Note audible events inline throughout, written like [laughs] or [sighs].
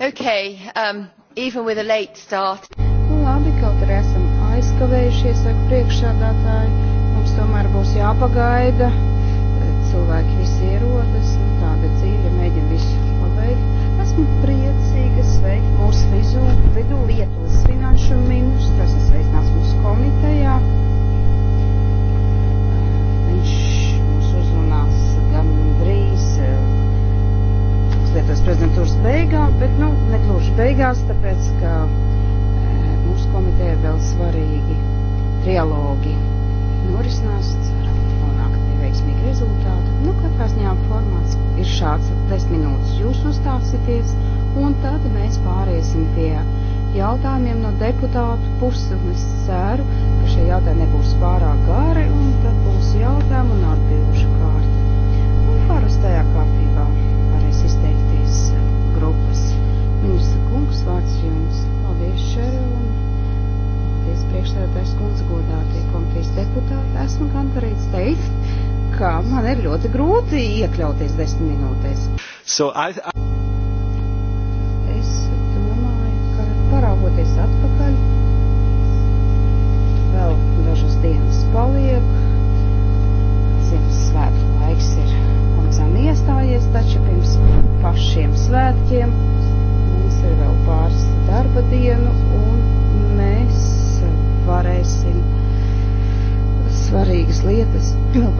Okay, um, even with a late start. Labi, kaut arī esam aizkavējušies, saka priekšsādātāji. Mums tomēr būs jāpagaida. Cilvēki visi ierodas, nu tāda dzīve mēģina visu pabeigt. Esmu priecīga sveikt mūsu vizu, vidu Lietuvas finanšu ministru, esmu sveicināts mūsu komitejā. tuvināsies prezidentūras beigām, bet nu, negluži beigās, tāpēc ka e, mūsu komiteja vēl svarīgi trialogi norisinās, ceram, nonākt pie veiksmīga rezultāta. Nu, katrā ziņā formāts ir šāds, 10 minūtes jūs uzstāsieties, un tad mēs pāriesim pie jautājumiem no deputātu puses, un es ceru, ka šie jautājumi nebūs pārāk gari, un tad būs jautājumu un atbildušu kārta. Un parastajā kārtībā varēs izteikt. Mūsu kungs vārds jums. Paldies, Šerona. Paldies, priekšstādātājs kundze, godātie komitejas deputāti. Esmu gandarīts teikt, ka man ir ļoti grūti iekļauties desmit minūtēs. So I, I...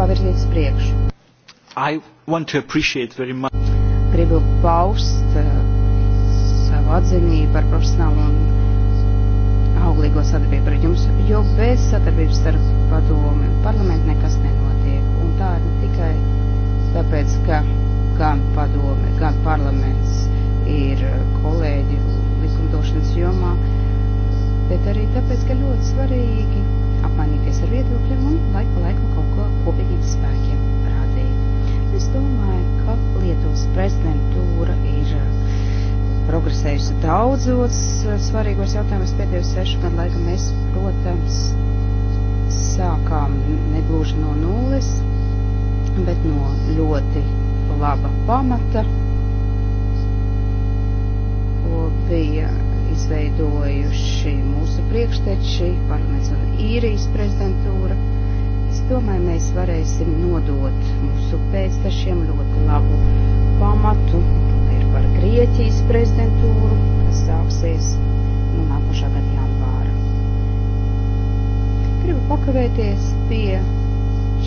pavirzīt uz priekšu. Gribu paust uh, savu atzinību par profesionālu un auglīgo sadarbību ar jums, jo bez sadarbības starp padomi un parlamentu nekas nenotiek. Un tā ir ne tikai tāpēc, ka gan padome, gan parlaments ir eh, kolēģi likumdošanas jomā, bet arī tāpēc, ka ļoti svarīgi apmainīties ar viedokļiem un laiku laiku kaut ko kopīgiem spēkiem rādīt. Es domāju, ka Lietuvas prezidentūra ir eh, progresējusi daudzos eh, svarīgos jautājumus pēdējos sešu gadu laikā. Mēs, protams, sākām negluži no nulles, bet no ļoti laba pamata, ko bija izveidojuši mūsu priekšteči, parlaments un īrijas prezidentūra. Es domāju, mēs varēsim nodot mūsu pēctešiem ļoti labu pamatu. Runa ir par Grieķijas prezidentūru, kas sāksies nu, nākošā gada janvāra. Gribu pakavēties pie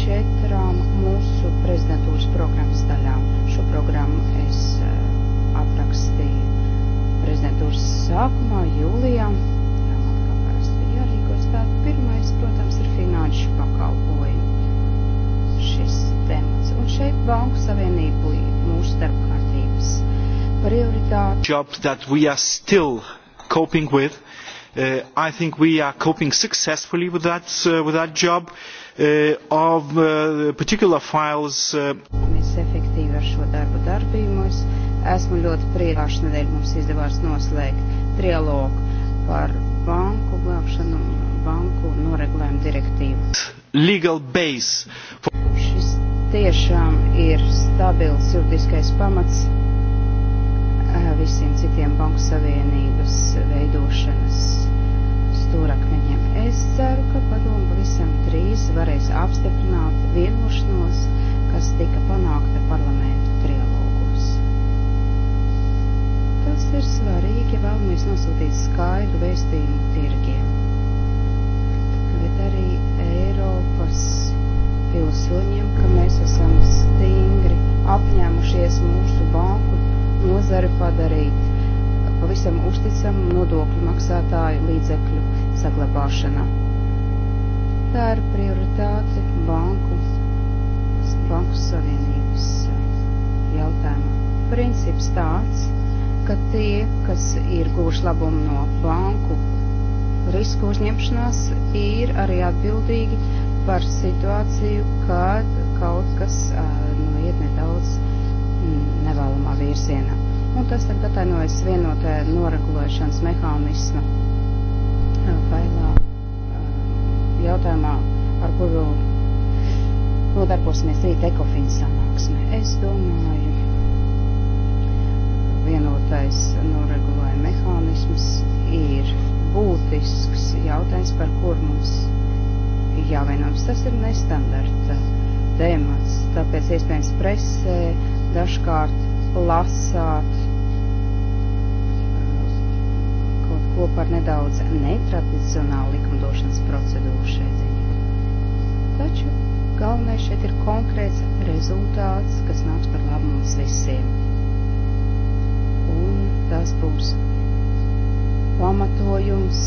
četrām mūsu prezidentūras programmas daļām. Šo programmu es eh, aprakstīju prezidentūras sākumā, jūlijā. Jā, man kā parasti bija jārīkojas tā. Pirmais, protams, ir finanšu pakalpojumi šis temats. Un šeit Banku Savienība bija mūsu starpkārtības prioritāte. Job that we are still coping with. Uh, I think we are coping successfully with that, uh, with that job uh, of uh, particular files. Uh, Mēs efektīvi ar šo darbu darbījumos. Uh, Esmu ļoti priecāšu nedēļu mums izdevās noslēgt trialogu par banku glābšanu, banku noregulējumu direktīvu. Legal base. Šis tiešām ir stabils juridiskais pamats eh, visiem citiem banku savienības veidošanas stūrakmeņiem. Es ceru, ka padomu pavisam drīz varēs apstiprināt vienošanos, kas tika panākta parlamentu Tas ir svarīgi, ja vēlamies nosūtīt skaidru vēstījumu tirgiem. Bet arī Eiropas pilsoņiem, ka mēs esam stingri apņēmušies mūsu banku nozari padarīt pavisam uzticamu nodokļu maksātāju līdzekļu saglabāšanā. Tā ir prioritāte banku, banku savienības jautājumā. Princips tāds, ka tie, kas ir gūši labumu no banku risku uzņemšanās, ir arī atbildīgi par situāciju, kad kaut kas noiet nedaudz mm, nevēlamā virzienā. Un tas tagad atainojas vienotē noregulēšanas mehānisma failā jautājumā, ar ko vēl nodarbosimies rīt ekofīnas sanāksmē. Es domāju, vienotais noregulējuma mehānisms ir būtisks jautājums, par kur mums jāvienojas. Tas ir nestandarta temats, tāpēc iespējams presē dažkārt lasāt uh, kaut ko par nedaudz netradicionālu likumdošanas procedūru šeit ziņā. Taču galvenais šeit ir konkrēts rezultāts, kas nāks par labu mums visiem tās būs pamatojums,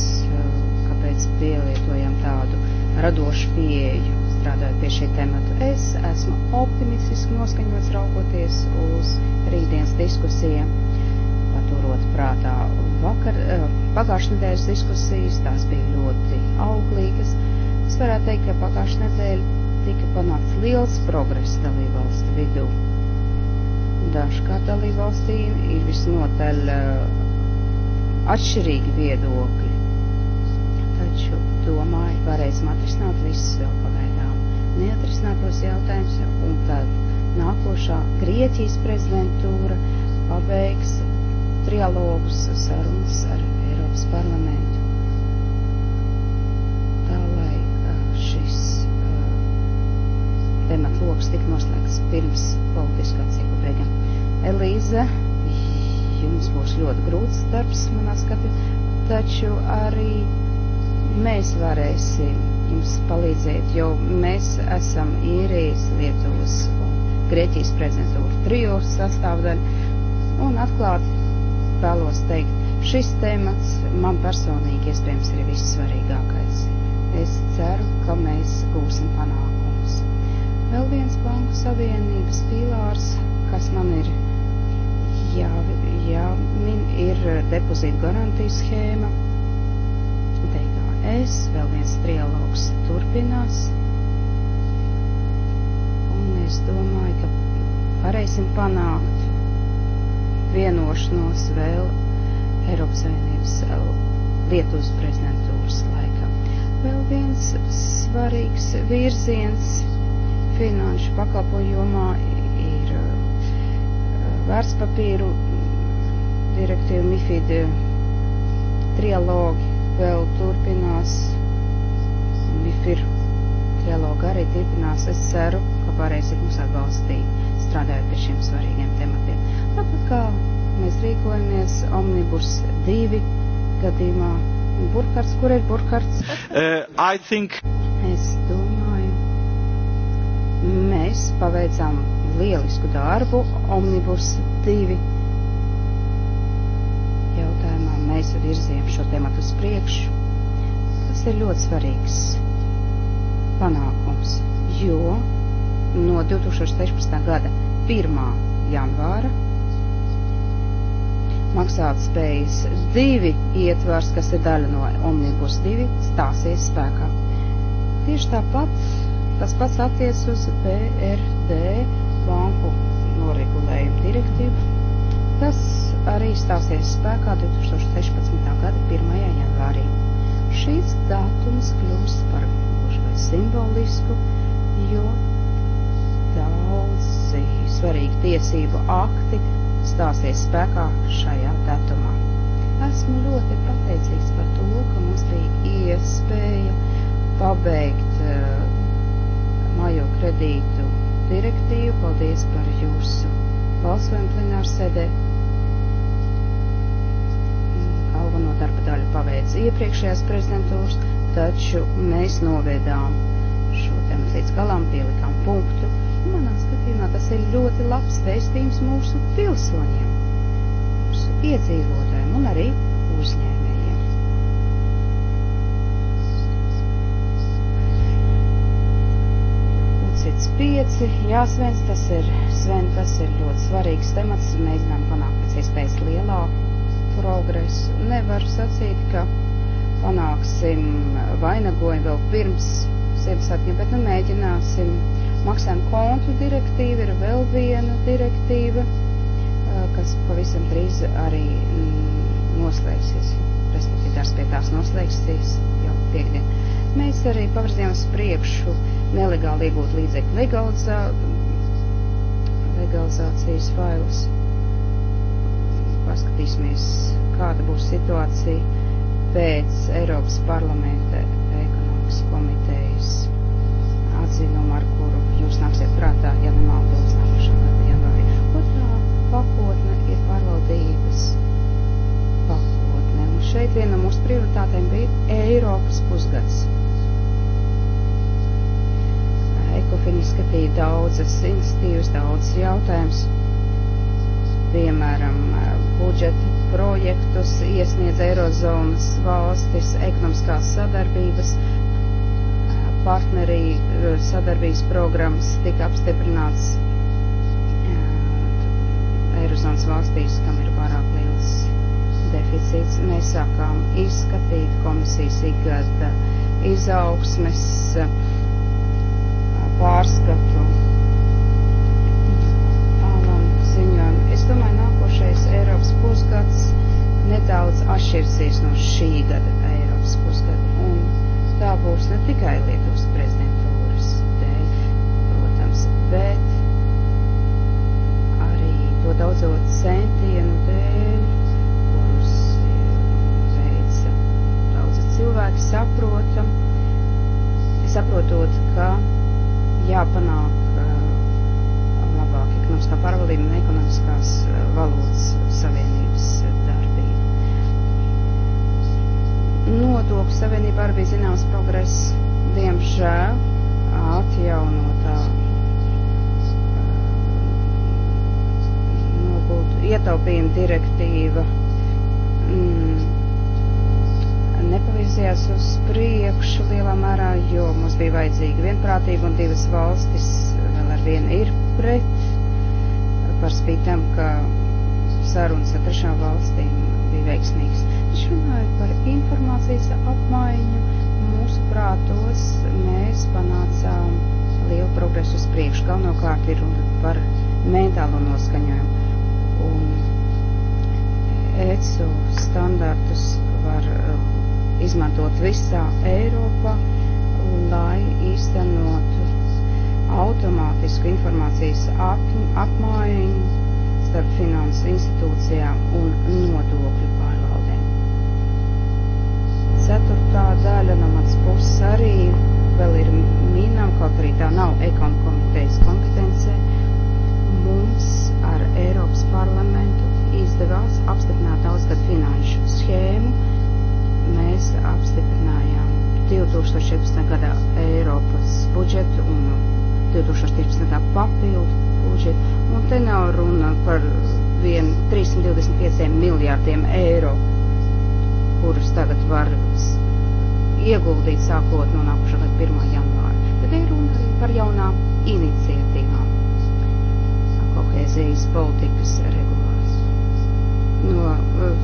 kāpēc pielietojam tādu radošu pieeju strādājot pie šī temata. Es esmu optimistiski noskaņots raugoties uz rītdienas diskusijām, paturot prātā vakar, eh, pagājušas nedēļas diskusijas, tās bija ļoti auglīgas. Es varētu teikt, ka pagājušā nedēļa tika panākts liels progress dalībvalstu vidū. Dažkārt dalībvalstīm ir visnotaļ eh, atšķirīgi viedokļi, taču domāju, varēsim atrisināt visus vēl pagaidām neatrisinātos jautājumus, un tad nākošā Grieķijas prezidentūra pabeigs trialogus sarunas ar Eiropas parlamentu. Tā lai eh, šis eh, tematloks tik noslēgts pirms politiskā cikla beigām. Elīze, jums būs ļoti grūts darbs, manā skatījumā, taču arī mēs varēsim jums palīdzēt, jo mēs esam īrijas, Lietuvas un Grieķijas prezidentūra trijos sastāvdaļa. Un atklāti vēlos teikt, šis temats man personīgi iespējams ir vissvarīgākais. Es ceru, ka mēs gūsim panākumus. Vēl viens banku savienības pīlārs, kas man ir jā, jāmin ir depozīta garantijas schēma. DGS, vēl viens trialogs turpinās. Un es domāju, ka varēsim panākt vienošanos vēl Eiropas Savienības eh, Lietuvas prezidentūras laikā. Vēl viens svarīgs virziens finanšu pakalpojumā vērtspapīru mm, direktīvu MIFID trialogi vēl turpinās. MIFIR trialogi arī turpinās. Es ceru, ka varēsiet mums atbalstīt strādājot pie šiem svarīgiem tematiem. Tāpat kā mēs rīkojamies Omnibus 2 gadījumā. Burkhards, kur ir Burkhards? Uh, I think. Es domāju, mēs paveicām lielisku darbu Omnibus 2 jautājumā. Mēs virzījām šo tematu uz priekšu. Tas ir ļoti svarīgs panākums, jo no 2016. gada 1. janvāra maksātspējas divi ietvars, kas ir daļa no Omnibus 2, stāsies spēkā. Tieši tāpat tas pats attiec uz BRD banku noregulējumu direktīvu. Tas arī stāsies spēkā 2016. gada 1. janvārī. Šīs datums kļūs par gluži simbolisku, jo daudzi svarīgi tiesību akti stāsies spēkā šajā datumā. Esmu ļoti pateicīgs par to, ka mums bija iespēja pabeigt uh, majo kredītu direktīvu. Paldies par jūsu balsojumu plenārsēdē. Galveno darba daļu paveic iepriekšējās prezidentūras, taču mēs novēdām šo tēmu līdz galam, pielikām punktu. Manā skatījumā tas ir ļoti labs vēstījums mūsu pilsoņiem, mūsu iedzīvotājiem un arī uzņēmumiem. 105, jā, Svens, tas ir, Sven, tas ir ļoti svarīgs temats, mēģinām panākt pēc iespējas lielāku progresu. Nevar sacīt, ka panāksim vainagojumu vēl pirms Ziemassvētkiem, bet nu mēģināsim. Maksājuma kontu direktīva ir vēl viena direktīva, eh, kas pavisam drīz arī mm, noslēgsies, respektīvi darbs pie tās noslēgsies jau piekdien. Mēs arī pavirzījām uz priekšu nelegāli iegūt līdzekļu legalizā, legalizācijas failus. Paskatīsimies, kāda būs situācija pēc Eiropas parlamenta ekonomikas komitejas atzinuma, ar kuru jums nāksiet prātā, ja nemaldos nākošā gada janvārī. Otrā pakotne ir pārvaldības šeit viena no mūsu prioritātēm bija Eiropas pusgads. Ekofin izskatīja daudzas institīvas, daudzas jautājumas, piemēram, budžeta projektus, iesniedz Eirozonas valstis, ekonomiskās sadarbības, partnerī sadarbības programmas tika apstiprināts eh, Eirozonas valstīs, kam ir vairāk deficīts. Mēs sākām izskatīt komisijas ikgada izaugsmes eh, pārskatu ziņojumu. Es domāju, nākošais Eiropas pusgads nedaudz atšķirsies no šī gada Eiropas pusgada. Un tā būs ne tikai Lietuvas prezidentūras dēļ, protams, bet arī to daudzot centienu dēļ cilvēki saprota, saprotot, ka jāpanāk uh, labāk ekonomiskā pārvaldība un ekonomiskās uh, valodas savienības uh, darbība. Nodokļu savienībā arī bija zināms progress, diemžēl atjaunotā noguldu ietaupījuma direktīva. Mm, nepavirzījās uz priekšu lielā mērā, jo mums bija vajadzīga vienprātība un divas valstis vēl ar vienu ir pret, par spīt tam, ka sarunas ar trešām valstīm bija veiksmīgas. Viņš runāja par informācijas apmaiņu, mūsu prātos mēs panācām lielu progresu uz priekšu, galvenokārt ir runa par mentālo noskaņojumu. Un ECU standartus var izmantot visā Eiropā, lai īstenotu automātisku informācijas ap, apmaiņu starp finansu institūcijām un nodokļu pārvaldēm. Ceturtā daļa no mans puses arī vēl ir minam, kaut arī tā nav ekonomikas komitejas kompetence. Mums ar Eiropas parlamentu izdevās apstiprināt daudzgad finanšu schēmu, mēs apstiprinājām 2014. gadā Eiropas budžetu un 2014. gadā papildu budžetu, un te nav runa par vien 325 miljārdiem eiro, kurus tagad var ieguldīt sākot no nākušā gada 1. janvāra. Tad ir runa arī par jaunām iniciatīvām kohēzijas politikas regulās. No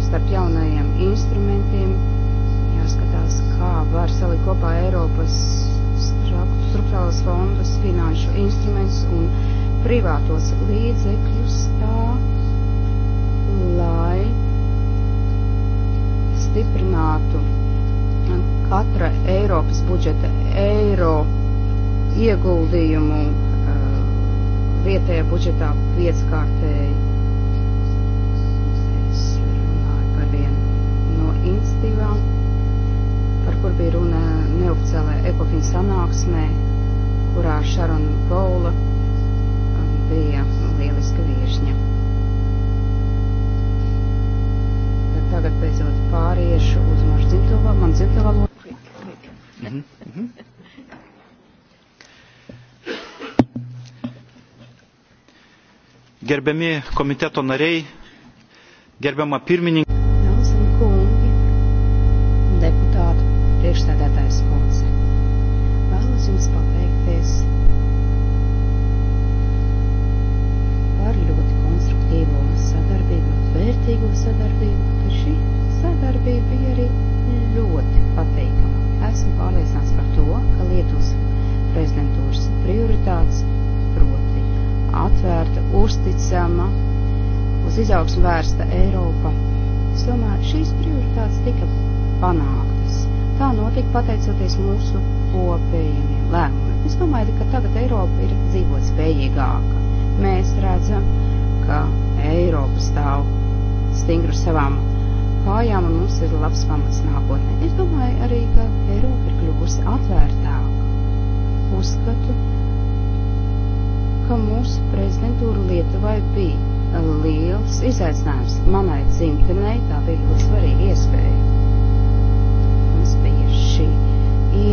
starp jaunajiem instrumentiem jāskatās, kā var salikt kopā Eiropas struktūrālas fondas, finanšu instruments un privātos līdzekļus tā, lai stiprinātu katra Eiropas budžeta eiro ieguldījumu uh, vietējā budžetā pieckārtēji. Es runāju par vienu no institīvām kur bija runa neoficiālā ekofina sanāksmē, kurā Šarona Boula um, bija lieliska viešņa. Tad tagad beidzot pāriešu uz mažu dzimto valodu, man dzimto valodu. Mm -hmm. Mm -hmm. Gerbiami komiteto nariai, gerbiama pirmininkė. domāju, šīs prioritātes tika panāktas. Tā notika pateicoties mūsu kopējiem lēmumiem. Es domāju, ka tagad Eiropa ir dzīvot spējīgāka. Mēs redzam, ka Eiropa stāv stingru savām kājām un mums ir labs pamats nākotnē. Es domāju arī, ka Eiropa ir kļuvusi atvērtāka. Uzskatu, ka mūsu prezidentūra Lietuvai bija liels izaicinājums. Manai dzimtenei tā bija ļoti svarīga iespēja. Mums bija šī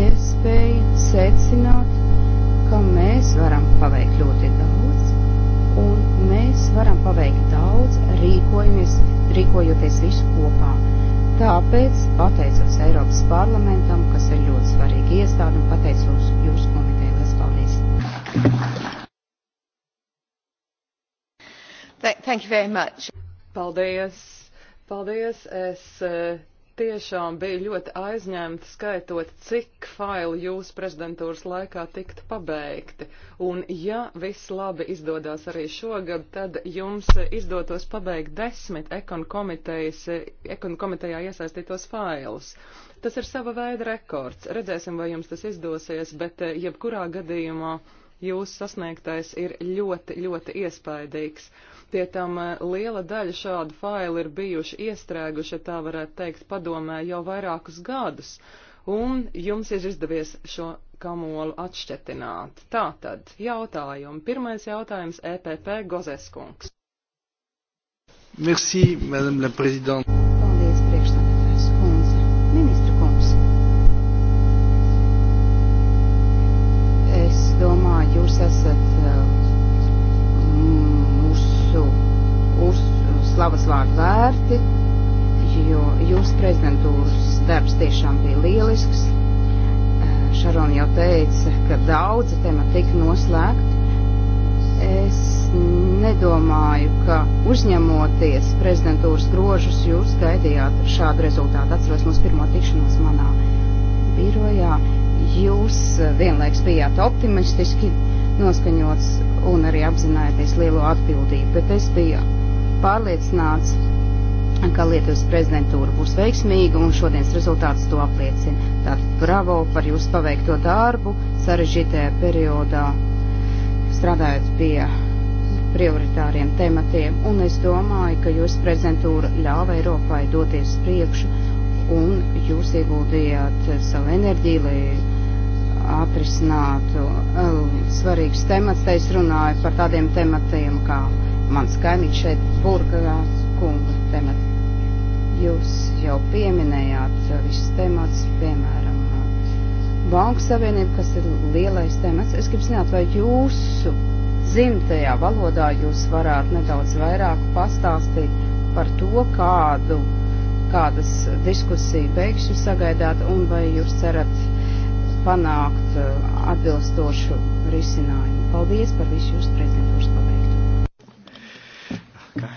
iespēja secināt, ka mēs varam paveikt ļoti daudz, un mēs varam paveikt daudz, rīkojoties visu kopā. Tāpēc pateicos Eiropas parlamentam, kas ir ļoti svarīga iestāde, un pateicos jūsu komiteju. Liels paldies! Thank you very much. Paldies. Paldies. Es eh, tiešām biju ļoti aizņemta skaitot, cik failu jūs prezidentūras laikā tikt pabeigti. Un ja viss labi izdodās arī šogad, tad jums izdotos pabeigt desmit ekon, eh, ekon komitejā iesaistītos failus. Tas ir sava veida rekords. Redzēsim, vai jums tas izdosies, bet eh, jebkurā gadījumā jūsu sasniegtais ir ļoti, ļoti iespaidīgs. Pie tam eh, liela daļa šādu failu ir bijuši iestrēguši, ja tā varētu teikt, padomē jau vairākus gadus, un jums ir izdevies šo kamolu atšķetināt. Tātad, jautājumi. Pirmais jautājums EPP Gozeskungs. Merci, Madame la Présidente. daudzi temati tika noslēgti. Es nedomāju, ka uzņemoties prezidentūras grožus, jūs gaidījāt šādu rezultātu. Atceros mūsu pirmo tikšanos manā birojā. Jūs vienlaiks bijāt optimistiski noskaņots un arī apzināties lielo atbildību, bet es biju pārliecināts, ka Lietuvas prezidentūra būs veiksmīga un šodienas rezultāts to apliecina. Tātad bravo par jūsu paveikto darbu sarežģītajā periodā, strādājot pie prioritāriem tematiem, un es domāju, ka jūsu prezidentūra ļāva Eiropai doties priekšu, un jūs ieguldījāt savu enerģiju, lai atrisinātu eh, svarīgus temats. Te es runāju par tādiem tematiem kā mans kaimiņš šeit, burgā kunga temats. Jūs jau pieminējāt visus temats, piemēram, Banku Savienību, kas ir lielais temats. Es gribu zināt, vai jūsu dzimtajā valodā jūs varētu nedaudz vairāk pastāstīt par to, kādu, kādas diskusiju beigšu sagaidāt un vai jūs cerat panākt uh, atbilstošu risinājumu. Paldies par visu jūsu prezidentūras paveikto. Okay.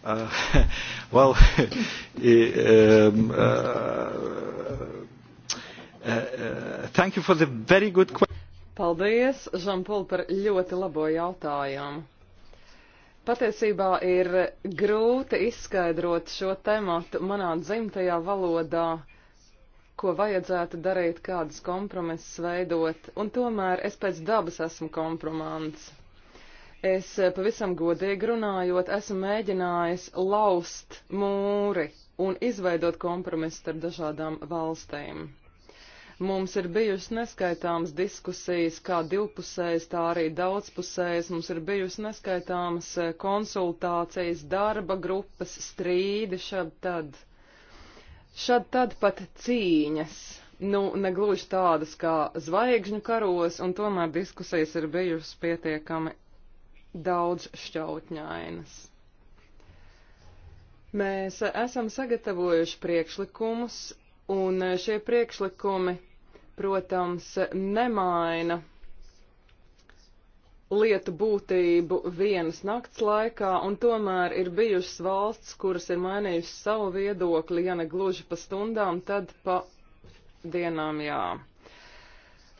Uh, [laughs] well, [laughs] um, uh, uh, uh, thank you for the very good question. Paldies, Žampul, par ļoti labo jautājumu. Patiesībā ir grūti izskaidrot šo tematu manā dzimtajā valodā, ko vajadzētu darīt, kādas kompromises veidot, un tomēr es pēc dabas esmu kompromants. Es eh, pavisam godīgi runājot, esmu mēģinājis laust mūri un izveidot kompromisu starp dažādām valstīm. Mums ir bijusi neskaitāmas diskusijas, kā divpusējas, tā arī daudzpusējas. Mums ir bijusi neskaitāmas eh, konsultācijas, darba grupas, strīdi šad tad. Šad tad pat cīņas, nu, negluži tādas kā zvaigžņu karos, un tomēr diskusijas ir bijusi pietiekami daudz šķautņainas. Mēs esam sagatavojuši priekšlikumus, un šie priekšlikumi, protams, nemaina lietu būtību vienas nakts laikā, un tomēr ir bijušas valsts, kuras ir mainījušas savu viedokli, ja ne gluži pa stundām, tad pa dienām jā.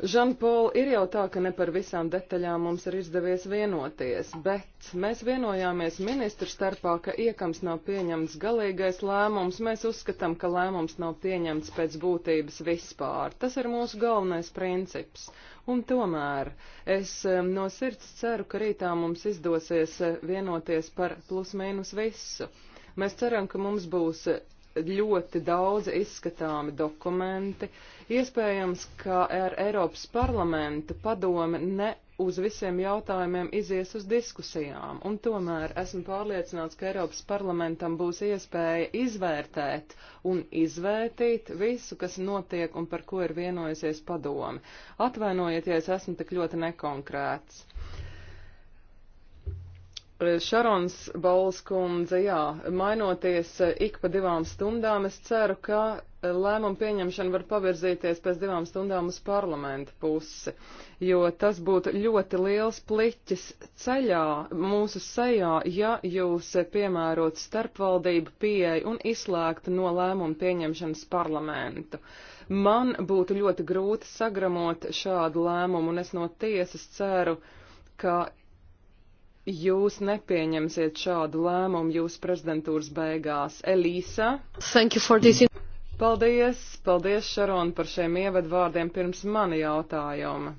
Žanpola, ir jau tā, ka ne par visām detaļām mums ir izdevies vienoties, bet mēs vienojāmies ministru starpā, ka iekams nav pieņemts galīgais lēmums. Mēs uzskatām, ka lēmums nav pieņemts pēc būtības vispār. Tas ir mūsu galvenais princips. Un tomēr es eh, no sirds ceru, ka rītā mums izdosies eh, vienoties par plus mīnus visu. Mēs ceram, ka mums būs ļoti daudz izskatāmi dokumenti. Iespējams, ka ar Eiropas parlamentu padome ne uz visiem jautājumiem izies uz diskusijām, un tomēr esmu pārliecināts, ka Eiropas parlamentam būs iespēja izvērtēt un izvērtīt visu, kas notiek un par ko ir vienojusies padomi. Atvainojiet, ja es esmu tik ļoti nekonkrēts. Šarons Balskundze, jā, mainoties ik pa divām stundām, es ceru, ka lēmumu pieņemšana var pavirzīties pēc divām stundām uz parlamentu pusi, jo tas būtu ļoti liels pliķis ceļā mūsu sejā, ja jūs piemērot starpvaldību pieeju un izslēgtu no lēmumu pieņemšanas parlamentu. Man būtu ļoti grūti sagramot šādu lēmumu, un es no tiesas ceru, ka jūs nepieņemsiet šādu lēmumu jūsu prezidentūras beigās. Elīsa. Paldies, paldies Šarona par šiem ievadvārdiem pirms mani jautājuma.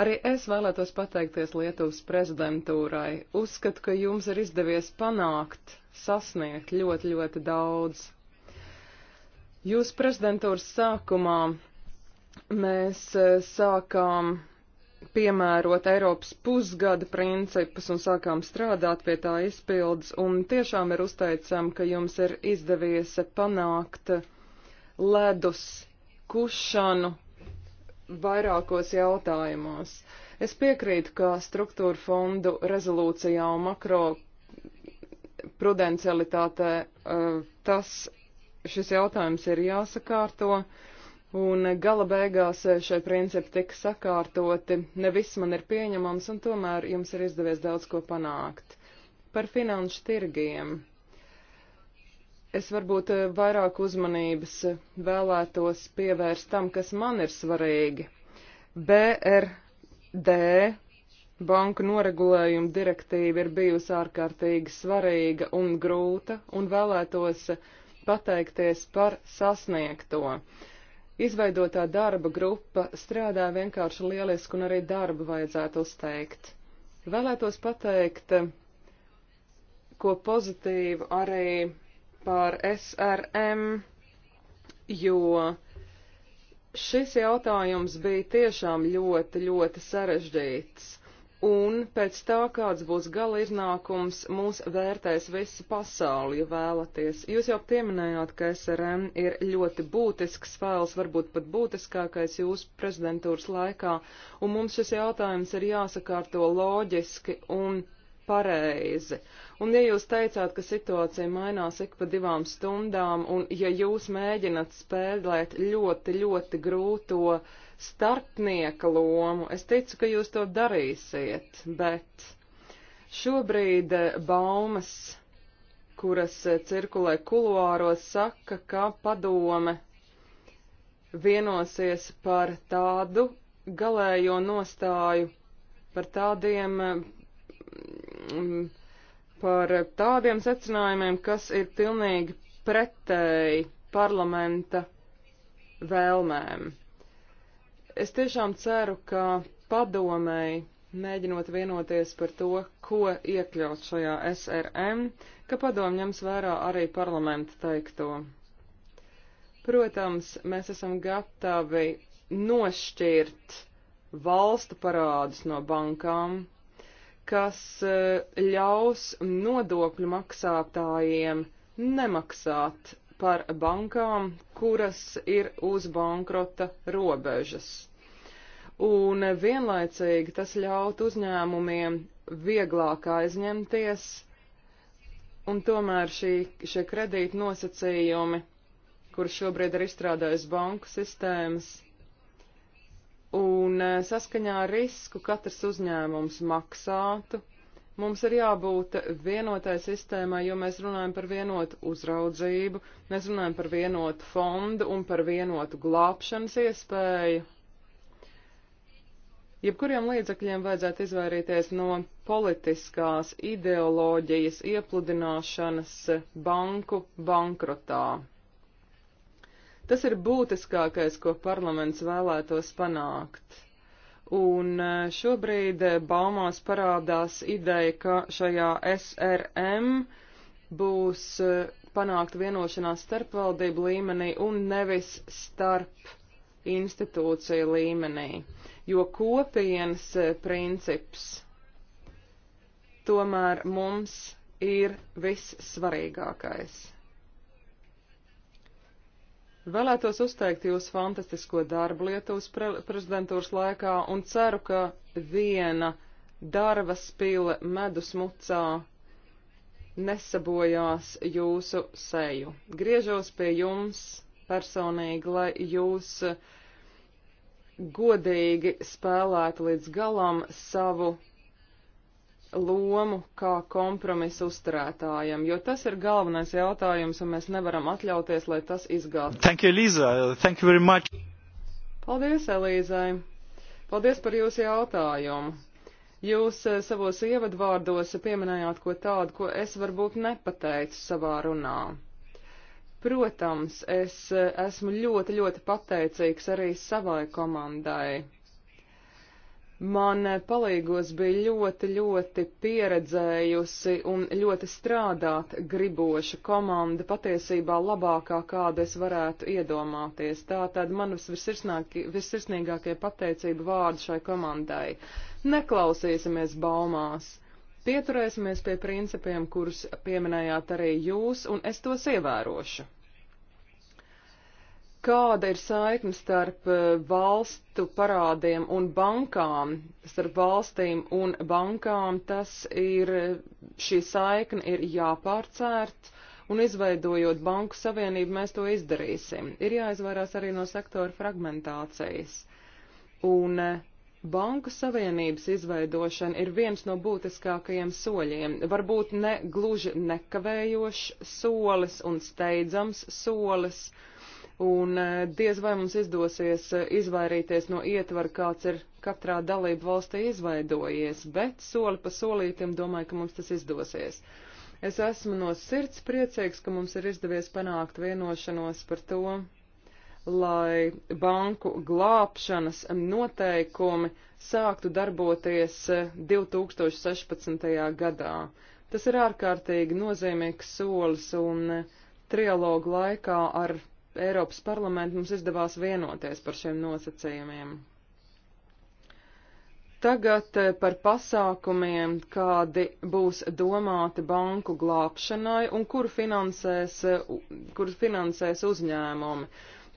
Arī es vēlētos pateikties Lietuvas prezidentūrai. Uzskatu, ka jums ir izdevies panākt, sasniegt ļoti, ļoti daudz. Jūs prezidentūras sākumā mēs eh, sākām piemērot Eiropas pusgada principus un sākām strādāt pie tā izpildes, un tiešām ir uzteicam, ka jums ir izdevies panākt ledus kušanu vairākos jautājumos. Es piekrītu, ka struktūra fondu rezolūcijā un makro prudencialitātē eh, tas, šis jautājums ir jāsakārto. Uh, Un gala beigās šie principi tika sakārtoti, ne viss man ir pieņemams, un tomēr jums ir izdevies daudz ko panākt. Par finanšu tirgiem. Es varbūt vairāk uzmanības vēlētos pievērst tam, kas man ir svarīgi. BRD, banku noregulējuma direktīva, ir bijusi ārkārtīgi svarīga un grūta, un vēlētos pateikties par sasniegto. Uh, Izveidotā darba grupa strādā vienkārši lieliski un arī darbu vajadzētu uzteikt. Vēlētos pateikt, ko pozitīvu arī par SRM, jo šis jautājums bija tiešām ļoti, ļoti sarežģīts un pēc tā, kāds būs gala iznākums, mūs vērtēs visa pasauli, ja vēlaties. Jūs jau pieminējāt, ka SRM ir ļoti būtisks fails, varbūt pat būtiskākais jūsu prezidentūras laikā, un mums šis jautājums ir jāsakārto loģiski un pareizi. Un ja jūs teicāt, ka situācija mainās ik pa divām stundām, un ja jūs mēģinat spēlēt ļoti, ļoti grūto, uh, starpnieka lomu. Es ticu, ka jūs to darīsiet, bet šobrīd eh, baumas, kuras eh, cirkulē kuluāros, saka, ka padome vienosies par tādu galējo nostāju, par tādiem, mm, par tādiem secinājumiem, kas ir pilnīgi pretēji parlamenta vēlmēm. Es tiešām ceru, ka padomēji, mēģinot vienoties par to, ko iekļaut šajā SRM, ka padomu ņems vērā arī parlamenta teikto. Protams, mēs esam gatavi nošķirt valstu parādus no bankām, kas e, ļaus nodokļu maksātājiem nemaksāt par bankām, kuras ir uz bankrota robežas. Un vienlaicīgi tas ļaut uzņēmumiem vieglāk aizņemties, un tomēr šī, šie kredīti nosacījumi, kur šobrīd ir izstrādājis banku sistēmas, un eh, saskaņā ar risku katrs uzņēmums maksātu Mums ir jābūt vienotai sistēmai, jo mēs runājam par vienotu uzraudzību, mēs runājam par vienotu fondu un par vienotu glābšanas iespēju. Jebkuriem līdzakļiem vajadzētu izvairīties no politiskās ideoloģijas iepludināšanas banku bankrotā. Tas ir būtiskākais, ko parlaments vēlētos panākt. Un eh, šobrīd eh, baumās parādās ideja, ka šajā SRM būs eh, panākt vienošanās starpvaldību līmenī un nevis starp institūciju līmenī, jo kopienas princips tomēr mums ir viss svarīgākais. Vēlētos uzteikt jūsu fantastisko darbu Lietuvas pre prezidentūras laikā un ceru, ka viena darba spile medus mucā nesabojās jūsu seju. Griežos pie jums personīgi, lai jūs godīgi spēlētu līdz galam savu lomu kā kompromisu uzturētājam, jo tas ir galvenais jautājums, un mēs nevaram atļauties, lai tas izgāst. Thank you, Elīza. Thank you very much. Paldies, Elīzai. Paldies par jūsu jautājumu. Jūs eh, savos ievadvārdos pieminējāt ko tādu, ko es varbūt nepateicu savā runā. Protams, es eh, esmu ļoti, ļoti pateicīgs arī savai komandai Man palīgos bija ļoti, ļoti pieredzējusi un ļoti strādāt griboša komanda, patiesībā labākā, kādu es varētu iedomāties. Tā tad manas visirsnīgākie pateicība vārdi šai komandai. Neklausīsimies baumās. Pieturēsimies pie principiem, kurus pieminējāt arī jūs, un es tos ievērošu kāda ir saikne starp eh, valstu parādiem un bankām, starp valstīm un bankām, tas ir, šī saikne ir jāpārcērt, un izveidojot banku savienību, mēs to izdarīsim. Ir jāizvairās arī no sektora fragmentācijas. Un eh, Banku savienības izveidošana ir viens no būtiskākajiem soļiem, varbūt ne gluži nekavējošs solis un steidzams solis, uh, un eh, diez vai mums izdosies eh, izvairīties no ietvara, kāds ir katrā dalību valstī izveidojies, bet soli pa solītiem domāju, ka mums tas izdosies. Es esmu no sirds priecīgs, ka mums ir izdevies panākt vienošanos par to, lai banku glābšanas noteikumi sāktu darboties 2016. Eh, gadā. Tas ir ārkārtīgi nozīmīgs solis un trialogu laikā ar Eiropas parlamentu mums izdevās vienoties par šiem nosacījumiem. Tagad eh, par pasākumiem, kādi būs domāti banku glābšanai un kuru finansēs, eh, kur finansēs uzņēmumi.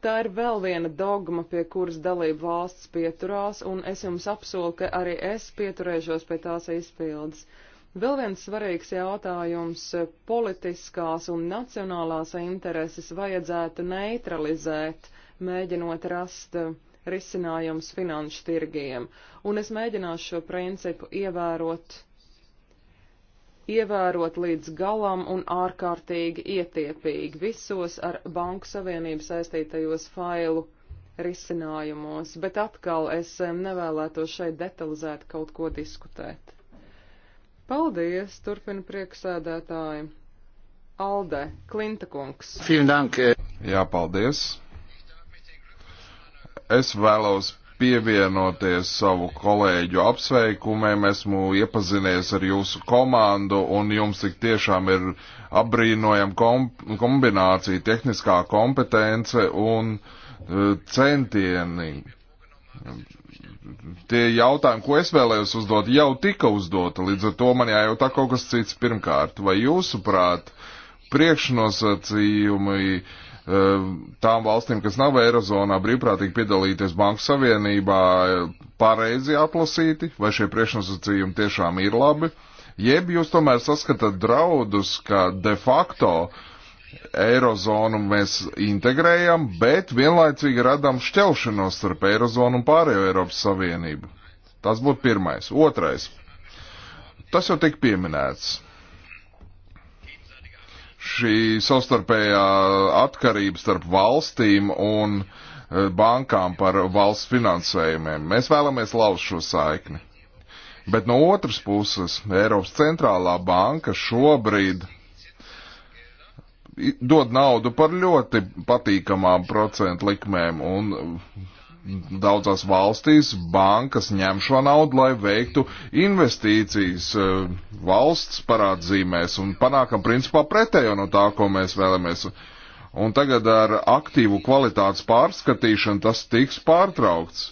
Tā ir vēl viena dogma, pie kuras dalību valsts pieturās, un es jums apsolu, ka arī es pieturēšos pie tās izpildes. Uh, Vēl viens svarīgs jautājums - politiskās un nacionālās intereses vajadzētu neutralizēt, mēģinot rast risinājums finanšu tirgiem, un es mēģināšu šo principu ievērot, ievērot līdz galam un ārkārtīgi ietiepīgi visos ar Banku Savienību saistītajos failu risinājumos, bet atkal es nevēlētos šeit detalizēt kaut ko diskutēt. Paldies, turpina prieksēdētāji. Alde, Klinta kungs. Jā, paldies. Es vēlos pievienoties savu kolēģu apsveikumiem. Esmu iepazinies ar jūsu komandu un jums tik tiešām ir apbrīnojama kom kombinācija, tehniskā kompetence un eh, centieni tie jautājumi, ko es vēlējos uzdot, jau tika uzdota. Līdz ar to man jājautā kaut kas cits pirmkārt. Vai jūsuprāt, priekšnosacījumi eh, tām valstīm, kas nav Eirozonā, brīvprātīgi piedalīties Banku Savienībā, pareizi atlasīti, vai šie priekšnosacījumi tiešām ir labi? Jeb jūs tomēr saskatāt draudus, ka de facto uh, Eirozonu mēs integrējam, bet vienlaicīgi radām šķelšanos starp Eirozonu un pārējo Eiropas Savienību. Tas būtu pirmais. Otrais. Tas jau tik pieminēts. Šī savstarpējā atkarība starp valstīm un e, bankām par valsts finansējumiem. Mēs vēlamies lauzt šo saikni. Bet no otras puses, Eiropas centrālā banka šobrīd dod naudu par ļoti patīkamām procentu likmēm, un daudzās valstīs bankas ņem šo naudu, lai veiktu investīcijas valsts parādzīmēs, un panākam principā pretējo no tā, ko mēs vēlamies. Un tagad ar aktīvu kvalitātes pārskatīšanu tas tiks pārtraukts.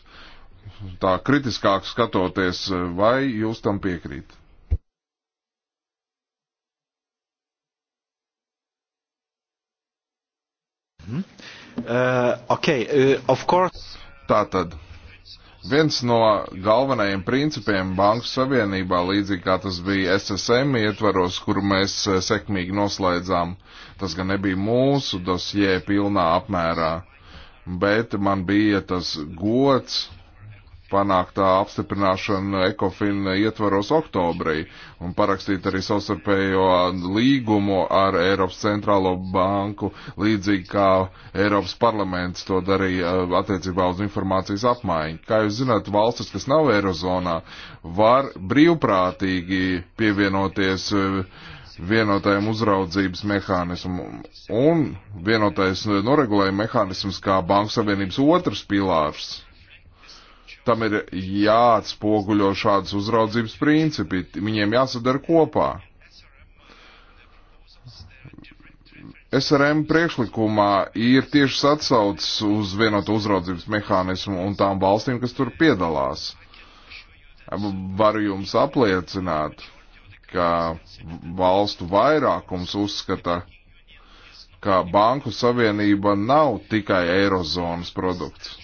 Tā kritiskāk skatoties, vai jūs tam piekrītat? Mm -hmm. uh, okay, uh, of course. Tātad. Viens no galvenajiem principiem Banku Savienībā, līdzīgi kā tas bija SSM ietvaros, kuru mēs uh, sekmīgi noslēdzām, tas gan nebija mūsu dosjē pilnā apmērā, bet man bija tas gods panāktā apstiprināšana Ekofina ietvaros oktobrī un parakstīt arī savstarpējo līgumu ar Eiropas centrālo banku, līdzīgi kā Eiropas parlaments to darīja uh, attiecībā uz informācijas apmaiņu. Kā jūs zināt, valstis, kas nav Eirozonā, var brīvprātīgi pievienoties uh, vienotajam uzraudzības mehānismam un vienotais noregulējuma mehānisms kā Banku Savienības otrs pilārs tam ir jāatspoguļo šādas uzraudzības principi, viņiem jāsadara kopā. SRM priekšlikumā ir tiešas atsaucas uz vienotu uzraudzības mehānismu un tām valstīm, kas tur piedalās. Varu jums apliecināt, ka valstu vairākums uzskata, ka banku savienība nav tikai eirozonas produkts.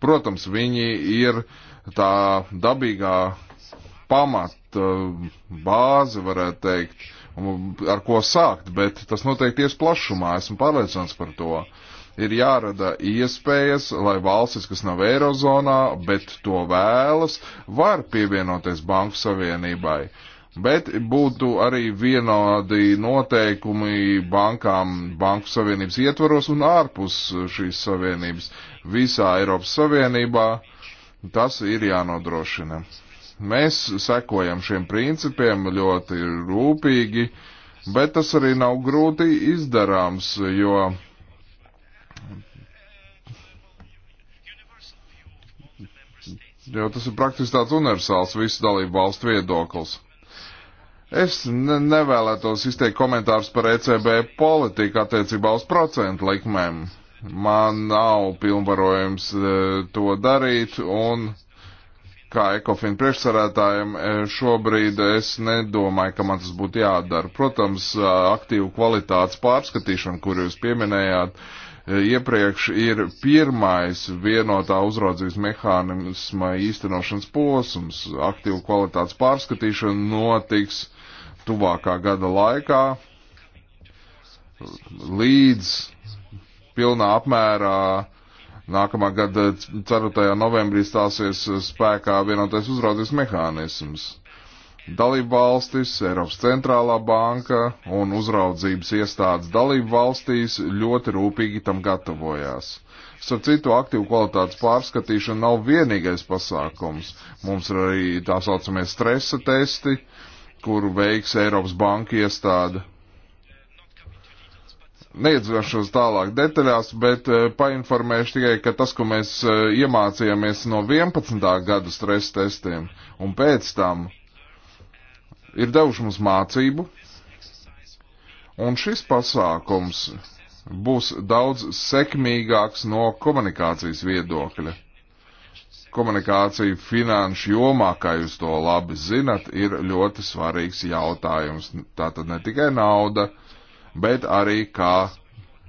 Protams, viņi ir tā dabīgā pamat eh, bāze, varētu teikt, ar ko sākt, bet tas noteikti ies plašumā, esmu pārliecināts par to. Ir jārada iespējas, lai valstis, kas nav Eirozonā, bet to vēlas, var pievienoties Banku Savienībai. Bet būtu arī vienādi noteikumi bankām, banku savienības ietvaros un ārpus šīs savienības visā Eiropas Savienībā. Tas ir jānodrošina. Mēs sekojam šiem principiem ļoti rūpīgi, bet tas arī nav grūti izdarāms, jo jo tas ir praktiski tāds universāls visu dalību valstu viedoklis. Es ne nevēlētos izteikt komentārus par ECB politiku attiecībā uz procentu likmēm man nav pilnvarojums e, to darīt, un kā ekofin priekšsarētājiem e, šobrīd es nedomāju, ka man tas būtu jādara. Protams, e, aktīvu kvalitātes pārskatīšana, kur jūs pieminējāt, iepriekš ir pirmais vienotā uzraudzības mehānisma īstenošanas posms. Aktīvu kvalitātes pārskatīšana notiks tuvākā gada laikā līdz pilnā apmērā nākamā gada 4. novembrī stāsies spēkā vienotais uzraudzības mehānisms. Dalību valstis, Eiropas centrālā banka un uzraudzības iestādes dalību valstīs ļoti rūpīgi tam gatavojās. Starp citu, aktīvu kvalitātes pārskatīšana nav vienīgais pasākums. Mums ir arī tā saucamie stresa testi, kuru veiks Eiropas banka iestāde neiedzināšos tālāk detaļās, bet eh, painformēšu tikai, ka tas, ko mēs eh, iemācījāmies no 11. gada stresa testiem un pēc tam, ir devuši mums mācību, un šis pasākums būs daudz sekmīgāks no komunikācijas viedokļa. Komunikācija finanšu jomā, kā jūs to labi zinat, ir ļoti svarīgs jautājums. Tā tad ne tikai nauda, bet bet arī kā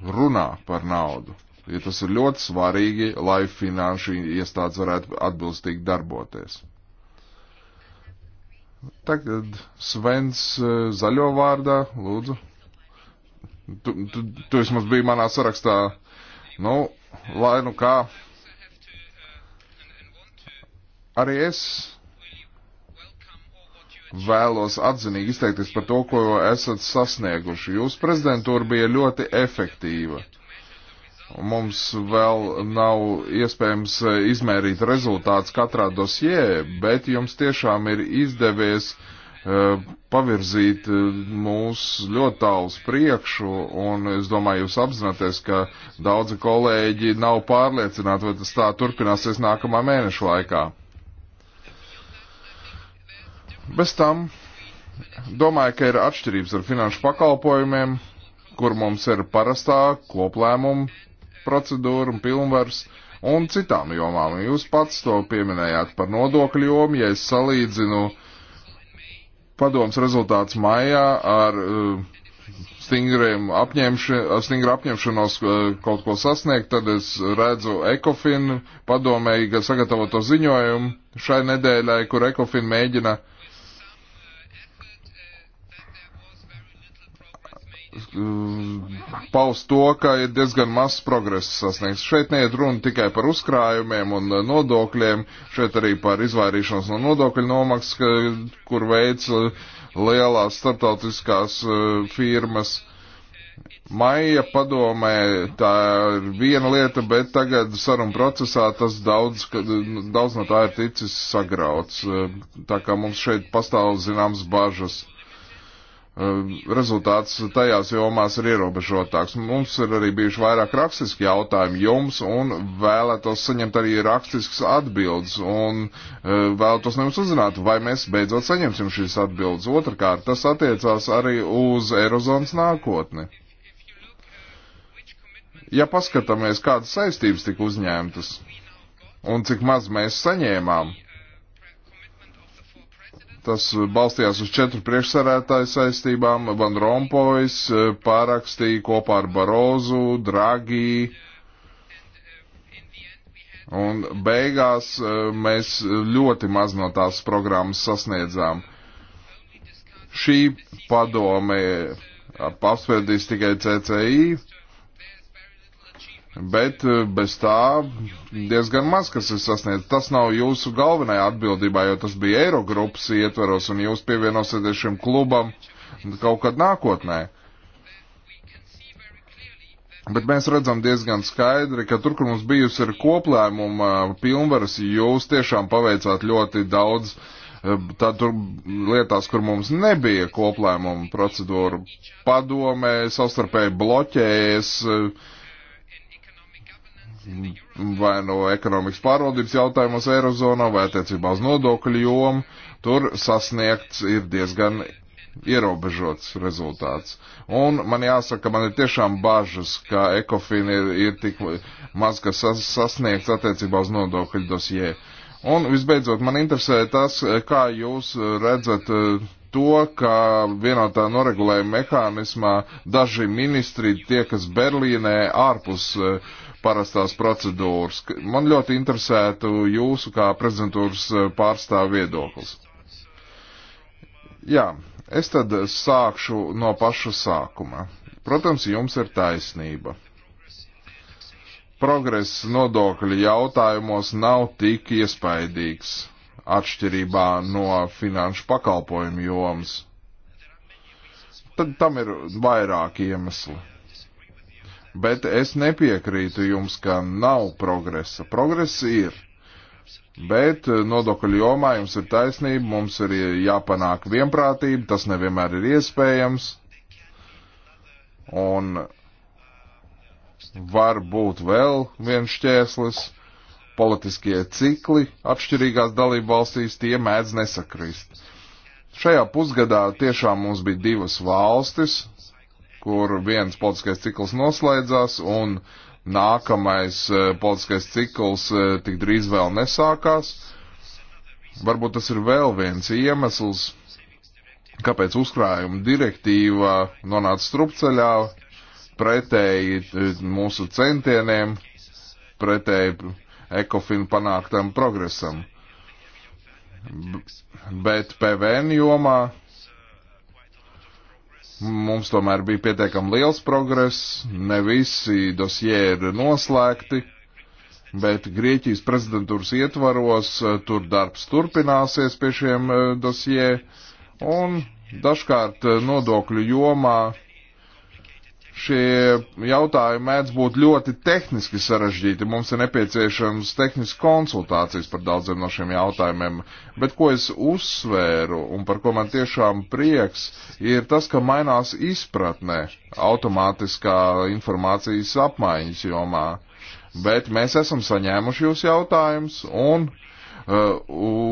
runā par naudu. Ja tas ir ļoti svarīgi, lai finanšu iestādes varētu atbilstīgi darboties. Tagad Svens eh, zaļo vārdā, lūdzu. Tu, tu, tu vismaz biji manā sarakstā. Nu, lai nu kā. Arī es vēlos atzinīgi izteikties par to, ko esat sasnieguši. Jūsu prezidentūra bija ļoti efektīva. Mums vēl nav iespējams izmērīt rezultāts katrā dosjē, bet jums tiešām ir izdevies uh, pavirzīt eh, mūs ļoti tāls priekšu, un es domāju, jūs apzināties, ka daudzi kolēģi nav pārliecināti, vai tas tā turpināsies nākamā mēneša laikā. Bez tam domāju, ka ir atšķirības ar finanšu pakalpojumiem, kur mums ir parastā koplēmuma procedūra un pilnvars un citām jomām. Jūs pats to pieminējāt par nodokļu jomu, ja es salīdzinu padoms rezultāts maijā ar uh, stingriem apņemšanos, stingru apņemšanos uh, kaut ko sasniegt, tad es redzu Ekofin padomēji, ka sagatavo to ziņojumu šai nedēļai, kur Ekofin mēģina uh, paust to, ka ir diezgan mazs progress sasniegts. Šeit neiet runa tikai par uzkrājumiem un eh, nodokļiem, šeit arī par izvairīšanos no nodokļu nomaksas, kur veids eh, lielās starptautiskās eh, firmas. Maija padomē tā ir viena lieta, bet tagad saruna procesā tas daudz, daudz no tā ir ticis sagrauts. Tā kā mums šeit pastāv zināms bažas Ehm, rezultāts tajās jomās ir ierobežotāks. Mums ir arī bijuši vairāk rakstiski jautājumi jums un vēlētos saņemt arī rakstiskas atbildes un ehm, vēlētos no jums uzzināt, vai mēs beidzot saņemsim šīs atbildes. Otrakārt, tas attiecās arī uz Eirozonas nākotni. Ja paskatāmies, kādas saistības tika uzņēmtas un cik maz mēs saņēmām, Tas balstījās uz četru priekšsarētāju saistībām. Van Rompojas eh, pārakstīja kopā ar Barozu, Dragī. Un beigās eh, mēs ļoti maz no tās programmas sasniedzām. Šī padome apspriedīs tikai CCI Bet eh, bez tā diezgan maz, kas ir sasniegts. Tas nav jūsu galvenajā atbildībā, jo tas bija Eirogrupas ietvaros, un jūs pievienosieties šim klubam kaut kad nākotnē. Bet mēs redzam diezgan skaidri, ka tur, kur mums bijusi ir koplēmuma pilnvaras, jūs tiešām paveicāt ļoti daudz eh, tad tur lietās, kur mums nebija koplēmuma procedūra. Padome savstarpēji bloķējas. Uh, eh, vai no ekonomikas pārvaldības jautājumos Eirozonā, vai attiecībā uz nodokļu jomu, tur sasniegts ir diezgan ierobežots rezultāts. Un man jāsaka, ka man ir tiešām bažas, ka ECOFIN ir, ir tik maz, kas sas, sasniegts attiecībā uz nodokļu dosijē. Un visbeidzot, man interesē tas, kā jūs redzat eh, to, ka vienotā noregulējuma mehānismā daži ministri tie, kas Berlīnē ārpus uh, parastās procedūras. Man ļoti interesētu jūsu kā prezidentūras e, pārstāvu viedoklis. Jā, es tad sākšu no paša sākuma. Protams, jums ir taisnība. Progress nodokļu jautājumos nav tik iespaidīgs atšķirībā no finanšu pakalpojumu jomas. Tad tam ir vairāki iemesli Bet es nepiekrītu jums, ka nav progresa. Progress ir. Bet eh, nodokļu jomā jums ir taisnība, mums ir eh, jāpanāk vienprātība, tas nevienmēr ir iespējams. Un var būt vēl viens šķēslis - politiskie cikli atšķirīgās dalību valstīs, tie mēdz nesakrist. Šajā pusgadā tiešām mums bija divas valstis, kur viens politiskais cikls noslēdzās un nākamais eh, politiskais cikls eh, tik drīz vēl nesākās. Varbūt tas ir vēl viens iemesls, kāpēc uzkrājuma direktīva nonāca strupceļā pretēji eh, mūsu centieniem, pretēji ekofinu panāktam progresam. Bet PVN jomā Mums tomēr bija pietiekami liels progress, ne visi dosie ir noslēgti, bet Grieķijas prezidentūras ietvaros eh, tur darbs turpināsies pie šiem eh, dosie, un dažkārt eh, nodokļu jomā šie jautājumi mēdz būt ļoti tehniski sarežģīti. Mums ir nepieciešams tehnisks konsultācijas par daudziem no šiem jautājumiem. Bet ko es uzsvēru un par ko man tiešām prieks, ir tas, ka mainās izpratnē automātiskā informācijas apmaiņas jomā. Bet mēs esam saņēmuši jūs jautājumus un uh,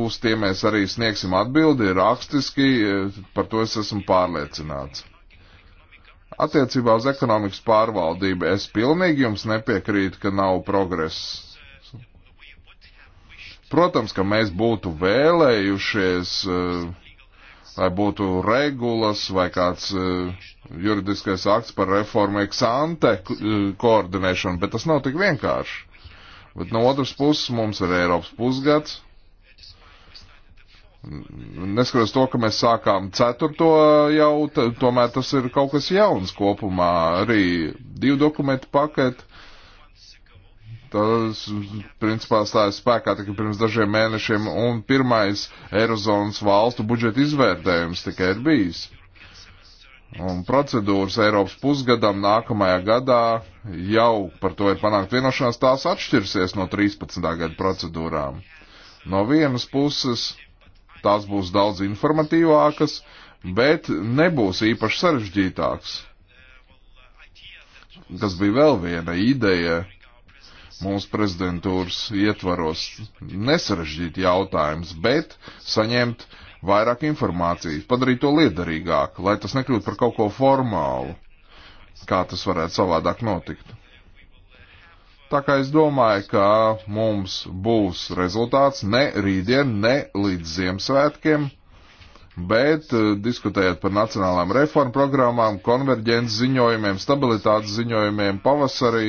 uz tiem mēs arī sniegsim atbildi rakstiski, uh, par to es esmu pārliecināts. Attiecībā uz ekonomikas pārvaldību es pilnīgi jums nepiekrītu, ka nav progress. Protams, ka mēs būtu vēlējušies, eh, lai būtu regulas vai kāds eh, juridiskais akts par reformu eksante eh, koordinēšanu, bet tas nav tik vienkārši. Bet no otras puses mums ir Eiropas pusgads, Neskatoties to, ka mēs sākām ceturto jau, tomēr tas ir kaut kas jauns kopumā. Arī divu dokumentu paketi. Tas, principā, stājas spēkā tikai pirms dažiem mēnešiem, un pirmais Eirozonas valstu budžeta izvērtējums tikai ir bijis. Un procedūras Eiropas pusgadam nākamajā gadā jau par to ir panākt vienošanās, tās atšķirsies no 13. gada procedūrām. No vienas puses tās būs daudz informatīvākas, bet nebūs īpaši sarežģītāks. Kas bija vēl viena ideja mūsu prezidentūras ietvaros - nesarežģīt jautājums, bet saņemt vairāk informācijas, padarīt to liederīgāk, lai tas nekļūtu par kaut ko formālu, kā tas varētu savādāk notikt. Tā kā es domāju, ka mums būs rezultāts ne rītdien, ne līdz Ziemassvētkiem, bet eh, diskutējot par nacionālām reformu programmām, konverģences ziņojumiem, stabilitātes ziņojumiem pavasarī,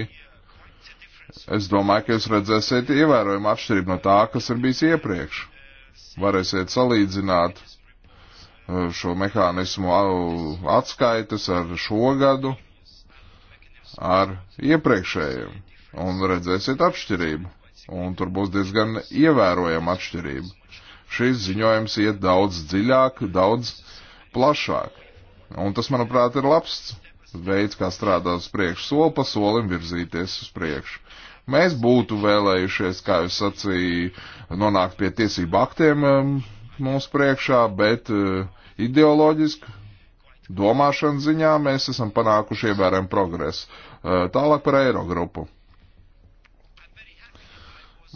es domāju, ka jūs redzēsiet ievērojumu atšķirību no tā, kas ir bijis iepriekš. Varēsiet salīdzināt eh, šo mehānismu atskaites ar šo gadu, ar iepriekšējiem un redzēsiet atšķirību. Un tur būs diezgan ievērojama atšķirība. Šis ziņojums iet daudz dziļāk, daudz plašāk. Un tas, manuprāt, ir labs veids, kā strādāt uz priekšu, soli pa solim virzīties uz priekšu. Mēs būtu vēlējušies, kā jūs sacīju, nonākt pie tiesību aktiem um, mūsu priekšā, bet uh, ideoloģiski domāšanas ziņā mēs esam panākuši ievērēm progresu. Uh, tālāk par Eirogrupu.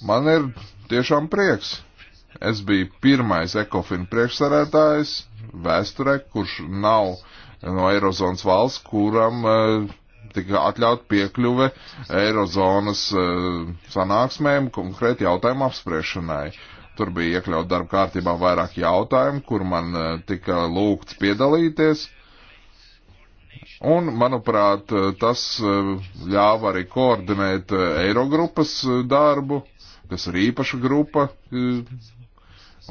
Man ir tiešām prieks. Es biju pirmais ekofina priekšsarētājs vēsturē, kurš nav no Eirozonas valsts, kuram uh, tika atļaut piekļuve Eirozonas uh, sanāksmēm konkrēti jautājumu apspriešanai. Tur bija iekļaut darba kārtībā vairāk jautājumu, kur man uh, tika lūgts piedalīties. Un, manuprāt, tas ļāva arī koordinēt Eirogrupas darbu, kas ir īpaša grupa, e,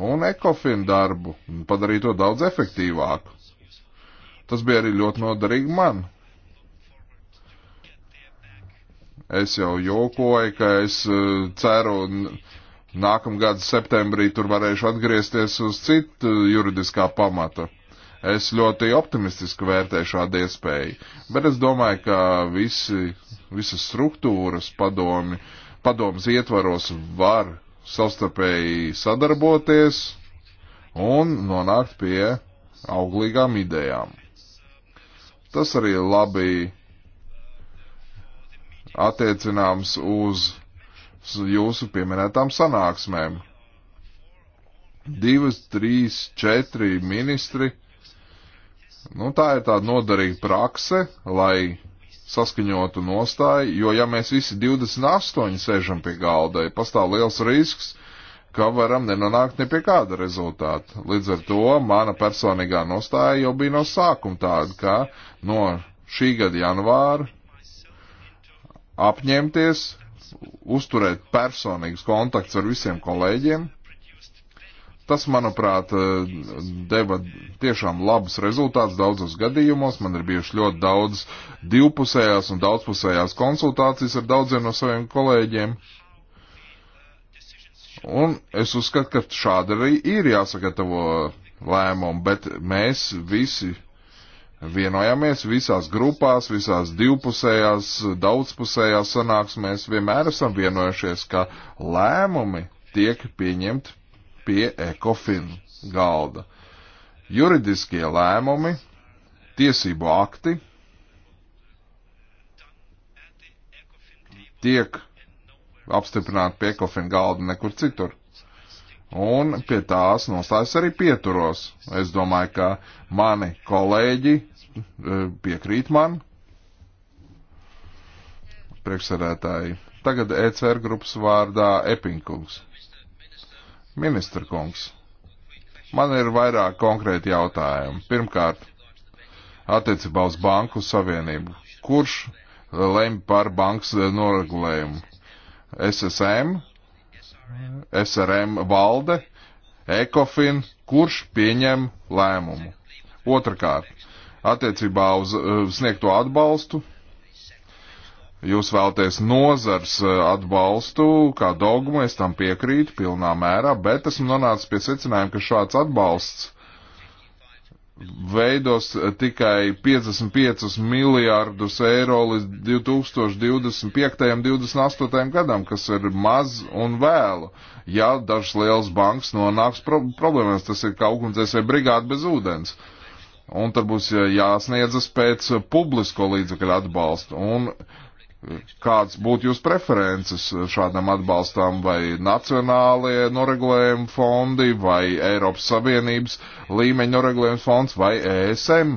un ekofin darbu, un padarīja to daudz efektīvāku. Tas bija arī ļoti noderīgi man. Es jau jokoju, ka es e, ceru, nākamgad septembrī tur varēšu atgriezties uz citu e, juridiskā pamata. Es ļoti optimistiski vērtēju šādu iespēju, bet es domāju, ka visi, visas struktūras padomi uh, padomas ietvaros var savstarpēji sadarboties un nonākt pie auglīgām idejām. Tas arī labi attiecināms uz jūsu pieminētām sanāksmēm. Divas, trīs, četri ministri. Nu, tā ir tāda noderīga prakse, lai saskaņotu nostāju, jo ja mēs visi 28 sēžam pie galda, ja pastāv liels risks, ka varam nenonākt ne pie kāda rezultāta. Līdz ar to mana personīgā nostāja jau bija no sākuma tāda, ka no šī gada janvāra apņemties uzturēt personīgus kontaktus ar visiem kolēģiem, Tas, manuprāt, deva tiešām labus rezultātus daudzos gadījumos. Man ir bijuši ļoti daudz divpusējās un daudzpusējās konsultācijas ar daudziem no saviem kolēģiem. Un es uzskatu, ka šādi arī ir jāsagatavo lēmumu, bet mēs visi vienojāmies visās grupās, visās divpusējās, daudzpusējās sanāksmēs, vienmēr esam vienojušies, ka lēmumi tiek pieņemti pie ECOFIN galda. Juridiskie lēmumi, tiesību akti tiek apstiprināti pie ECOFIN galda nekur citur. Un pie tās nostājas arī pieturos. Es domāju, ka mani kolēģi e, piekrīt man, priekšsēdētāji. Tagad ECR grupas vārdā Epinkungs. Ministra kungs, man ir vairāk konkrēti jautājumi. Pirmkārt, attiecībā uz Banku Savienību. Kurš lemj par bankas noregulējumu? SSM, SRM valde, ECOFIN, kurš pieņem lēmumu? Otrakārt, attiecībā uz sniegto atbalstu Jūs vēlaties nozars eh, atbalstu kā dogmu, es tam piekrītu pilnā mērā, bet esmu nonācis pie secinājuma, ka šāds atbalsts veidos eh, tikai 55 miljārdus eiro līdz 2025. un 2028. gadam, kas ir maz un vēlu. Ja dažas lielas bankas nonāks pro problēmās, tas ir kā ugunsdzēs vai brigāde bez ūdens. Un tad būs eh, jāsniedzas pēc publisko līdzekļu atbalsta. Un Kāds būtu jūs preferences šādam atbalstam vai nacionālie noregulējumi fondi vai Eiropas Savienības līmeņa noregulējums fonds vai ESM?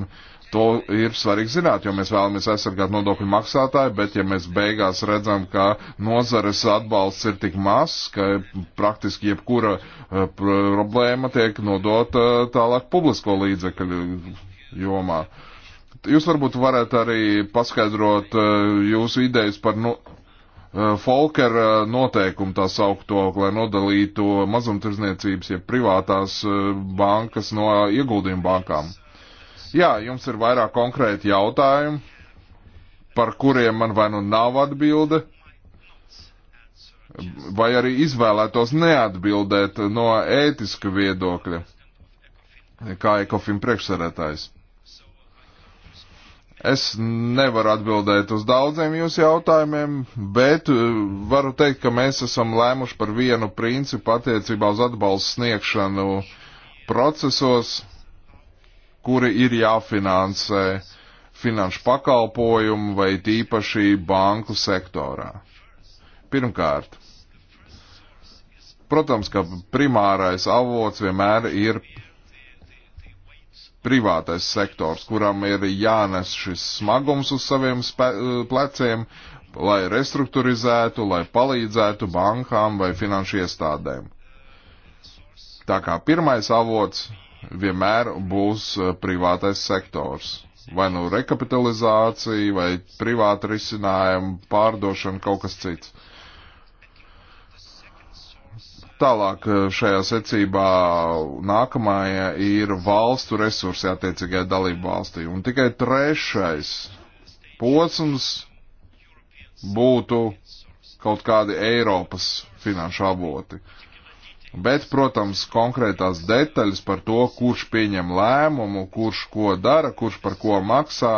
To ir svarīgi zināt, jo mēs vēlamies aizsargāt nodokļu maksātāju, bet ja mēs beigās redzam, ka nozares atbalsts ir tik mazs, ka praktiski jebkura eh, problēma tiek nodota eh, tālāk publisko līdzekļu jomā. Uh, Jūs varbūt varētu arī paskaidrot eh, jūsu idejas par no, eh, Folker eh, noteikumu tā saukto, lai nodalītu mazumtirdzniecības, ja privātās bankas no ieguldījumu bankām. Jā, jums ir vairāk konkrēti jautājumi, par kuriem man vai nu nav atbilde, vai arī izvēlētos neatbildēt no ētiska viedokļa, kā Ekofim priekšsarētājs. Es nevaru atbildēt uz daudziem jūsu jautājumiem, bet eh, varu teikt, ka mēs esam lēmuši par vienu principu attiecībā uz atbalstu sniegšanu procesos, kuri ir jāfinansē finanšu pakalpojumu vai tīpaši banku sektorā. Pirmkārt, protams, ka primārais avots vienmēr ir privātais sektors, kuram ir jānes šis smagums uz saviem eh, pleciem, lai restruktūrizētu, lai palīdzētu bankām vai finanšu iestādēm. Tā kā pirmais avots vienmēr būs eh, privātais sektors. Vai nu rekapitalizācija, vai privāta risinājuma, pārdošana, kaut kas cits. Tālāk eh, šajā secībā nākamajā ir valstu resursi attiecīgajai dalību valstī. Un tikai trešais posms būtu kaut kādi Eiropas finanšu avoti. Bet, protams, konkrētās detaļas par to, kurš pieņem lēmumu, kurš ko dara, kurš par ko maksā,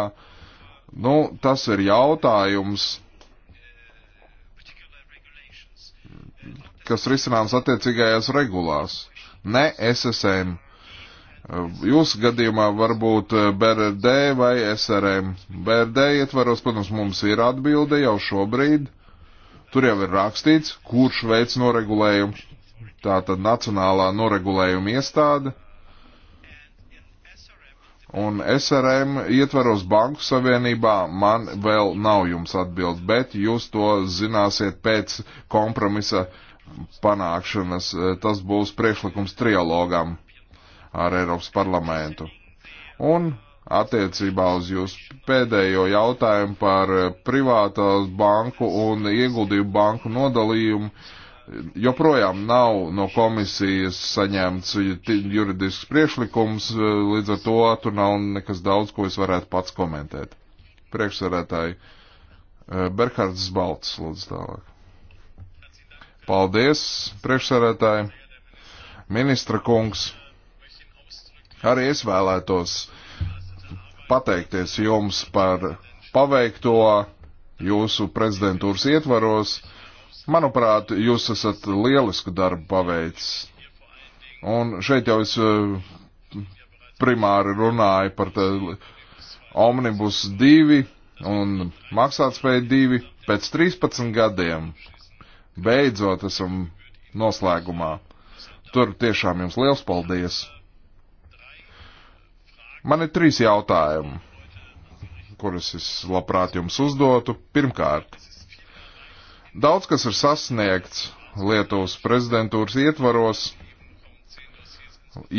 nu, tas ir jautājums, kas risināms attiecīgajās regulās, ne SSM. Eh, jūsu gadījumā varbūt eh, BRD vai SRM. BRD ietvaros, protams, mums ir atbilde jau šobrīd. Tur jau ir rakstīts, kurš veids noregulējumu. Tā tad nacionālā noregulējuma iestāde. Un SRM ietvaros Banku Savienībā man vēl nav jums atbild, bet jūs to zināsiet pēc kompromisa uh, panākšanas. Eh, tas būs priekšlikums trialogam ar Eiropas parlamentu. Un attiecībā uz jūsu pēdējo jautājumu par eh, privātās banku un ieguldījumu banku nodalījumu. Joprojām nav no komisijas saņemts juridisks priekšlikums, eh, līdz ar to tur nav nekas daudz, ko es varētu pats komentēt. Priekšsarētāji Berhards Balts, lūdzu tālāk. Paldies, priekšsarētāji. Ministra kungs, arī es vēlētos pateikties jums par paveikto jūsu prezidentūras ietvaros. Manuprāt, jūs esat lielisku darbu paveicis. Un šeit jau es eh, primāri runāju par Omnibus 2 un maksātspēju 2 pēc 13 gadiem Beidzot esam noslēgumā. Tur tiešām jums liels paldies. Man ir trīs jautājumi, kurus es labprāt jums uzdotu. Pirmkārt, daudz kas ir sasniegts Lietuvas prezidentūras ietvaros.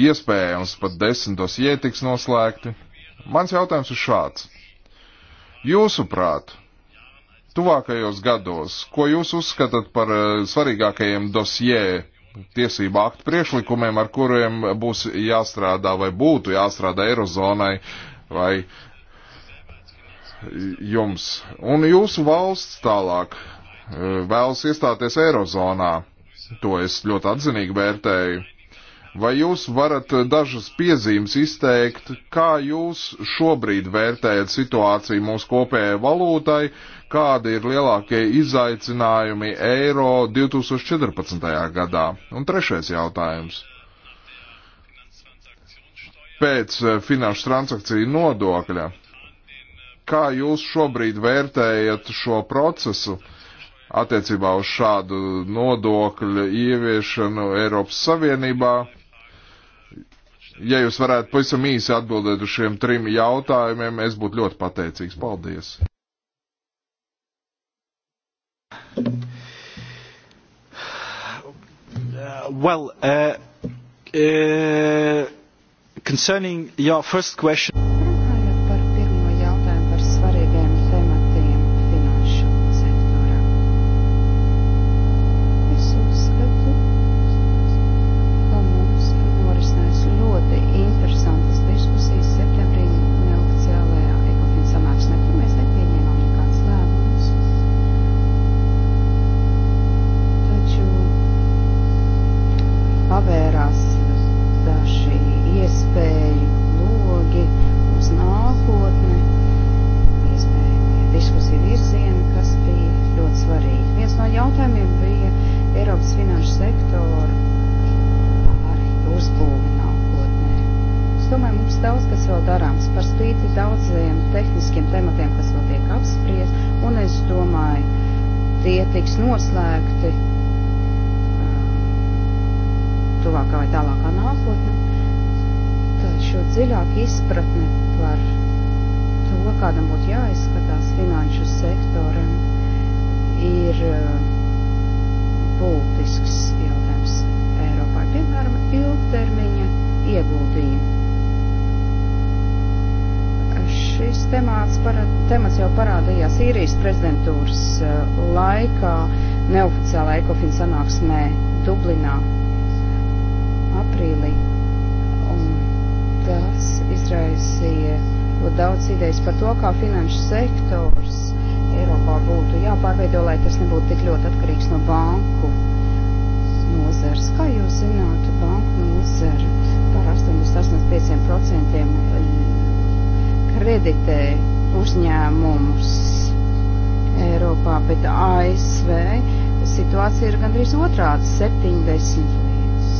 Iespējams, pat desmitos ietiks noslēgti. Mans jautājums ir šāds. Jūsuprāt, tuvākajos gados, ko jūs uzskatāt par eh, svarīgākajiem dosjē tiesību aktu priekšlikumiem, ar kuriem būs jāstrādā vai būtu jāstrādā Eirozonai vai jums? Un jūsu valsts tālāk eh, vēlas iestāties Eirozonā. To es ļoti atzinīgi vērtēju. Vai jūs varat dažas piezīmes izteikt, kā jūs šobrīd vērtējat situāciju mūsu kopējai valūtai? Uh, kādi ir lielākie izaicinājumi eiro 2014. gadā. Un trešais jautājums. Pēc eh, finanšu transakciju nodokļa, kā jūs šobrīd vērtējat šo procesu? attiecībā uz šādu nodokļu ieviešanu Eiropas Savienībā. Ja jūs varētu pavisam īsi atbildēt uz šiem trim jautājumiem, es būtu ļoti pateicīgs. Paldies! Uh, [sighs] well, uh, uh, concerning your first question. sektoru ar uzbūvi nākotnē. Es domāju, mums daudz kas vēl darāms par spīti daudziem tehniskiem tematiem, kas vēl tiek apspriest, un es domāju, tie tiks noslēgti um, tuvākā vai tālākā nākotnē. Tā šo dziļāku izpratni par to, kādam būtu jāizskatās finanšu sektoram, ir uh, būtisks jautājums Eiropai, piemēram, ilgtermiņa ieguldījumi. Šis temāts, parad, temats jau parādījās īrijas prezidentūras uh, laikā neoficiālā ekofin sanāksmē Dublinā aprīlī. Un tas izraisīja daudz idejas par to, kā finanšu sektors Eiropā būtu jāpārveido, lai tas nebūtu tik ļoti atkarīgs no banku nozars. Kā jūs zināt, banku nozara par 88% kreditē uzņēmumus Eiropā, bet ASV situācija ir gandrīz otrāda - 70 līdz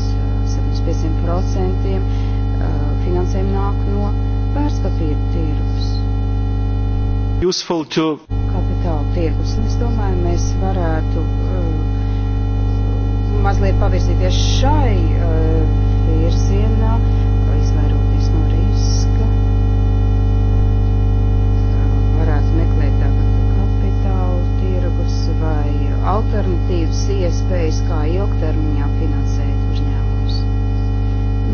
75% uh, finansējumi nāk no vērtspapīra tirgus useful to kapitāla tirgus. Un es domāju, mēs varētu uh, mazliet pavirzīties šai uh, virzienā, izvairoties no riska. Uh, varētu meklēt tāpat kapitāla tirgus vai alternatīvas iespējas, kā ilgtermiņā finansēt uzņēmumus.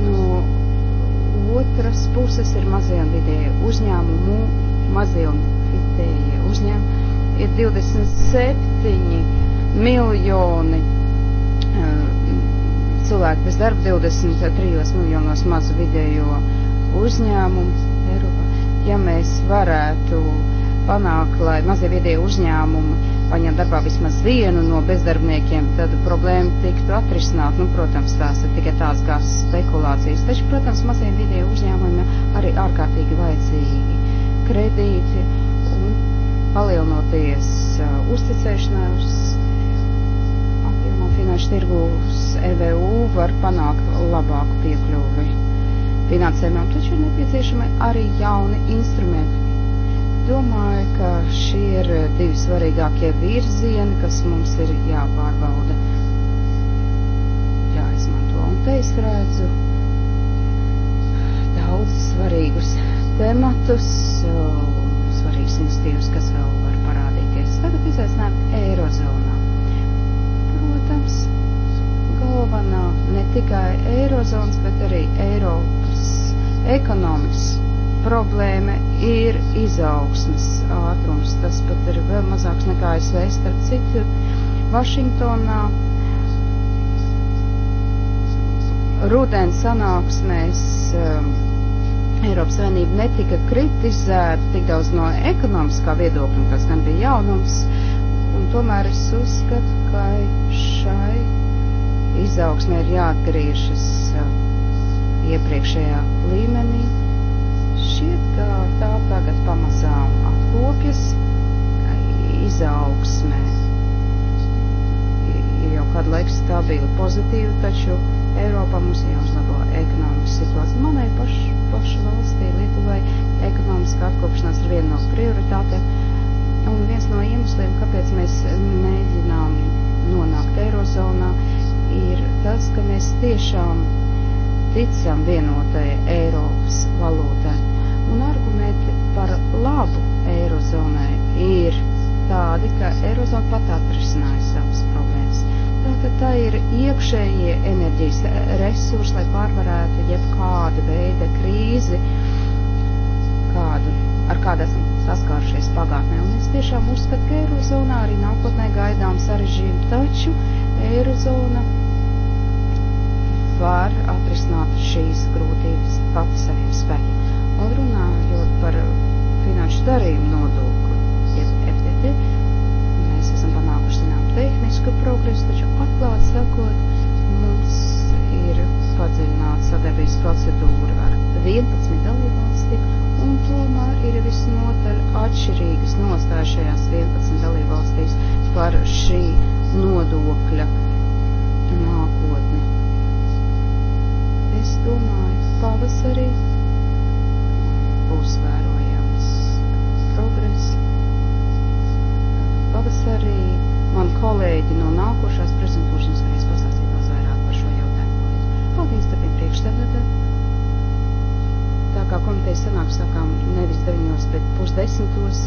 No otras puses ir mazie un vidēji uzņēmumu, mazie un Eģiptei uzņem, ir 27 miljoni eh, cilvēki bez darba, 23 miljonos mazu vidējo uzņēmumu Eiropā. Ja mēs varētu panākt, lai mazie vidēji uzņēmumi paņem darbā vismaz vienu no bezdarbniekiem, tad problēma tiktu atrisināt. Nu, protams, tās ir tikai tās kā spekulācijas. Taču, protams, mazie vidēji uzņēmumi arī ārkārtīgi vajadzīgi kredīti palielinoties uh, uzticēšanās apjomā finanšu tirgūs, EVU var panākt labāku piekļuvi finansējumam, taču ir nepieciešami arī jauni instrumenti. Domāju, ka šie ir divi svarīgākie virzieni, kas mums ir jāpārbauda, jāizmanto. Un te es redzu daudz svarīgus tematus. Uh, svarīgs institīvs, kas vēl var parādīties. Tagad izaicinājumi Eirozonā. Protams, galvenā ne tikai Eirozonas, bet arī Eiropas ekonomikas problēma ir izaugsmes ātrums. Tas pat ir vēl mazāks nekā es vēstu starp citu. Vašingtonā rudens sanāksmēs um, Eiropas Savienība netika kritizēta tik daudz no ekonomiskā viedokļa, kas gan bija jaunums, un tomēr es uzskatu, ka šai izaugsmē ir jāatgriežas uh, iepriekšējā līmenī. Šķiet, ka tā tagad pamazām atkopjas izaugsmē. Jau kādu laiku stabili pozitīvi, taču Eiropā mums jāuzlabo ekonomikas situācija. Manai pašai pašu valstī Lietuvai ekonomiskā atkopšanās ir viena no prioritātēm. Un viens no iemesliem, kāpēc mēs mēģinām nonākt Eirozonā, ir tas, ka mēs tiešām ticam vienotajai Eiropas valūtai. Un argumenti par labu Eirozonai ir tādi, ka Eirozona pat atrisinājis savas problēmas. Tātad nu, tā ir iekšējie enerģijas resursi, lai pārvarētu jebkāda veida krīzi, kādu, ar kādu esam saskārušies pagātnē. Un es tiešām uzskatu, ka Eirozonā arī nākotnē gaidām sarežģījumi, taču Eirozona var atrisināt šīs grūtības pati saviem spēkiem. Un runājot par finanšu darījumu nodokli, jeb FTT, tehnisku progresu, taču atklāt sakot, mums ir padziļināta sadarbības procedūra ar 11 dalībvalstīm, un tomēr ir visnotaļ atšķirīgas nostājušajās 11 dalībvalstīs par šī nodokļa nākotni. Es domāju, pavasarī būs vērojams progress Pavasarī man kolēģi no nākošās prezentūšanas varēs pastāstīt vēl vairāk par šo jautājumu. Paldies, tāpēc priekšstādātāji. Tā kā komitejas sanāk sākām nevis deviņos, bet pusdesmitos.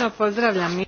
Um, pozdravljam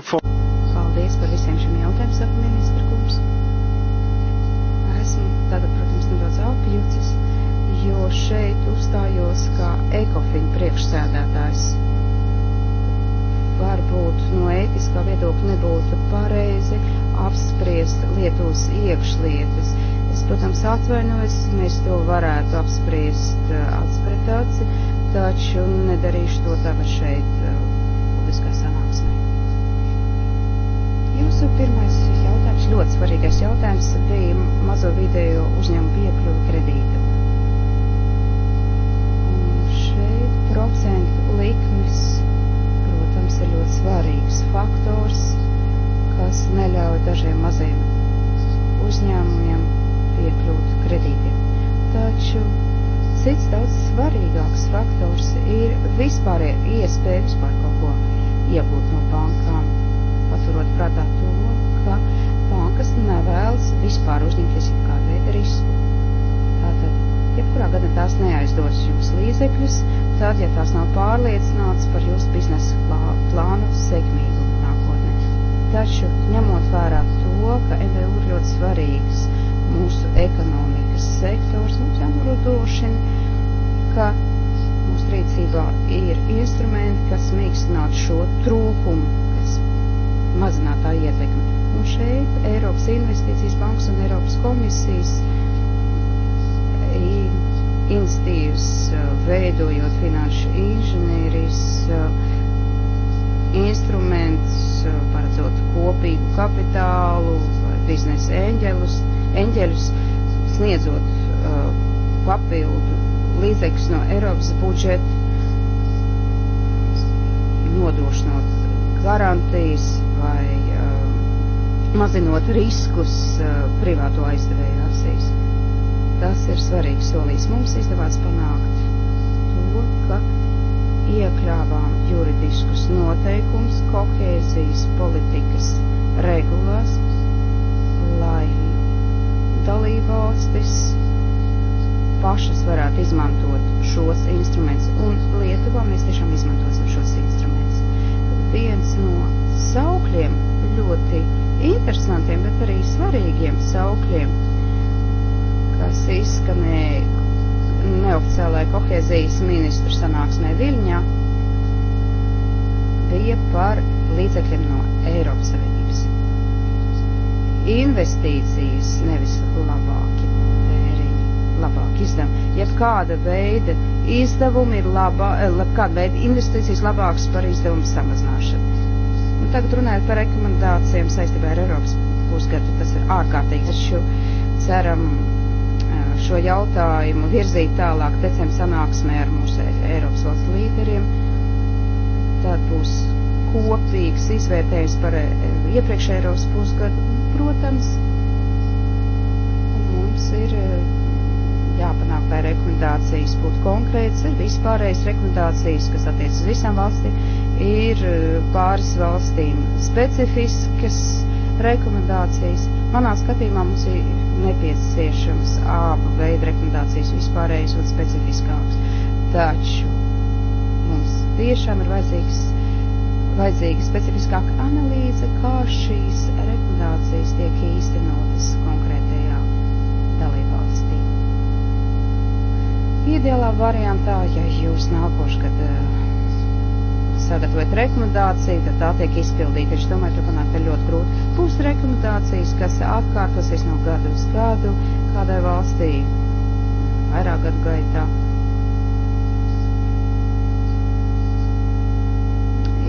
For... Paldies par visiem šiem jautājumiem, saka ministra kungs. Esmu tātad, protams, nedaudz apjucis, jo šeit uzstājos kā ekofiņu priekšsēdētājs. Varbūt no ētiskā viedokļa nebūtu pareizi apspriest Lietuvas iekšlietas. Es, protams, atvainojos, mēs to varētu apspriest eh, atspretāci, taču nedarīšu to tagad šeit eh, publiskās Jūsu pirmais jautājums, ļoti svarīgais jautājums, bija mazo vidējo uzņēmumu piekļuvi kredītam. Un šeit procentu likmes, protams, ir ļoti svarīgs faktors, kas neļauj dažiem maziem uzņēmumiem piekļūt kredītiem. Taču cits daudz svarīgāks faktors ir vispārējie iespējas par kaut ko iegūt no bankām, paturot prātā to, ka bankas nevēlas vispār uzņemties jau kādu risku. Tātad, jebkurā gadā tās neaizdos jums līdzekļus, tad, ja tās nav pārliecināts par jūsu biznesa plā, plānu sekmīgu nākotnē. Taču, ņemot vērā to, ka MVU ir ļoti svarīgs mūsu ekonomikas sektors, mums jānodrošina, ka mūsu rīcībā ir instrumenti, kas mīkstinātu šo trūkumu, kas mazinātā ietekmi. Un šeit Eiropas investīcijas bankas un Eiropas komisijas institīvas e, veidojot finanšu inženierijas e, instruments, e, paredzot kopīgu kapitālu, biznesa eņģelus, eņģeļus, sniedzot uh, papildu līdzekļus no Eiropas budžeta, nodrošinot garantijas vai mazinot riskus eh, privāto aizdevēju acīs. Tas ir svarīgs solījums. Mums izdevās panākt to, ka iekļāvām juridiskus noteikums kohēzijas politikas regulās, lai dalībvalstis pašas varētu izmantot šos instrumentus, un Lietuvā mēs tiešām izmantosim šos instrumentus. Viens no saukļiem ļoti interesantiem, bet arī svarīgiem saukļiem, kas izskanēja neoficiālajā kohēzijas ministru sanāksmē Viļņā, bija par līdzekļiem no Eiropas Savienības. Investīcijas nevis labāki tēriņi, labāk izdevumi. Ja kāda veida izdevumi ir labā, eh, kāda veida investīcijas labākas par izdevumu samazināšanu. Tagad runājot par rekomendācijām saistībā ar Eiropas pusgadu, tas ir ārkārtīgi. Taču ceram šo jautājumu virzīt tālāk decembra sanāksmē ar mūsu e- Eiropas valsts līderiem. Tad būs kopīgs izvērtējums par iepriekšējā Eiropas pusgadu. Protams, mums ir jāpanāk, lai rekomendācijas būtu konkrētas, ir vispārējas rekomendācijas, kas attiecas uz visām valstīm, ir e, pāris valstīm specifiskas rekomendācijas. Manā skatījumā mums ir nepieciešams abu veidu rekomendācijas vispārējas un specifiskākas. Taču mums tiešām ir vajadzīgs, vajadzīga specifiskāka analīze, kā šīs rekomendācijas tiek īstenotas konkrētajā dalībvalstī. Ideālā variantā, ja jūs nākošgad uh, sagatavot rekomendāciju, tad tā tiek izpildīta. Es domāju, ka panākt ir ļoti grūti. Būs rekomendācijas, kas atkārtosies no gadu uz gadu kādai valstī vairāk gadu gaitā.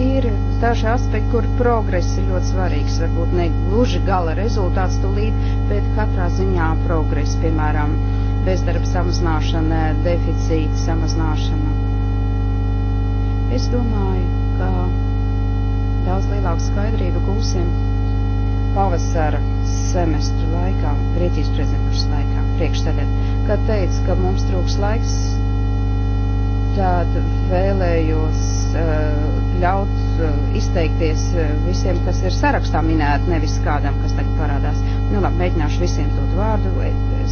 Ir daži aspekti, kur progress ir ļoti svarīgs, varbūt ne gluži gala rezultāts tūlīt, bet katrā ziņā progress, piemēram, bezdarba samazināšana, deficīta samazināšana Es domāju, ka daudz lielāku skaidrību gūsim pavasara semestru laikā, Grieķijas prezidentūras laikā, priekšstādē, kad teica, ka mums trūks laiks tad vēlējos eh, ļaut eh, izteikties eh, visiem, kas ir sarakstā minēti, nevis kādam, kas tagad parādās. Nu labi, mēģināšu visiem dot vārdu.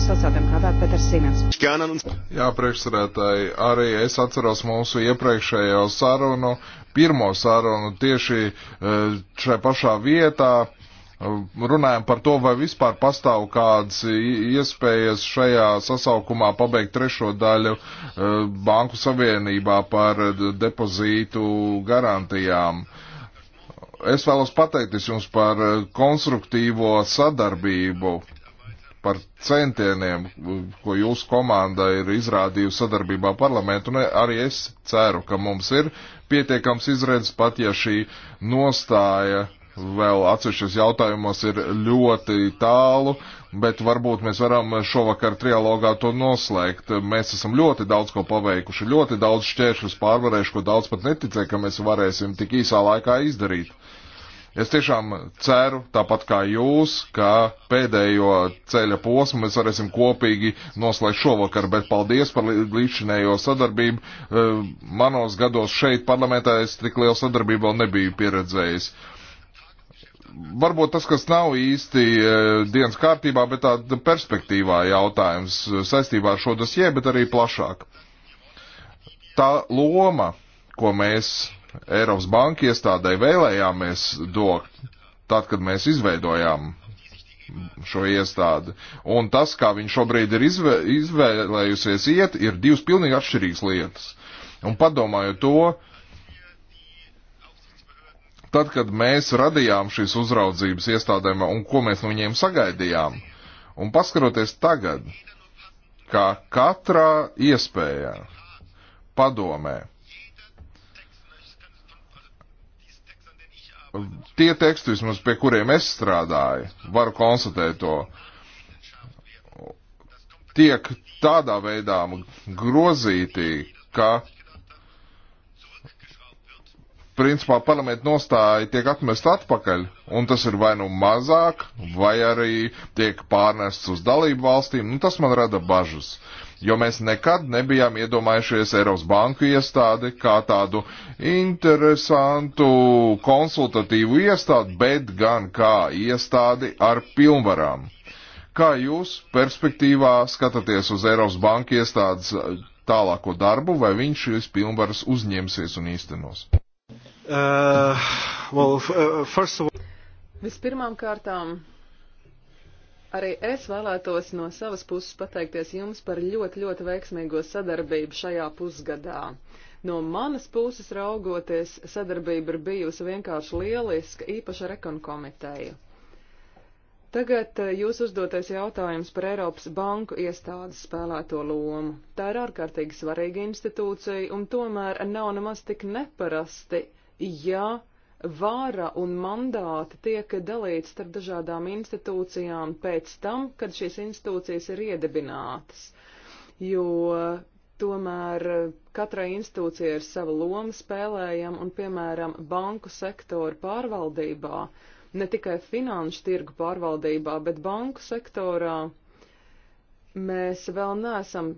Sociāldemokrātāt Peters Simens. Jā, priekšsarētāji, arī es atceros mūsu iepriekšējo sarunu, pirmo sarunu tieši šai pašā vietā runājam par to, vai vispār pastāv kādas iespējas šajā sasaukumā pabeigt trešo daļu eh, Banku Savienībā par depozītu garantijām. Es vēlos pateikties jums par eh, konstruktīvo sadarbību, par centieniem, ko jūsu komanda ir izrādījusi sadarbībā parlamentu, un arī es ceru, ka mums ir pietiekams izredzes, pat ja šī nostāja vēl atsevišķos jautājumos ir ļoti tālu, bet varbūt mēs varam šovakar trialogā to noslēgt. Mēs esam ļoti daudz ko paveikuši, ļoti daudz šķēršļus pārvarējuši, ko daudz pat neticēja, ka mēs varēsim tik īsā laikā izdarīt. Es tiešām ceru, tāpat kā jūs, ka pēdējo ceļa posmu mēs varēsim kopīgi noslēgt šovakar, bet paldies par līdzinējo sadarbību. Eh, manos gados šeit parlamentā es tik lielu sadarbību vēl nebiju pieredzējis varbūt tas, kas nav īsti e, dienas kārtībā, bet tāda perspektīvā jautājums saistībā ar šo dosie, bet arī plašāk. Tā loma, ko mēs Eiropas banka iestādē vēlējāmies dot, tad, kad mēs izveidojām šo iestādi. Un tas, kā viņi šobrīd ir izvē, izvēlējusies iet, ir divas pilnīgi atšķirīgas lietas. Un padomāju to, uh, tad, kad mēs radījām šīs uzraudzības iestādēm un ko mēs no viņiem sagaidījām. Un paskaroties tagad, kā katrā iespējā padomē tie teksti, vismaz pie kuriem es strādāju, varu konstatēt to, tiek tādā veidā grozītī, ka principā parlamenta nostāja tiek atmesta atpakaļ, un tas ir vai nu mazāk, vai arī tiek pārnests uz dalību valstīm, nu tas man rada bažas. Jo mēs nekad nebijām iedomājušies Eiropas banku iestādi kā tādu interesantu konsultatīvu iestādi, bet gan kā iestādi ar pilnvarām. Kā jūs perspektīvā skatāties uz Eiropas banku iestādes eh, tālāko darbu, vai viņš šīs pilnvaras uzņemsies un īstenos? Uh, well, uh, first of all... Vispirmām kārtām, arī es vēlētos no savas puses pateikties jums par ļoti, ļoti veiksmīgo sadarbību šajā pusgadā. No manas puses raugoties, sadarbība ir bijusi vienkārši lieliska, īpaši ar ekonkomiteju. Tagad uh, jūs uzdotais jautājums par Eiropas banku iestādes spēlēto lomu. Tā ir ārkārtīgi svarīga institūcija, un tomēr nav nemaz tik neparasti, ja vāra un mandāti tiek dalīts starp dažādām institūcijām pēc tam, kad šīs institūcijas ir iedibinātas. Jo tomēr katrai institūcijai ir sava loma spēlējama un, piemēram, banku sektoru pārvaldībā, ne tikai finanšu tirgu pārvaldībā, bet banku sektorā mēs vēl neesam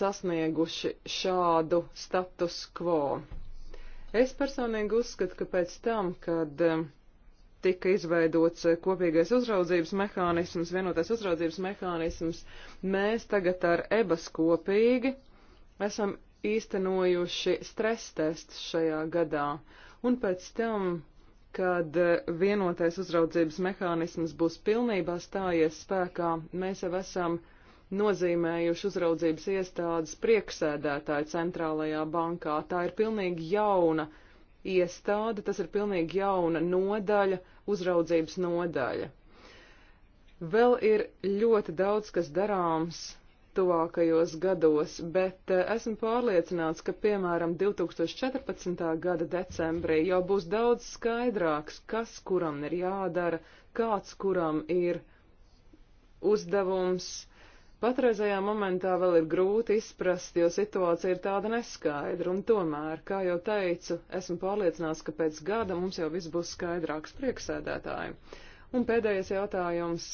sasnieguši šādu status quo. Es personīgi uzskatu, ka pēc tam, kad eh, tika izveidots eh, kopīgais uzraudzības mehānisms, vienotais uzraudzības mehānisms, mēs tagad ar ebas kopīgi esam īstenojuši stres testus šajā gadā. Un pēc tam, kad eh, vienotais uzraudzības mehānisms būs pilnībā stājies spēkā, mēs jau esam nozīmējuši uzraudzības iestādes prieksēdētāju centrālajā bankā. Tā ir pilnīgi jauna iestāde, tas ir pilnīgi jauna nodaļa, uzraudzības nodaļa. Vēl ir ļoti daudz, kas darāms tuvākajos gados, bet eh, esmu pārliecināts, ka piemēram 2014. gada decembrī jau būs daudz skaidrāks, kas kuram ir jādara, kāds kuram ir uzdevums, Patreizajā momentā vēl ir grūti izprast, jo situācija ir tāda neskaidra, un tomēr, kā jau teicu, esmu pārliecināts, ka pēc gada mums jau viss būs skaidrāks prieksēdētāji. Un pēdējais jautājums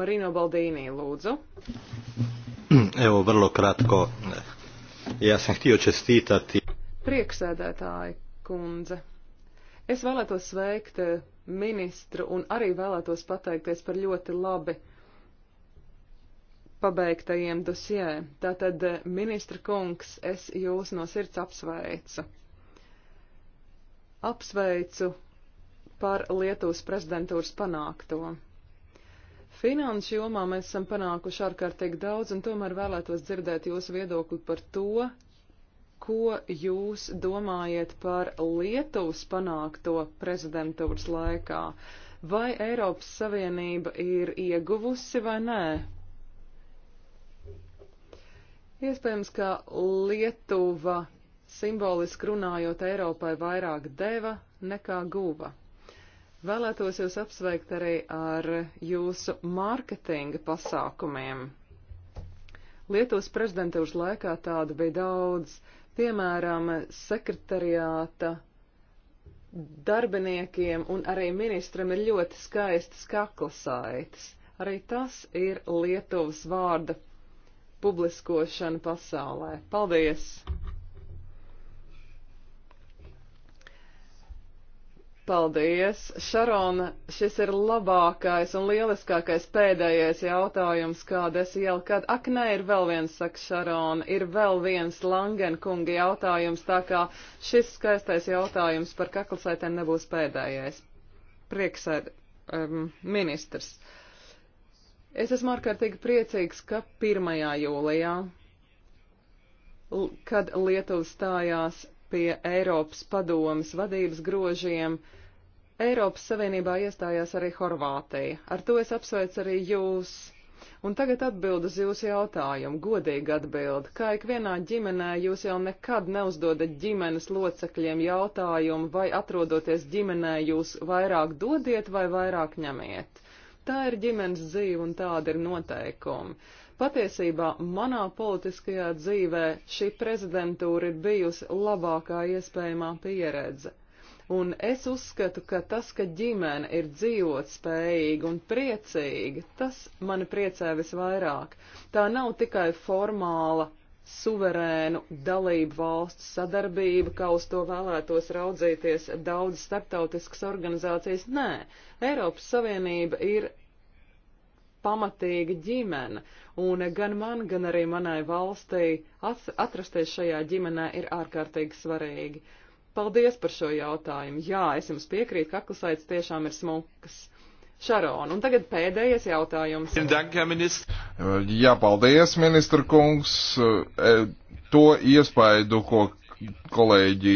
Marino Baldīnī, lūdzu. [clears throat] Evo, vrlo kratko. Ja sam htio čestitati. Prieksēdētāji, kundze. Es vēlētos sveikt ministru un arī vēlētos pateikties par ļoti labi pabeigtajiem dosjē. Tātad, eh, ministra kungs, es jūs no sirds apsveicu. Apsveicu par Lietuvas prezidentūras panākto. Finanšu jomā mēs esam panākuši ārkārtīgi daudz, un tomēr vēlētos dzirdēt jūsu viedokli par to, ko jūs domājat par Lietuvas panākto prezidentūras laikā. Vai Eiropas Savienība ir ieguvusi vai nē Iespējams, ka Lietuva simboliski runājot Eiropai vairāk deva nekā guva. Vēlētos jūs apsveikt arī ar jūsu mārketinga pasākumiem. Lietuvas prezidentūras laikā tāda bija daudz, piemēram, sekretariāta darbiniekiem un arī ministram ir ļoti skaistas kaklasaites. Arī tas ir Lietuvas vārda publiskošanu pasaulē. Paldies! Paldies, Šarona! Šis ir labākais un lieliskākais pēdējais jautājums, kādu es jau kad. Ak, nē, ir vēl viens, saka Šarona, ir vēl viens Langenkunga jautājums, tā kā šis skaistais jautājums par kaklasaitēm nebūs pēdējais. Prieks ar um, ministrs. Uh, Es esmu ārkārtīgi priecīgs, ka 1. jūlijā, kad Lietuva stājās pie Eiropas padomas vadības grožiem, Eiropas Savienībā iestājās arī Horvātija. Ar to es apsveicu arī jūs. Un tagad atbild uz jūsu jautājumu, godīgi atbild, kā ikvienā ģimenē jūs jau nekad neuzdodat ģimenes locekļiem jautājumu, vai atrodoties ģimenē jūs vairāk dodiet vai vairāk ņemiet. Tā ir ģimenes dzīve un tāda ir noteikumi. Patiesībā manā politiskajā dzīvē šī prezidentūra ir bijusi labākā iespējamā pieredze. Un es uzskatu, ka tas, ka ģimene ir dzīvot spējīga un priecīga, tas mani priecē visvairāk. Tā nav tikai formāla suverēnu dalību valstu sadarbību, kā uz to vēlētos raudzīties daudz starptautiskas organizācijas. Nē, Eiropas Savienība ir pamatīga ģimene, un gan man, gan arī manai valstī atrasties šajā ģimenē ir ārkārtīgi svarīgi. Paldies par šo jautājumu. Jā, es jums piekrītu, ka aklasaits tiešām ir smukas. Šarona, un tagad pēdējais jautājums. Jā, paldies, ministra kungs. E, to iespaidu, ko kolēģi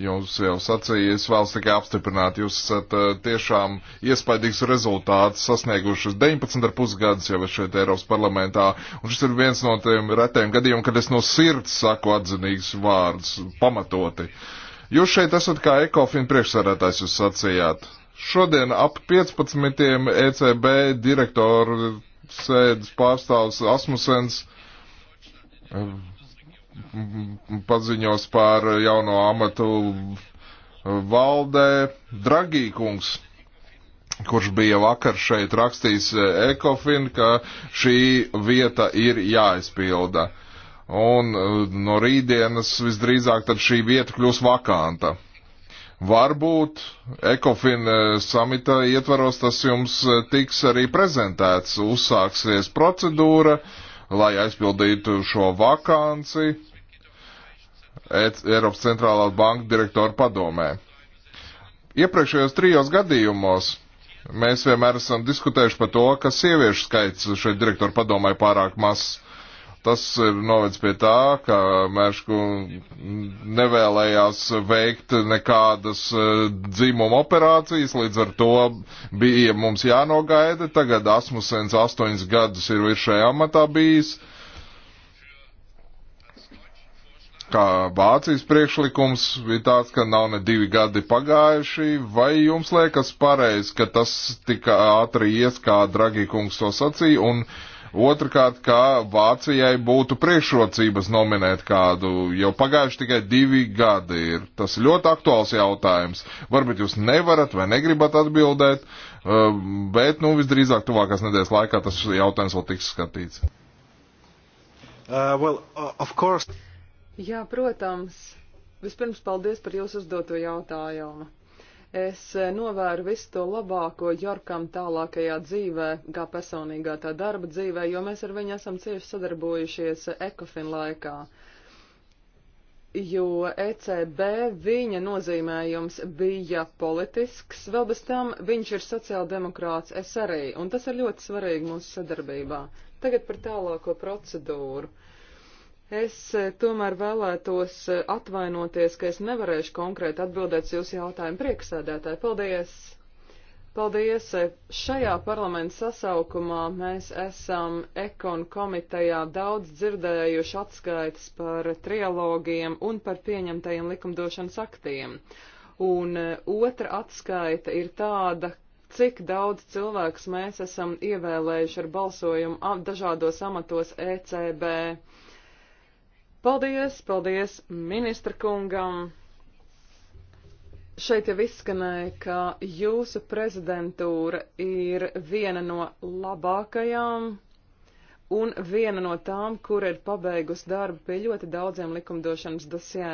jums jau sacīja, es vēlos tikai apstiprināt, jūs esat e, tiešām iespaidīgs rezultāts sasniegušas 19,5 gadus jau šeit Eiropas parlamentā, un šis ir viens no tiem retiem gadījumiem, kad es no sirds saku atzinīgs vārds pamatoti. Jūs šeit esat kā ekofin priekšsarētājs, jūs sacījāt. Šodien ap 15. ECB direktoru sēdes pārstāvs Asmusens eh, paziņos par jauno amatu valdē Dragīkungs, kurš bija vakar šeit rakstījis eh, Ekofin, ka šī vieta ir jāizpilda. Un eh, no rītdienas visdrīzāk tad šī vieta kļūs vakanta. Varbūt Ekofin eh, samita ietvaros tas jums eh, tiks arī prezentēts, uzsāksies procedūra, lai aizpildītu šo vakanci Eiropas centrālā banka direktora padomē. Iepriekšējos trijos gadījumos mēs vienmēr esam diskutējuši par to, ka sieviešu skaits šeit direktora padomē pārāk mazs Tas novec pie tā, ka Mēršku nevēlējās veikt nekādas e, dzimuma operācijas, līdz ar to bija mums jānogaida. Tagad Asmusens astoņus gadus ir virs šajā amatā bijis. Kā Vācijas priekšlikums bija tāds, ka nav ne divi gadi pagājuši, vai jums liekas pareizi, ka tas tika ātri ies, kā Dragī kungs to sacīja, un uh, Otrakārt, kā Vācijai būtu priekšrocības nominēt kādu, jo pagājuši tikai divi gadi ir. Tas ļoti aktuāls jautājums. Varbūt jūs nevarat vai negribat atbildēt, um, bet, nu, visdrīzāk tuvākās nedēļas laikā tas jautājums vēl tiks skatīts. Uh, well, uh, of course. Jā, protams. Vispirms paldies par jūsu uzdoto jautājumu. Es novēru visu to labāko Jorkam tālākajā dzīvē, kā personīgā tā darba dzīvē, jo mēs ar viņu esam cieši sadarbojušies ekofin laikā. Jo ECB viņa nozīmējums bija politisks, vēl bez tam viņš ir sociāldemokrāts, es arī, un tas ir ļoti svarīgi mūsu sadarbībā. Tagad par tālāko procedūru. Uh, Es eh, tomēr vēlētos eh, atvainoties, ka es nevarēšu konkrēti atbildēt uz jūsu jautājumu priekšsēdētāji. Paldies! Paldies! Šajā parlamenta sasaukumā mēs esam ekon komitejā daudz dzirdējuši atskaitas par trialogiem un par pieņemtajiem likumdošanas aktiem. Un eh, otra atskaita ir tāda, cik daudz cilvēks mēs esam ievēlējuši ar balsojumu dažādos amatos ECB. Paldies, paldies ministra kungam. Šeit jau izskanēja, ka jūsu prezidentūra ir viena no labākajām un viena no tām, kura ir pabeigusi darbu pie ļoti daudziem likumdošanas dosjē.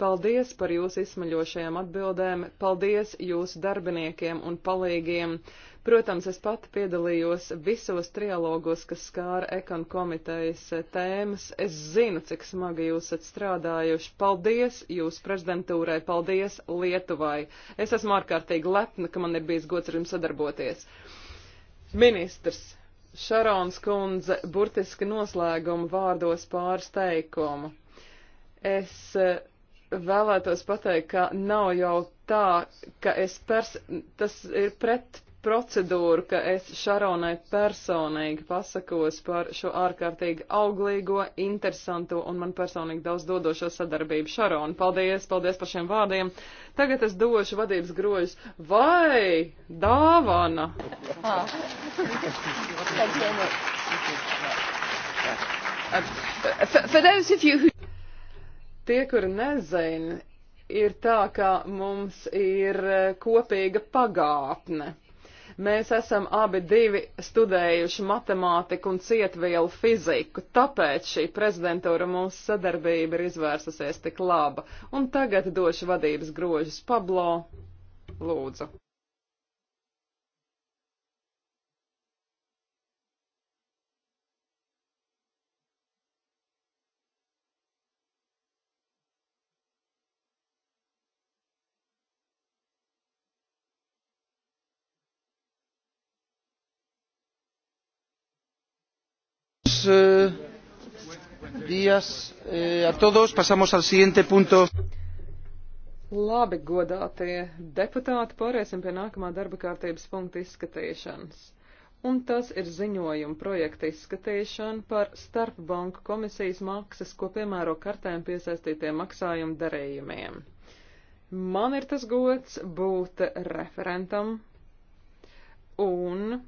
Paldies par jūsu izsmaļošajām atbildēm, paldies jūsu darbiniekiem un palīgiem. Protams, es pat piedalījos visos trialogos, kas skāra ekon komitejas tēmas. Es zinu, cik smagi jūs esat strādājuši. Paldies jūsu prezidentūrai, paldies Lietuvai. Es esmu ārkārtīgi lepna, ka man ir bijis gods ar jums sadarboties. Ministrs Šarons kundze burtiski noslēguma vārdos pārsteikumu. Es vēlētos pateikt, ka nav jau tā, ka es pers, tas ir pret procedūru, ka es Šaronai personīgi pasakos par šo ārkārtīgi auglīgo, interesanto un man personīgi daudz dodošo sadarbību. Šarona, paldies, paldies par šiem vārdiem. Tagad es došu vadības grožus. Vai dāvana? For those of you who Tie, kuri nezina, ir tā, ka mums ir e, kopīga pagātne. Mēs esam abi divi studējuši matemātiku un cietvielu fiziku, tāpēc šī prezidentūra mūsu sadarbība ir izvērsusies tik laba. Un tagad došu vadības grožus Pablo. Lūdzu. eh, días eh, a todos. Pasamos al siguiente punto. Labi, godātie deputāti, pāriesim pie nākamā darba kārtības punkta izskatīšanas. Un tas ir ziņojuma projekta izskatīšana par starpbanku komisijas maksas, ko piemēro kartēm piesaistītiem maksājumu darījumiem. Man ir tas gods būt referentam un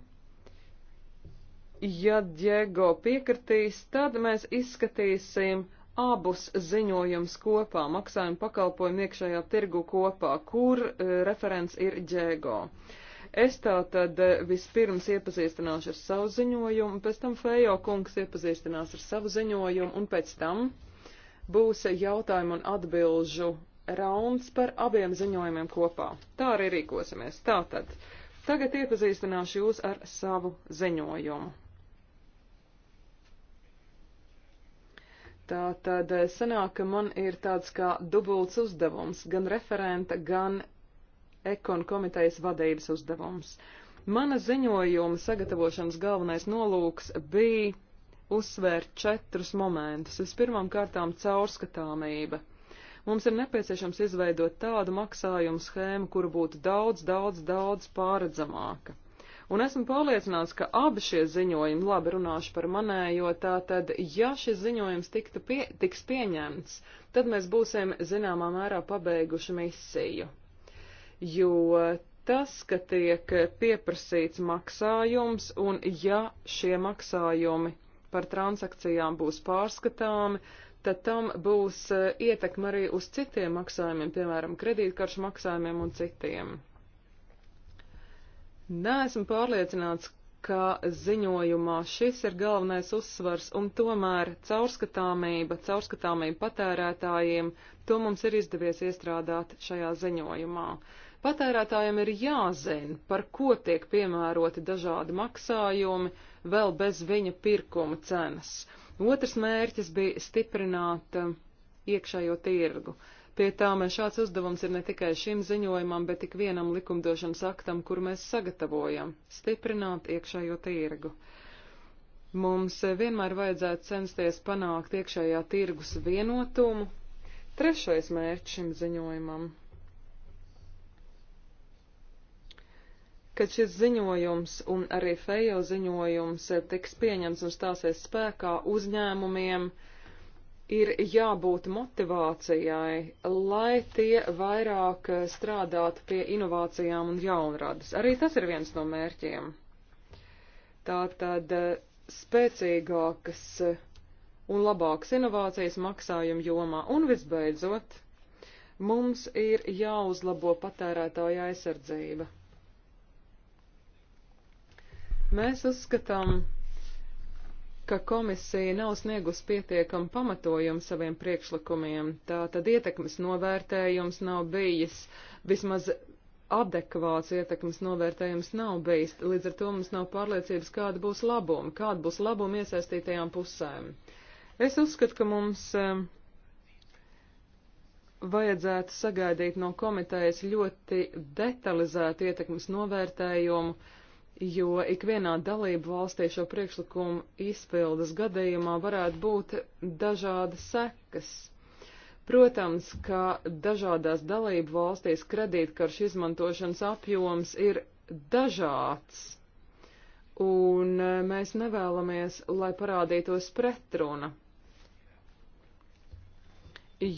ja Diego piekritīs, tad mēs izskatīsim abus ziņojums kopā, maksājumu pakalpojumu iekšējā tirgu kopā, kur uh, referents ir Diego. Es tā tad e, vispirms iepazīstināšu ar savu ziņojumu, pēc tam Fejo kungs iepazīstinās ar savu ziņojumu, un pēc tam būs jautājumu un atbilžu rauns par abiem ziņojumiem kopā. Tā arī rīkosimies. Tātad, tagad iepazīstināšu jūs ar savu ziņojumu. Tā tad eh, sanāk, ka man ir tāds kā dubults uzdevums, gan referenta, gan ekon komitejas vadības uzdevums. Mana ziņojuma sagatavošanas galvenais nolūks bija uzsvērt četrus momentus. Vispirmām kārtām caurskatāmība. Mums ir nepieciešams izveidot tādu maksājumu schēmu, kura būtu daudz, daudz, daudz pāredzamāka. Un esmu pārliecināts, ka abi šie ziņojumi, labi runāšu par manējo, tā tad, ja šis ziņojums tiktu pie, tiks pieņemts, tad mēs būsim zināmā mērā pabeiguši misiju. Jo tas, ka tiek pieprasīts maksājums, un ja šie maksājumi par transakcijām būs pārskatāmi, tad tam būs eh, ietekme arī uz citiem maksājumiem, piemēram, kredītkaršu maksājumiem un citiem. Neesmu pārliecināts, ka ziņojumā šis ir galvenais uzsvars, un tomēr caurskatāmība, caurskatāmība patērētājiem, to mums ir izdevies iestrādāt šajā ziņojumā. Patērētājiem ir jāzina, par ko tiek piemēroti dažādi maksājumi, vēl bez viņa pirkuma cenas. Otrs mērķis bija stiprināt eh, iekšējo tirgu. Uh, Pie tām šāds uzdevums ir ne tikai šim ziņojumam, bet ik vienam likumdošanas aktam, kur mēs sagatavojam - stiprināt iekšējo tirgu. Mums vienmēr vajadzētu censties panākt iekšējā tirgus vienotumu. Trešais mērķis šim ziņojumam. Kad šis ziņojums un arī fejo ziņojums tiks pieņemts un stāsies spēkā uzņēmumiem, uh, ir jābūt motivācijai, lai tie vairāk strādātu pie inovācijām un jaunradas. Arī tas ir viens no mērķiem. Tātad eh, spēcīgākas eh, un labākas inovācijas maksājuma jomā. Un visbeidzot, mums ir jāuzlabo patērētāja aizsardzība. Mēs uzskatām, ka komisija nav sniegusi pietiekamu pamatojumu saviem priekšlikumiem, tā tad ietekmes novērtējums nav bijis, vismaz adekvāts ietekmes novērtējums nav bijis, līdz ar to mums nav pārliecības, kāda būs labuma, kāda būs labuma iesaistītajām pusēm. Es uzskatu, ka mums vajadzētu sagaidīt no komitejas ļoti detalizētu ietekmes novērtējumu, jo ikvienā dalību valstī šo priekšlikumu izpildas gadījumā varētu būt dažādas sekas. Protams, ka dažādās dalību valstīs kredītkaršu izmantošanas apjoms ir dažāds, un mēs nevēlamies, lai parādītos pretruna,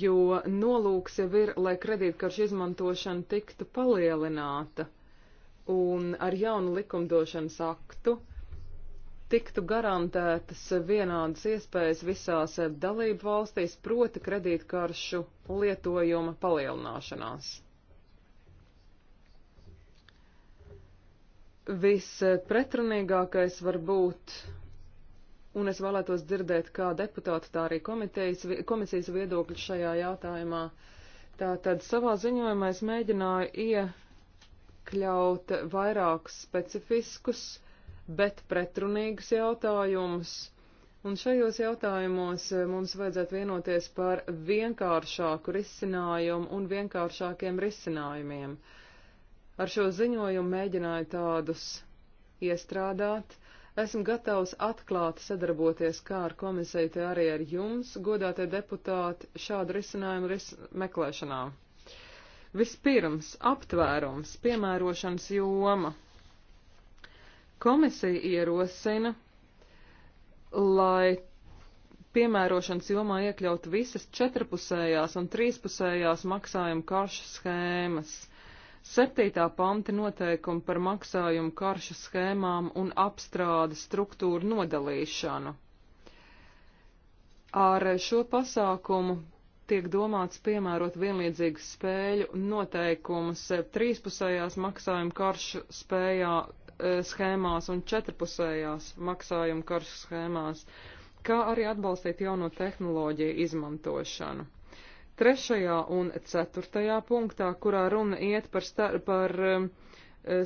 jo nolūks jau ir, lai kredītkaršu izmantošana tiktu palielināta un ar jaunu likumdošanas aktu tiktu garantētas vienādas iespējas visās dalību valstīs, proti kredītkaršu lietojuma palielināšanās. Vispretrunīgākais var būt, un es vēlētos dzirdēt kā deputāta, tā arī komitejas, komisijas viedokļu šajā jautājumā. Tātad savā ziņojumā es mēģināju ie iekļaut vairākus specifiskus, bet pretrunīgus jautājumus. Un šajos jautājumos eh, mums vajadzētu vienoties par vienkāršāku risinājumu un vienkāršākiem risinājumiem. Ar šo ziņojumu mēģināju tādus iestrādāt. Esmu gatavs atklāti sadarboties kā ar komisiju, tā arī ar jums, godātie deputāti, šādu risinājumu ris meklēšanā. Vispirms aptvērums, piemērošanas joma. Komisija ierosina, lai piemērošanas jomā iekļaut visas četrpusējās un trīspusējās maksājuma karšu schēmas. Septītā panta noteikumi par maksājumu karšu schēmām un apstrādes struktūru nodalīšanu. Ar šo pasākumu tiek domāts piemērot vienlīdzīgas spēļu noteikumus eh, trīspusējās maksājuma karšu spējā eh, schēmās un četrpusējās maksājuma karšu schēmās, kā arī atbalstīt jauno tehnoloģiju izmantošanu. Trešajā un ceturtajā punktā, kurā runa iet par, star par eh,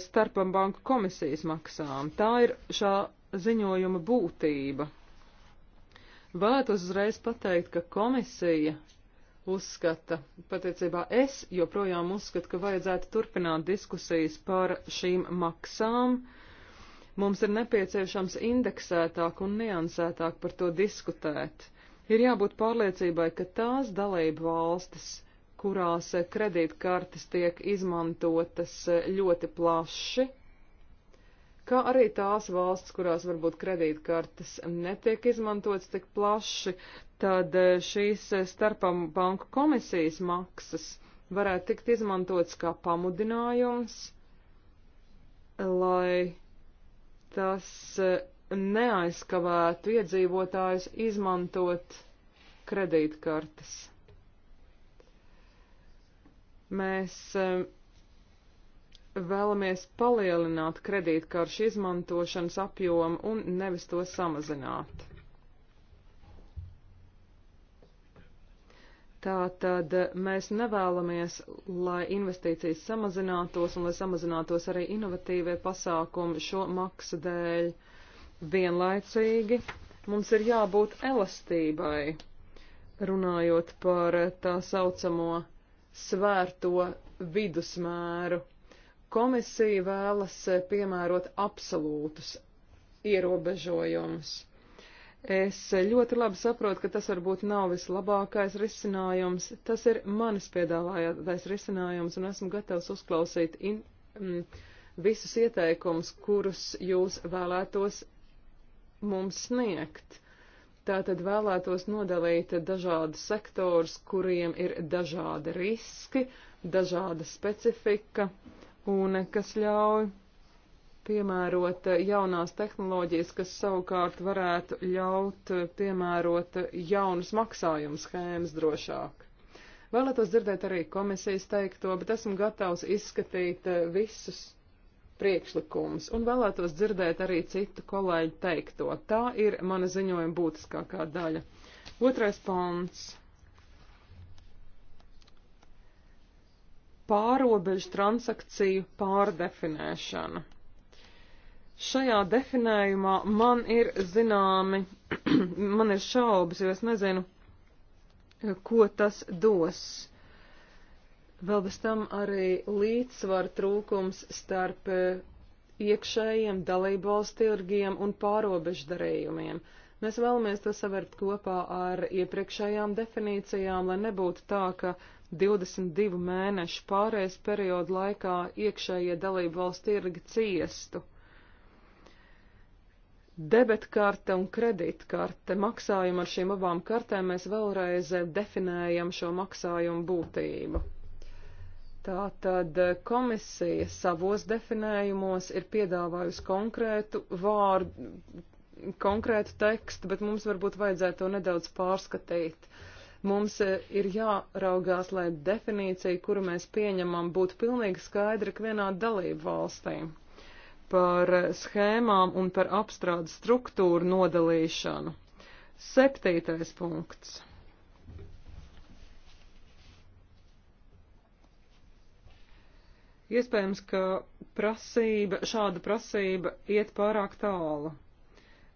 starpam banku komisijas maksām, tā ir šā ziņojuma būtība. Vēlētu uzreiz pateikt, ka komisija uzskata, patiecībā es joprojām uzskatu, ka vajadzētu turpināt diskusijas par šīm maksām. Mums ir nepieciešams indeksētāk un niansētāk par to diskutēt. Ir jābūt pārliecībai, ka tās dalību valstis, kurās kredītkartes tiek izmantotas ļoti plaši, kā arī tās valsts, kurās varbūt kredītkartes netiek izmantotas tik plaši, tad e, šīs e, starpam banku komisijas maksas varētu tikt izmantotas kā pamudinājums, lai tas e, neaizskavētu iedzīvotājus izmantot kredītkartes. Mēs vēlamies palielināt kredītkaršu izmantošanas apjomu un nevis to samazināt. Tātad eh, mēs nevēlamies, lai investīcijas samazinātos un lai samazinātos arī inovatīvie pasākumi šo maksu dēļ. Vienlaicīgi mums ir jābūt elastībai, runājot par tā saucamo svērto vidusmēru Komisija vēlas eh, piemērot absolūtus ierobežojumus. Es eh, ļoti labi saprotu, ka tas varbūt nav vislabākais risinājums. Tas ir manis piedāvājātais risinājums, un esmu gatavs uzklausīt in, mm, visus ieteikumus, kurus jūs vēlētos mums sniegt. Tātad vēlētos nodalīt dažādus sektors, kuriem ir dažādi riski, dažāda specifika, un kas ļauj piemērot jaunās tehnoloģijas, kas savukārt varētu ļaut piemērot jaunas maksājumu schēmas drošāk. Vēlētos dzirdēt arī komisijas teikto, bet esmu gatavs izskatīt eh, visus priekšlikumus un vēlētos dzirdēt arī citu kolēģu teikto. Tā ir mana ziņojuma būtiskākā daļa. Otrais pants. pārobežu transakciju pārdefinēšana. Šajā definējumā man ir zināmi, [clears throat] man ir šaubas, jo es nezinu, ko tas dos. Vēl bez tam arī līdzsvar trūkums starp eh, iekšējiem dalībvalstu tirgiem un pārobežu darījumiem. Mēs vēlamies to savert kopā ar iepriekšējām definīcijām, lai nebūtu tā, ka uh, 22 mēnešu pārējais periodu laikā iekšējie dalību valsts tirgi ciestu. Debetkarte un kreditkarte maksājumu ar šīm abām kartēm mēs vēlreiz definējam šo maksājumu būtību. Tātad eh, komisija savos definējumos ir piedāvājusi konkrētu vārdu, konkrētu tekstu, bet mums varbūt vajadzētu to nedaudz pārskatīt. Uh, Mums e, ir jāraugās, lai definīcija, kuru mēs pieņemam, būtu pilnīgi skaidra ikvienā dalību valstī par e, schēmām un par apstrādes struktūru nodalīšanu. Septītais punkts. Iespējams, ka prasība, šāda prasība iet pārāk tālu.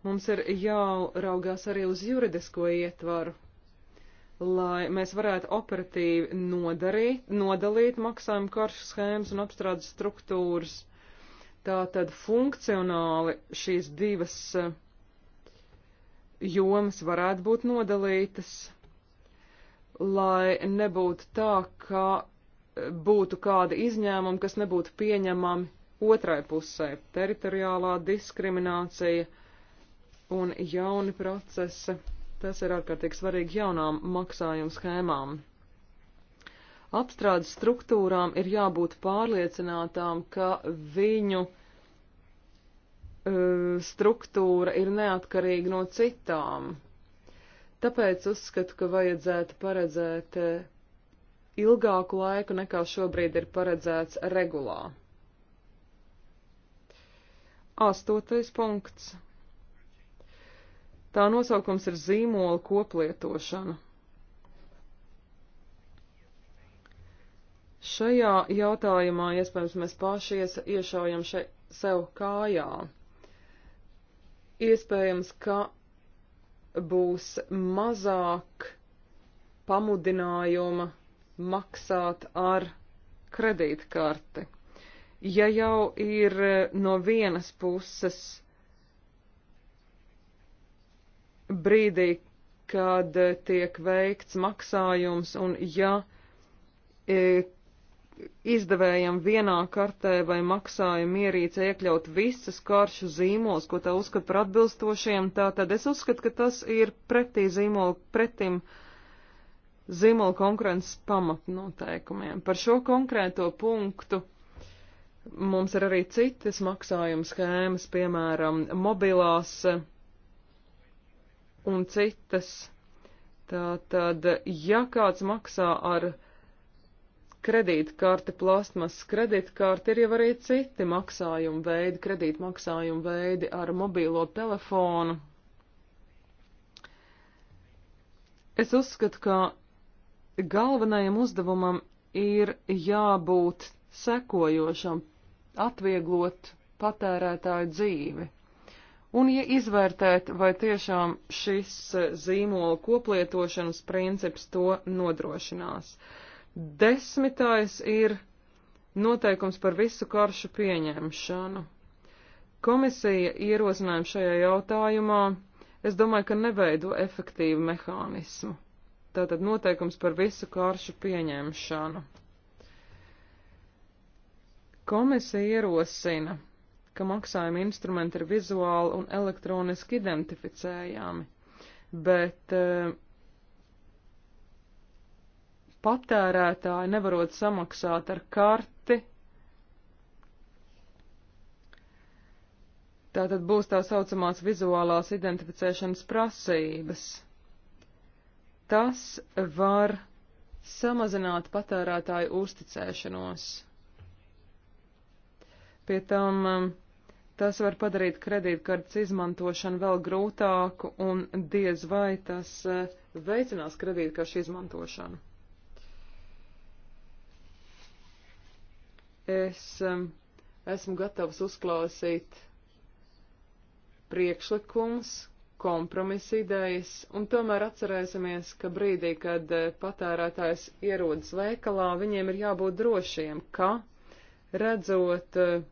Mums ir jāraugās arī uz juridisko ietvaru, lai mēs varētu operatīvi nodarīt, nodalīt maksājumu karšu schēmas un apstrādes struktūras. Tātad funkcionāli šīs divas eh, jomas varētu būt nodalītas, lai nebūtu tā, ka eh, būtu kādi izņēmumi, kas nebūtu pieņemami otrai pusē - teritoriālā diskriminācija un jauni procesi Tas ir ārkārtīgi svarīgi jaunām maksājumu schēmām. Apstrādes struktūrām ir jābūt pārliecinātām, ka viņu eh, struktūra ir neatkarīga no citām. Tāpēc uzskatu, ka vajadzētu paredzēt eh, ilgāku laiku nekā šobrīd ir paredzēts regulā. Astotais punkts. Tā nosaukums ir zīmola koplietošana. Šajā jautājumā iespējams mēs paši iešaujam še, sev kājā. Iespējams, ka būs mazāk pamudinājuma maksāt ar kredītkarti. Ja jau ir no vienas puses brīdī, kad eh, tiek veikts maksājums un ja eh, izdevējam vienā kartē vai maksājuma ierīcē iekļaut visas karšu zīmolus, ko tā uzskata par atbilstošiem, tā tad es uzskatu, ka tas ir pretī zīmolu, pretim zīmolu konkurences pamatnoteikumiem. Par šo konkrēto punktu mums ir arī citas maksājuma schēmas, piemēram, mobilās un citas. Tātad, ja kāds maksā ar kredītkarti, plastmasas kredītkarti, ir jau arī citi maksājumu veidi, kredītmaksājumu veidi ar mobīlo telefonu. Es uzskatu, ka galvenajam uzdevumam ir jābūt sekojošam, atvieglot patērētāju dzīvi un ja izvērtēt, vai tiešām šis eh, zīmola koplietošanas princips to nodrošinās. Desmitais ir noteikums par visu karšu pieņemšanu. Komisija ierosinājumu šajā jautājumā, es domāju, ka neveido efektīvu mehānismu. Tātad noteikums par visu karšu pieņemšanu. Komisija ierosina ka maksājuma instrumenti ir vizuāli un elektroniski identificējami, bet uh, patērētāji nevarot samaksāt ar karti. Tātad būs tā saucamās vizuālās identificēšanas prasības. Tas var samazināt patērētāju uzticēšanos. Pie tam um, Tas var padarīt kredītkartes izmantošanu vēl grūtāku un diez vai tas eh, veicinās kredītkaršu izmantošanu. Es esmu gatavs uzklausīt priekšlikums, kompromisa idejas, un tomēr atcerēsimies, ka brīdī, kad eh, patērētājs ierodas veikalā, viņiem ir jābūt drošiem, ka redzot uh,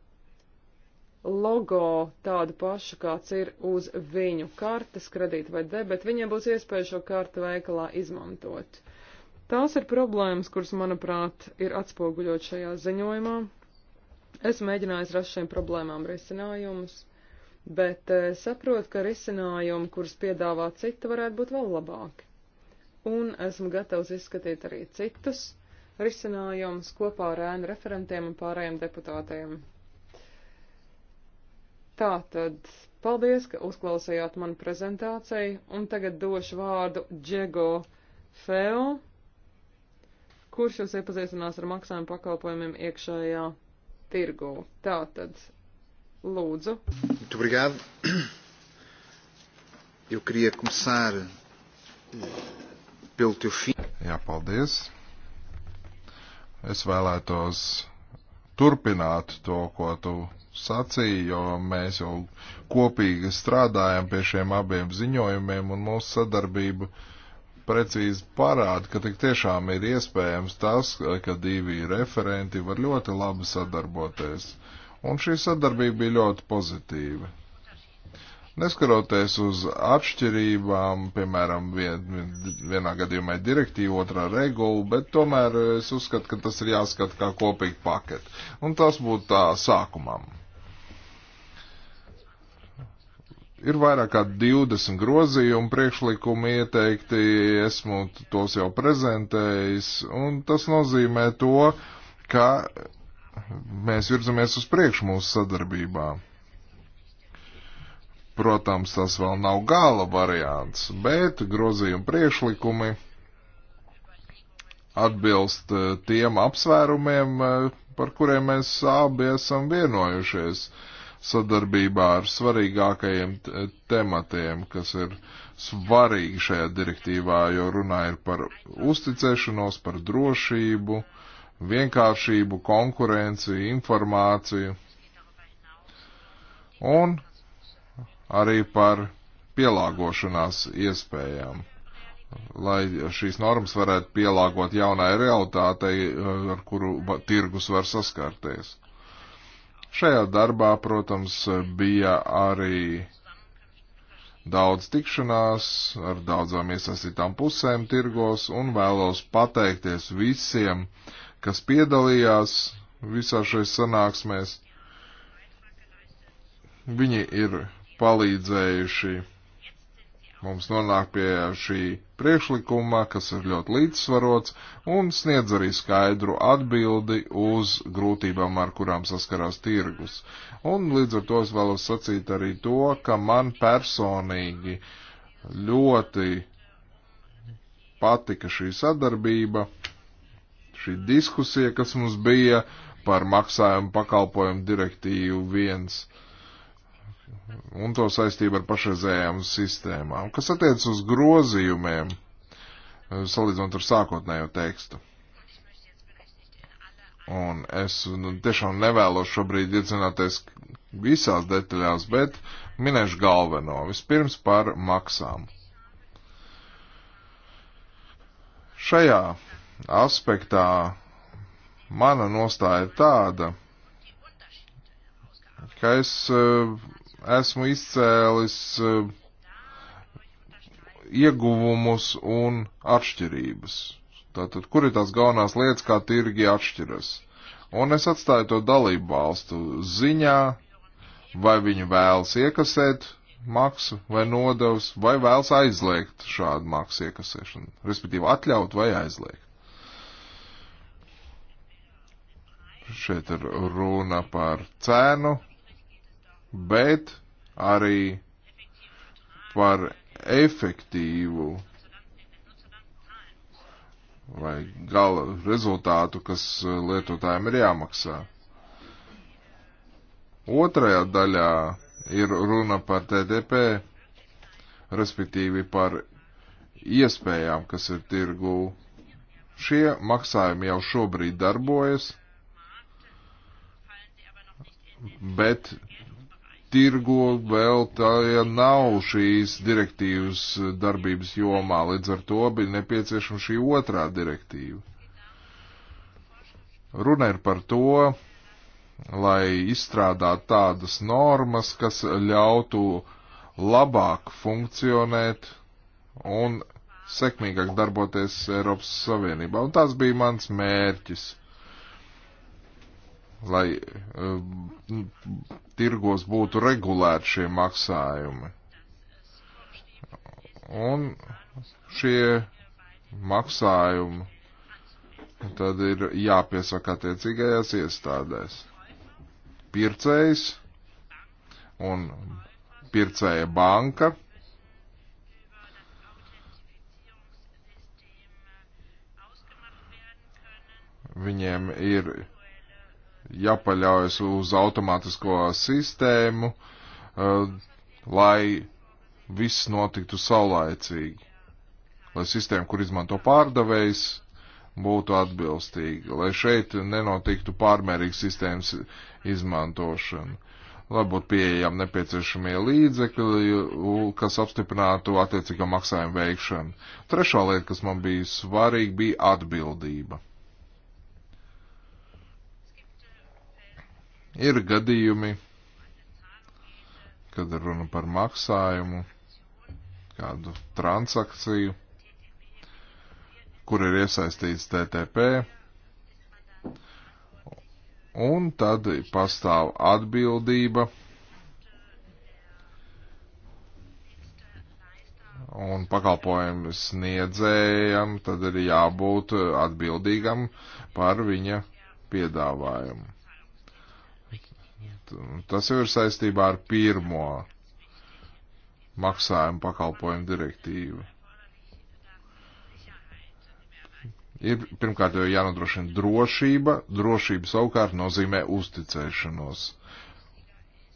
logo tādu pašu, kāds ir uz viņu kartes, kredīta vai debet, viņiem būs iespēja šo kartu veikalā izmantot. Tās ir problēmas, kuras, manuprāt, ir atspoguļot šajā ziņojumā. Es mēģināju rast šiem problēmām risinājumus, bet eh, saprotu, ka risinājumi, kurus piedāvā cita, varētu būt vēl labāki. Un esmu gatavs izskatīt arī citus risinājumus kopā ar ēnu referentiem un pārējiem deputātiem. Tātad, paldies, ka uzklausījāt manu prezentāciju, un tagad došu vārdu Džego Feo, kurš jūs iepazīstinās ar maksājumu pakalpojumiem iekšējā tirgū. Tātad, lūdzu. Muito obrigado. Eu queria começar eh, pelo teu fim. Jā, paldies. Es vēlētos turpināt to, ko tu sacīja, jo mēs jau kopīgi strādājam pie šiem abiem ziņojumiem un mūsu sadarbību precīzi parāda, ka tik tiešām ir iespējams tas, ka divi referenti var ļoti labi sadarboties. Un šī sadarbība bija ļoti pozitīva. Neskaroties uz atšķirībām, piemēram, vien, vienā gadījumā ir direktīva, otrā regula, bet tomēr es uzskatu, ka tas ir jāskata kā kopīgi paketi. Un tas būtu tā sākumam. Ir vairāk kā 20 grozījumu priekšlikumi ieteikti, esmu tos jau prezentējis, un tas nozīmē to, ka mēs virzamies uz priekšu mūsu sadarbībā. Protams, tas vēl nav gala variants, bet grozījumu priekšlikumi atbilst eh, tiem apsvērumiem, eh, par kuriem mēs abi esam vienojušies. Uh, sadarbībā ar svarīgākajiem tematiem, kas ir svarīgi šajā direktīvā, jo runā ir par uzticēšanos, par drošību, vienkāršību, konkurenci, informāciju un arī par pielāgošanās iespējām lai šīs normas varētu pielāgot jaunai realitātei, ar kuru tirgus var saskarties. Šajā darbā, protams, bija arī daudz tikšanās ar daudzām iesaistītām pusēm tirgos un vēlos pateikties visiem, kas piedalījās visā šajās sanāksmēs. Viņi ir palīdzējuši Mums nonāk pie šī priekšlikuma, kas ir ļoti līdzsvarots un sniedz arī skaidru atbildi uz grūtībām, ar kurām saskarās tirgus. Un līdz ar to es vēlos sacīt arī to, ka man personīgi ļoti patika šī sadarbība, šī diskusija, kas mums bija par maksājumu pakalpojumu direktīvu viens un to saistību ar pašreizējām sistēmām, kas attiec uz grozījumiem, salīdzinot ar sākotnējo tekstu. Un es nu, tiešām nevēlos šobrīd iedzināties visās detaļās, bet minēšu galveno. Vispirms par maksām. Šajā aspektā mana nostāja ir tāda, ka es esmu izcēlis eh, ieguvumus un atšķirības. Tātad, kur ir tās galvenās lietas, kā tirgi atšķiras? Un es atstāju to dalību valstu ziņā, vai viņi vēlas iekasēt maksu vai nodevs, vai vēlas aizliegt šādu maksu iekasēšanu, respektīvi atļaut vai aizliegt. Šeit ir runa par cēnu, bet arī par efektīvu vai gala rezultātu, kas eh, lietotājiem ir jāmaksā. Otrajā daļā ir runa par TTP, respektīvi par iespējām, kas ir tirgū. Šie maksājumi jau šobrīd darbojas, bet tirgu vēl tā nav šīs direktīvas darbības jomā, līdz ar to bija nepieciešama šī otrā direktīva. Runa ir par to, lai izstrādātu tādas normas, kas ļautu labāk funkcionēt un sekmīgāk darboties Eiropas Savienībā. Un tas bija mans mērķis lai uh, tirgos būtu regulēti šie maksājumi. Un šie maksājumi tad ir jāpiesaka attiecīgajās iestādēs. Pircējs un pircēja banka. Viņiem ir jāpaļaujas uz automātisko sistēmu, eh, lai viss notiktu saulaicīgi, lai sistēma, kur izmanto pārdevējs, būtu atbilstīga, lai šeit nenotiktu pārmērīga sistēmas izmantošana, lai būtu pieejami nepieciešamie līdzekļi, kas apstiprinātu attiecīgā maksājuma veikšanu. Trešā lieta, kas man bija svarīga, bija atbildība. Ir gadījumi, kad runa par maksājumu, kādu transakciju, kur ir iesaistīts TTP, un tad pastāv atbildība. un pakalpojumu sniedzējam tad ir jābūt atbildīgam par viņa piedāvājumu. Tas jau ir saistībā ar pirmo maksājumu pakalpojumu direktīvu. Ir pirmkārt jau jānodrošina drošība, drošība savukārt nozīmē uzticēšanos.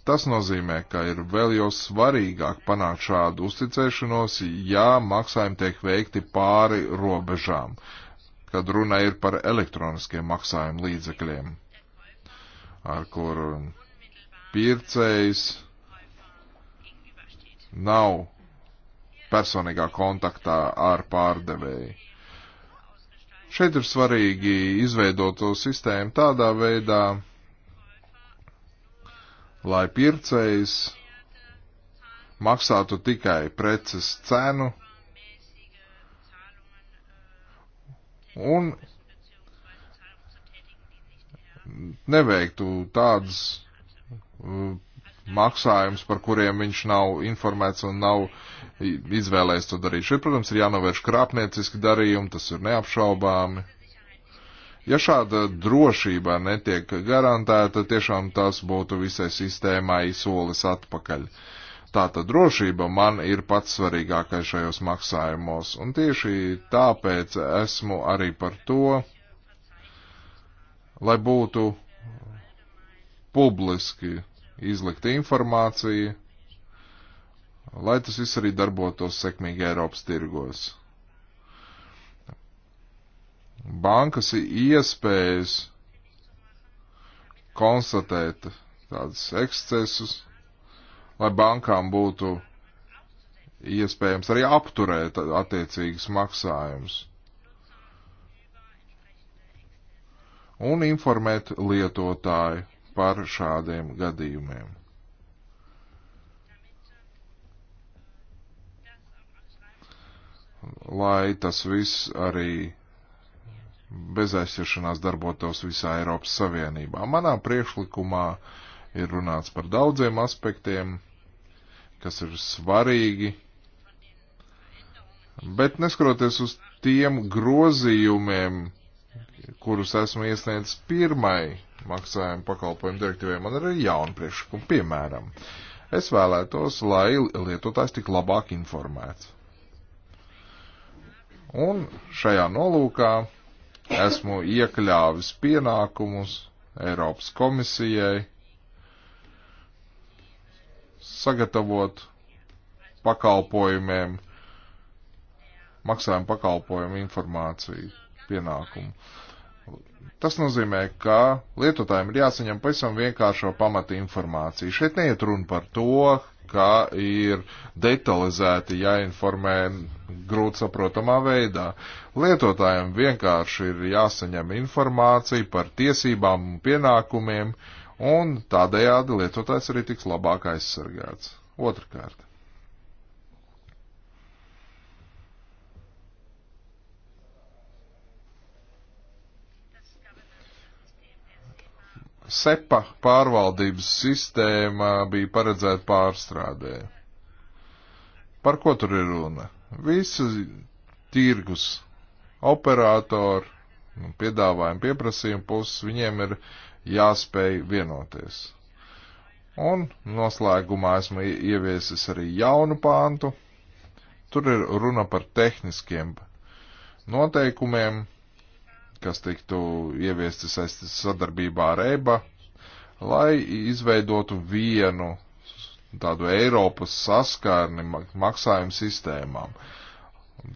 Tas nozīmē, ka ir vēl jau svarīgāk panākt šādu uzticēšanos, ja maksājumi tiek veikti pāri robežām, kad runa ir par elektroniskiem maksājumu līdzekļiem, ar kuru pircējs nav personīgā kontaktā ar pārdevēju. Šeit ir svarīgi izveidot to sistēmu tādā veidā, lai pircējs maksātu tikai preces cenu un neveiktu tādas Mm, maksājums, par kuriem viņš nav informēts un nav izvēlējies to darīt. Šeit, protams, ir jānovērš krāpnieciski darījumi, tas ir neapšaubāmi. Ja šāda drošība netiek garantēta, tiešām tas būtu visai sistēmai solis atpakaļ. Tātad drošība man ir pats svarīgākais šajos maksājumos, un tieši tāpēc esmu arī par to, lai būtu publiski izlikt informāciju, lai tas viss arī darbotos sekmīgi Eiropas tirgos. Bankas iespējas konstatēt tādus ekscesus, lai bankām būtu iespējams arī apturēt attiecīgas maksājumus. Un informēt lietotāju par šādiem gadījumiem. Lai tas viss arī bez aizķeršanās darbotos visā Eiropas Savienībā. Manā priekšlikumā ir runāts par daudziem aspektiem, kas ir svarīgi, bet neskroties uz tiem grozījumiem, kurus esmu iesniedzis pirmai maksājumu pakalpojumu direktīvai, man ir jauna priekšlikuma. Piemēram, es vēlētos, lai lietotājs tik labāk informēts. Un šajā nolūkā esmu iekļāvis pienākumus Eiropas komisijai sagatavot pakalpojumiem, maksājumu pakalpojumu informāciju pienākumu. Uh, Tas nozīmē, ka lietotājiem ir jāsaņem pavisam vienkāršo pamata informāciju. Šeit neiet runa par to, ka ir detalizēti jāinformē grūti saprotamā veidā. Lietotājiem vienkārši ir jāsaņem informācija par tiesībām un pienākumiem, un tādējādi lietotājs arī tiks labāk aizsargāts. Otrakārt. SEPA pārvaldības sistēma bija paredzēta pārstrādē. Par ko tur ir runa? Visi tirgus, operatori, nu, piedāvājumi, pieprasījumi puses, viņiem ir jāspēj vienoties. Un noslēgumā esmu ieviesis arī jaunu pāntu. Tur ir runa par tehniskiem noteikumiem, kas tiktu ieviesti sadarbībā ar EBA, lai izveidotu vienu tādu Eiropas saskārni maksājumu sistēmām.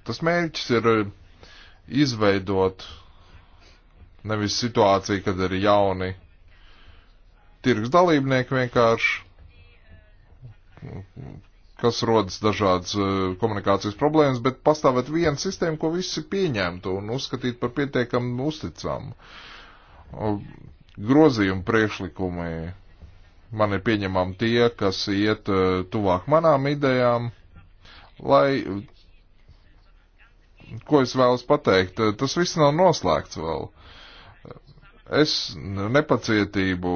Tas mērķis ir eh, izveidot nevis situāciju, kad ir jauni tirgus dalībnieki vienkārši kas rodas dažādas eh, komunikācijas problēmas, bet pastāvēt viena sistēma, ko visi pieņemtu un uzskatītu par pietiekami uzticamu. Grozījumi priekšlikumi man ir pieņemami tie, kas iet eh, tuvāk manām idejām, lai. Ko es vēlos pateikt? Eh, tas viss nav noslēgts vēl. Uh, Es nepacietību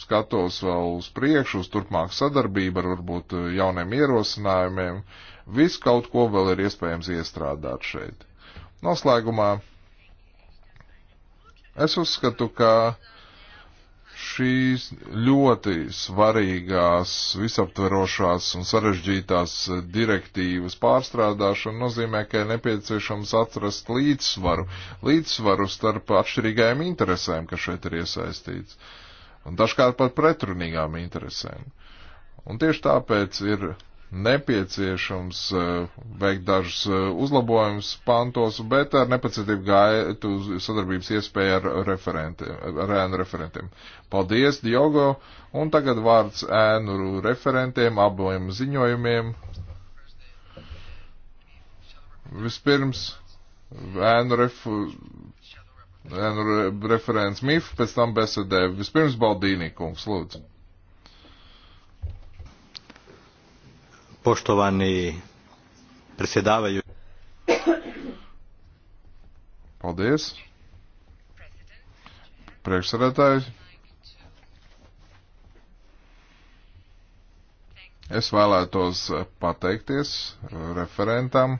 skatos vēl uz priekšu, uz turpmāk sadarbību ar varbūt jauniem ierosinājumiem. Viss kaut ko vēl ir iespējams iestrādāt šeit. Noslēgumā es uzskatu, ka šīs ļoti svarīgās, visaptverošās un sarežģītās direktīvas pārstrādāšana nozīmē, ka ir nepieciešams atrast līdzsvaru, līdzsvaru starp atšķirīgajām interesēm, kas šeit ir iesaistīts, un dažkārt pat pretrunīgām interesēm. Un tieši tāpēc ir nepieciešams eh, veikt dažus eh, uzlabojumus pantos, bet ar nepacietību gaitu sadarbības iespēju ar, referenti, ar ēnu referentiem. Paldies, Diogo, un tagad vārds ēnu referentiem abiem ziņojumiem. Vispirms ēnu, refu, ēnu referents MIF, pēc tam BSD. Vispirms Baldīnī kungs, lūdzu. Poštovani predsjedavaju. Paldies. Priekšsēdētāji. Es vēlētos pateikties referentam.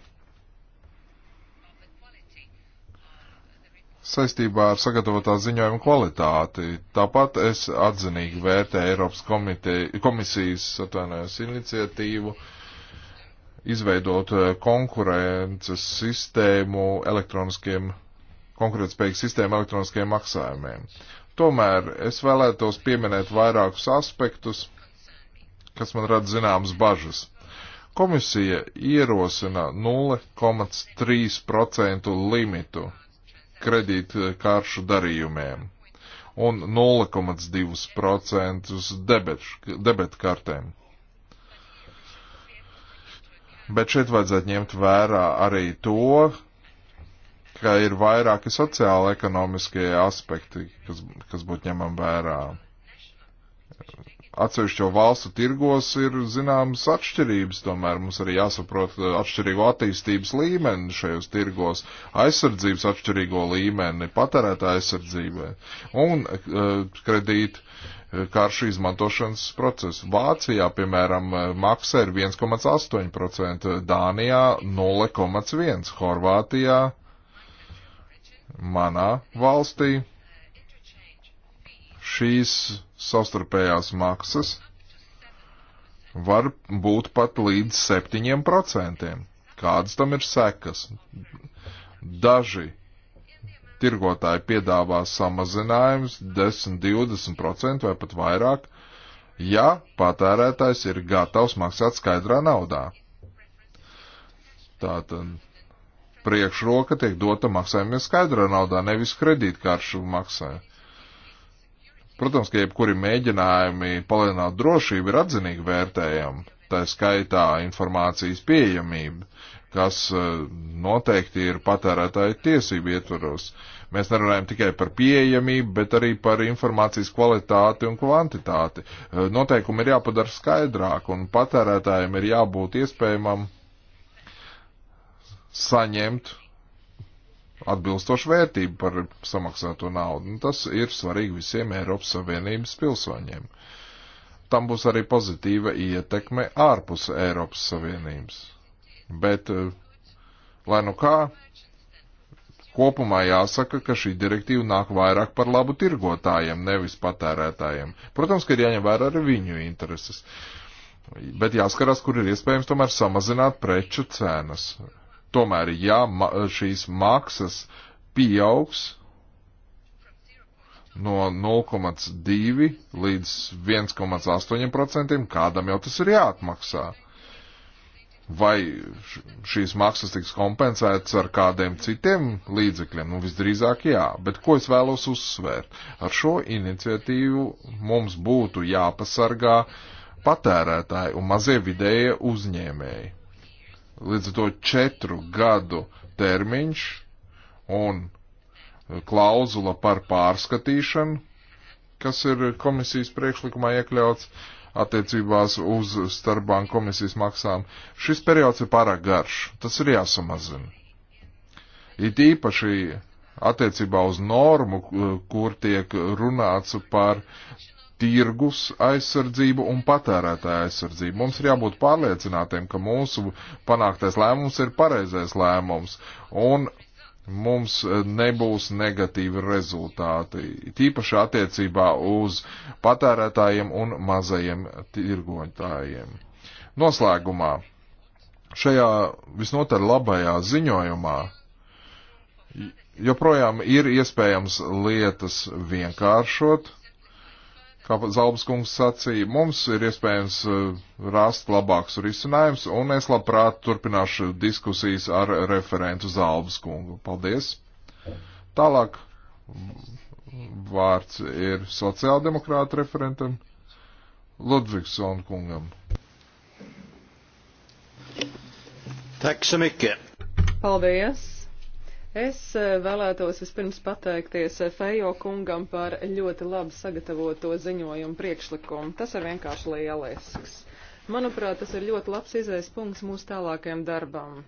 saistībā ar sagatavotā ziņojuma kvalitāti. Tāpat es atzinīgi vērtēju Eiropas komite, komisijas atvainojos iniciatīvu izveidot eh, konkurences sistēmu elektroniskiem, konkurētspējīgu sistēmu elektroniskiem maksājumiem. Tomēr es vēlētos pieminēt vairākus aspektus, kas man rada zināmas bažas. Komisija ierosina 0,3% limitu kredītkāršu eh, darījumiem un 0,2% debetkartēm. Bet šeit vajadzētu ņemt vērā arī to, ka ir vairāki sociāla ekonomiskie aspekti, kas, kas būtu ņemam vērā atsevišķo valstu tirgos ir zināmas atšķirības, tomēr mums arī jāsaprot eh, atšķirīgo attīstības līmeni šajos tirgos, aizsardzības atšķirīgo līmeni, patērētā aizsardzībai un eh, kredīt eh, karšu izmantošanas procesu. Vācijā, piemēram, maksa ir 1,8%, Dānijā 0,1%, Horvātijā, manā valstī šīs savstarpējās maksas var būt pat līdz 7%. Kādas tam ir sekas? Daži tirgotāji piedāvā samazinājumus 10, 20% vai pat vairāk, ja patērētājs ir gatavs maksāt skaidrā naudā. Tātad priekšroka tiek dota maksājumiem skaidrā naudā, nevis kredītkāršu maksājumiem Protams, ka jebkuri mēģinājumi palielināt drošību ir atzinīgi vērtējami, tā skaitā informācijas pieejamība, kas eh, noteikti ir patērētāju tiesību ietvaros. Mēs nerunājam tikai par pieejamību, bet arī par informācijas kvalitāti un kvantitāti. Eh, noteikumi ir jāpadara skaidrāk, un patērētājiem ir jābūt iespējamam saņemt atbilstošu vērtību par samaksāto naudu. Un nu, tas ir svarīgi visiem Eiropas Savienības pilsoņiem. Tam būs arī pozitīva ietekme ārpus Eiropas Savienības. Bet, eh, lai nu kā, kopumā jāsaka, ka šī direktīva nāk vairāk par labu tirgotājiem, nevis patērētājiem. Protams, ka ir jāņem vērā arī viņu intereses. Bet jāskarās, kur ir iespējams tomēr samazināt preču cenas. Tomēr, ja ma šīs maksas pieaugs no 0,2 līdz 1,8%, kādam jau tas ir jāatmaksā. Vai šīs maksas tiks kompensētas ar kādiem citiem līdzekļiem? Nu, visdrīzāk jā, bet ko es vēlos uzsvērt? Ar šo iniciatīvu mums būtu jāpasargā patērētāji un mazie vidējie uzņēmēji. Līdz ar to četru gadu termiņš un klauzula par pārskatīšanu, kas ir komisijas priekšlikumā iekļauts attiecībās uz starpbanku komisijas maksām. Šis periods ir pārāk garš, tas ir jāsamazina. It īpaši attiecībā uz normu, kur tiek runāts par tirgus aizsardzību un patērētāja aizsardzību. Mums ir jābūt pārliecinātiem, ka mūsu panāktais lēmums ir pareizais lēmums un mums e, nebūs negatīvi rezultāti, tīpaši attiecībā uz patērētājiem un mazajiem tirgoņtājiem. Noslēgumā šajā visnotaļ labajā ziņojumā joprojām ir iespējams lietas vienkāršot kā Zalbas kungs sacīja, mums ir iespējams uh, rast labāks risinājums, un es labprāt turpināšu diskusijas ar referentu Zalbas kungu. Paldies! Tālāk vārds ir sociāldemokrāta referentam Ludvigsson kungam. Tack så mycket. Paldies! Es eh, vēlētos vispirms pateikties eh, Fejo kungam par ļoti labi sagatavoto ziņojumu priekšlikumu. Tas ir vienkārši lielisks. Manuprāt, tas ir ļoti labs izējas punkts mūsu tālākajam darbam.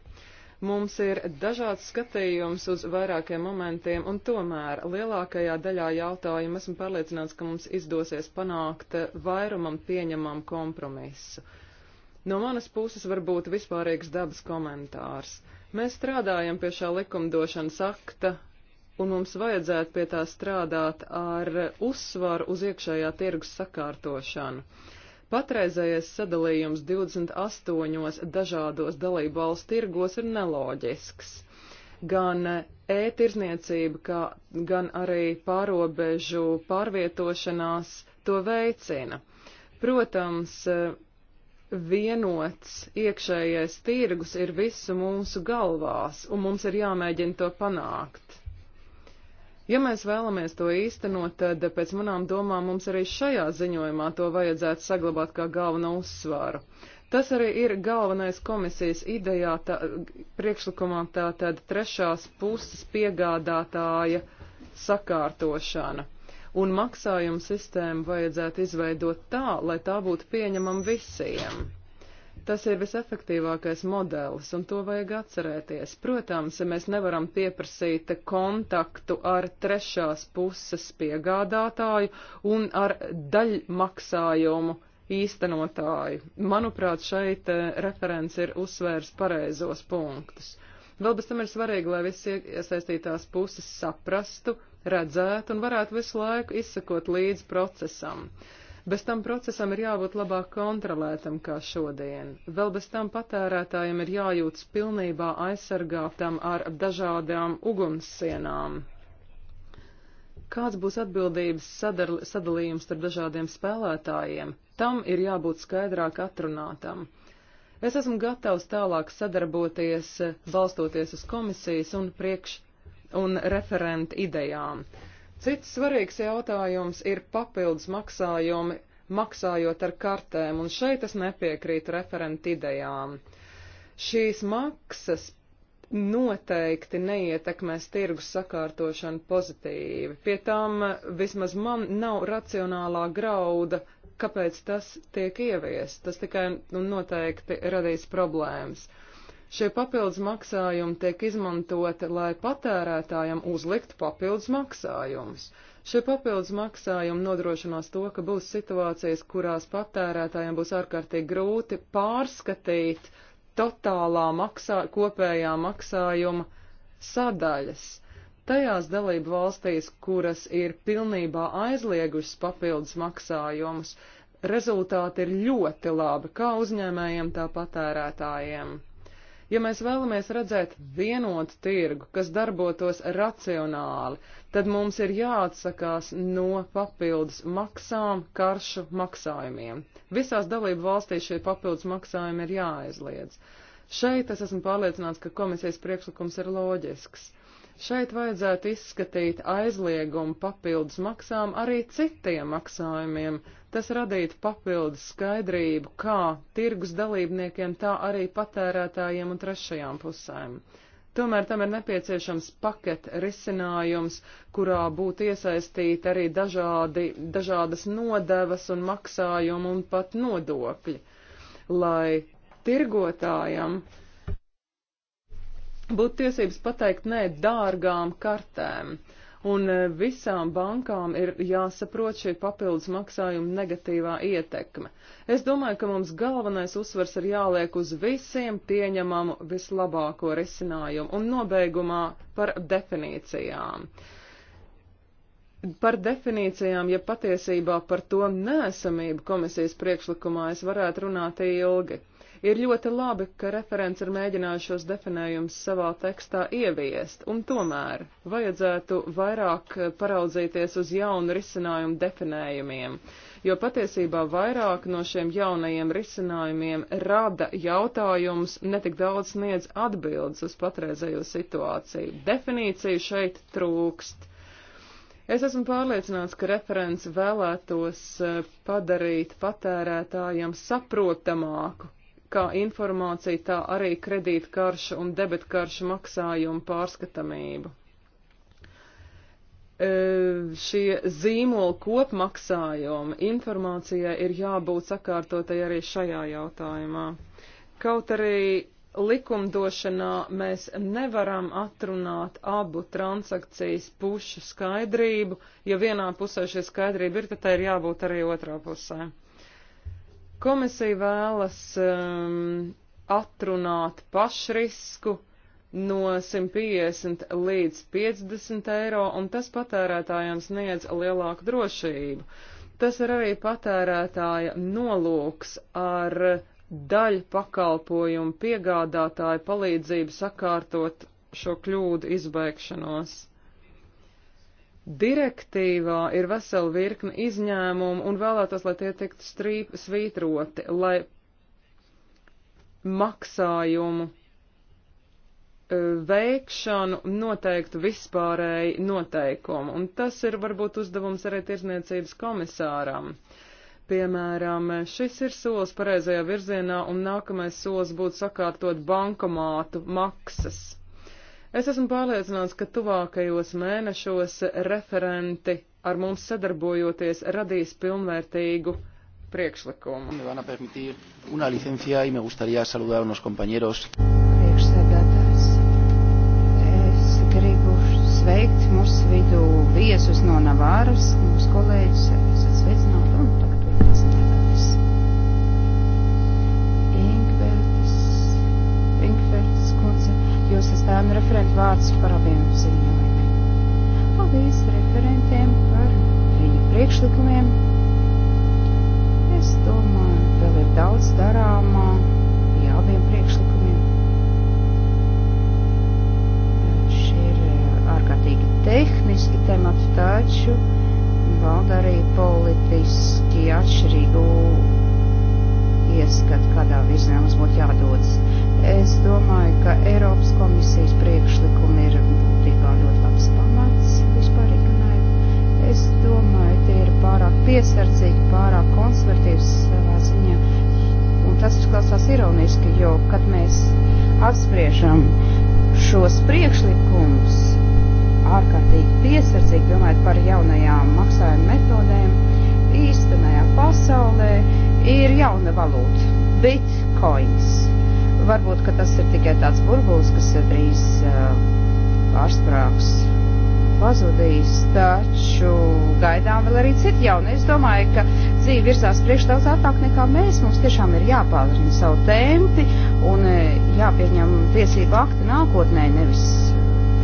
Mums ir dažāds skatījums uz vairākiem momentiem, un tomēr lielākajā daļā jautājumu esmu pārliecināts, ka mums izdosies panākt eh, vairumam pieņemam kompromisu. Uh, No manas puses varbūt vispārīgs dabas komentārs. Mēs strādājam pie šā likumdošanas akta, un mums vajadzētu pie tā strādāt ar uzsvaru uz iekšējā tirgus sakārtošanu. Patreizējais sadalījums 28 dažādos dalību valsts tirgos ir neloģisks. Gan e-tirzniecība, kā, gan arī pārobežu pārvietošanās to veicina. Protams, vienots iekšējais tirgus ir visu mūsu galvās, un mums ir jāmēģina to panākt. Ja mēs vēlamies to īstenot, tad pēc manām domām mums arī šajā ziņojumā to vajadzētu saglabāt kā galveno uzsvaru. Tas arī ir galvenais komisijas idejā, tā, priekšlikumā tā tad trešās puses piegādātāja sakārtošana un maksājumu sistēmu vajadzētu izveidot tā, lai tā būtu pieņemama visiem. Tas ir visefektīvākais modelis, un to vajag atcerēties. Protams, ja mēs nevaram pieprasīt kontaktu ar trešās puses piegādātāju un ar daļmaksājumu īstenotāju. Manuprāt, šeit eh, referents ir uzsvērs pareizos punktus. Vēl bez tam ir svarīgi, lai visi iesaistītās puses saprastu, redzētu un varētu visu laiku izsakot līdz procesam. Bez tam procesam ir jābūt labāk kontrolētam kā šodien. Vēl bez tam patērētājiem ir jājūtas pilnībā aizsargātam ar dažādām ugunssienām. Kāds būs atbildības sadal sadalījums starp dažādiem spēlētājiem? Tam ir jābūt skaidrāk atrunātam. Es esmu gatavs tālāk sadarboties, balstoties uz komisijas un priekšlikuma un referenta idejām. Cits svarīgs jautājums ir papildus maksājumi, maksājot ar kartēm, un šeit es nepiekrītu referenta idejām. Šīs maksas noteikti neietekmēs tirgus sakārtošanu pozitīvi. Pie tām vismaz man nav racionālā grauda, kāpēc tas tiek ieviests. Tas tikai nu, noteikti radīs problēmas. Uh, Šie papildus maksājumi tiek izmantoti, lai patērētājiem uzliktu papildus maksājumus. Šie papildus maksājumi nodrošinās to, ka būs situācijas, kurās patērētājiem būs ārkārtīgi grūti pārskatīt totālā maksā, kopējā maksājuma sadaļas. Tajās dalību valstīs, kuras ir pilnībā aizliegušas papildus maksājumus, rezultāti ir ļoti labi kā uzņēmējiem, tā patērētājiem. Ja mēs vēlamies redzēt vienotu tirgu, kas darbotos racionāli, tad mums ir jāatsakās no papildus maksām, karšu maksājumiem. Visās dalību valstīs šie papildus maksājumi ir jāaizliedz. Šeit es esmu pārliecināts, ka komisijas priekšlikums ir loģisks. Šeit vajadzētu izskatīt aizliegumu papildus maksām arī citiem maksājumiem. Tas radītu papildus skaidrību kā tirgus dalībniekiem, tā arī patērētājiem un trešajām pusēm. Tomēr tam ir nepieciešams paket risinājums, kurā būtu iesaistīti arī dažādi, dažādas nodevas un maksājumi un pat nodokļi, lai tirgotājam uh, būtu tiesības pateikt nē dārgām kartēm. Un e, visām bankām ir jāsaprot šī papildus maksājuma negatīvā ietekme. Es domāju, ka mums galvenais uzsvars ir jāliek uz visiem pieņemamu vislabāko risinājumu un nobeigumā par definīcijām. Par definīcijām, ja patiesībā par to nēsamību komisijas priekšlikumā es varētu runāt ilgi Ir ļoti labi, ka referents ir mēģinājis šos definējumus savā tekstā ieviest, un tomēr vajadzētu vairāk paraudzīties uz jaunu risinājumu definējumiem, jo patiesībā vairāk no šiem jaunajiem risinājumiem rada jautājums, netik daudz sniedz atbildes uz patreizējo situāciju. Definīcija šeit trūkst. Es esmu pārliecināts, ka referents vēlētos eh, padarīt patērētājiem saprotamāku, kā informācija, tā arī kredītkaršu un debetkaršu maksājumu pārskatamību. E, šie zīmola kopmaksājumi informācijai ir jābūt sakārtotai arī šajā jautājumā. Kaut arī likumdošanā mēs nevaram atrunāt abu transakcijas pušu skaidrību, ja vienā pusē šī skaidrība ir, tad tai ir jābūt arī otrā pusē. Uh, Komisija vēlas um, atrunāt pašrisku no 150 līdz 50 eiro, un tas patērētājiem sniedz lielāku drošību. Tas ir arī patērētāja nolūks ar daļu pakalpojumu piegādātāju palīdzību sakārtot šo kļūdu izbeigšanos. Direktīvā ir vesela virkne izņēmumu un vēlētos, lai tie tiktu strīp, svītroti, lai maksājumu e, veikšanu noteiktu vispārēji noteikumu, un tas ir varbūt uzdevums arī tirzniecības komisāram. Piemēram, šis ir solis pareizajā virzienā, un nākamais solis būtu sakārtot bankomātu maksas. Es esmu pārliecināts, ka tuvākajos mēnešos referenti ar mums sadarbojoties radīs pilnvērtīgu priekšlikumu. Me van a permitir una licencia y me gustaría saludar a unos compañeros. Priekšsēdētājs, es gribu sveikt mūsu vidū viesus no Navāras, mūsu kolēģis, es sveicu jūs esat ēnu referentu vārds par abiem ziņojumiem. Paldies referentiem par viņu priekšlikumiem. Es domāju, vēl ir daudz darāmā pie abiem priekšlikumiem. Šie ir eh, ārkārtīgi tehniski temati, taču valda arī politiski atšķirīgu ieskatu, kādā virzienā mums būtu jādodas. Es domāju, ka Eiropas komisijas priekšlikumi ir būtībā ļoti labs pamats vispār iknājumam. Es domāju, tie ir pārāk piesardzīgi, pārāk konservatīvs savā ziņā. Un tas izklausās ironiski, jo, kad mēs apspriežam šos priekšlikumus ārkārtīgi piesardzīgi, domājot par jaunajām maksājuma metodēm, īstenajā pasaulē ir jauna valūta - bitcoins Varbūt, ka tas ir tikai tāds burbulis, kas ir drīz pārsprāgs, pazudījis, taču gaidām vēl arī citi jauni. Es domāju, ka dzīve virsās priekš daudz ātrāk nekā mēs. Mums tiešām ir jāpātrina savu tempi un jāpieņem tiesību akti nākotnē, nevis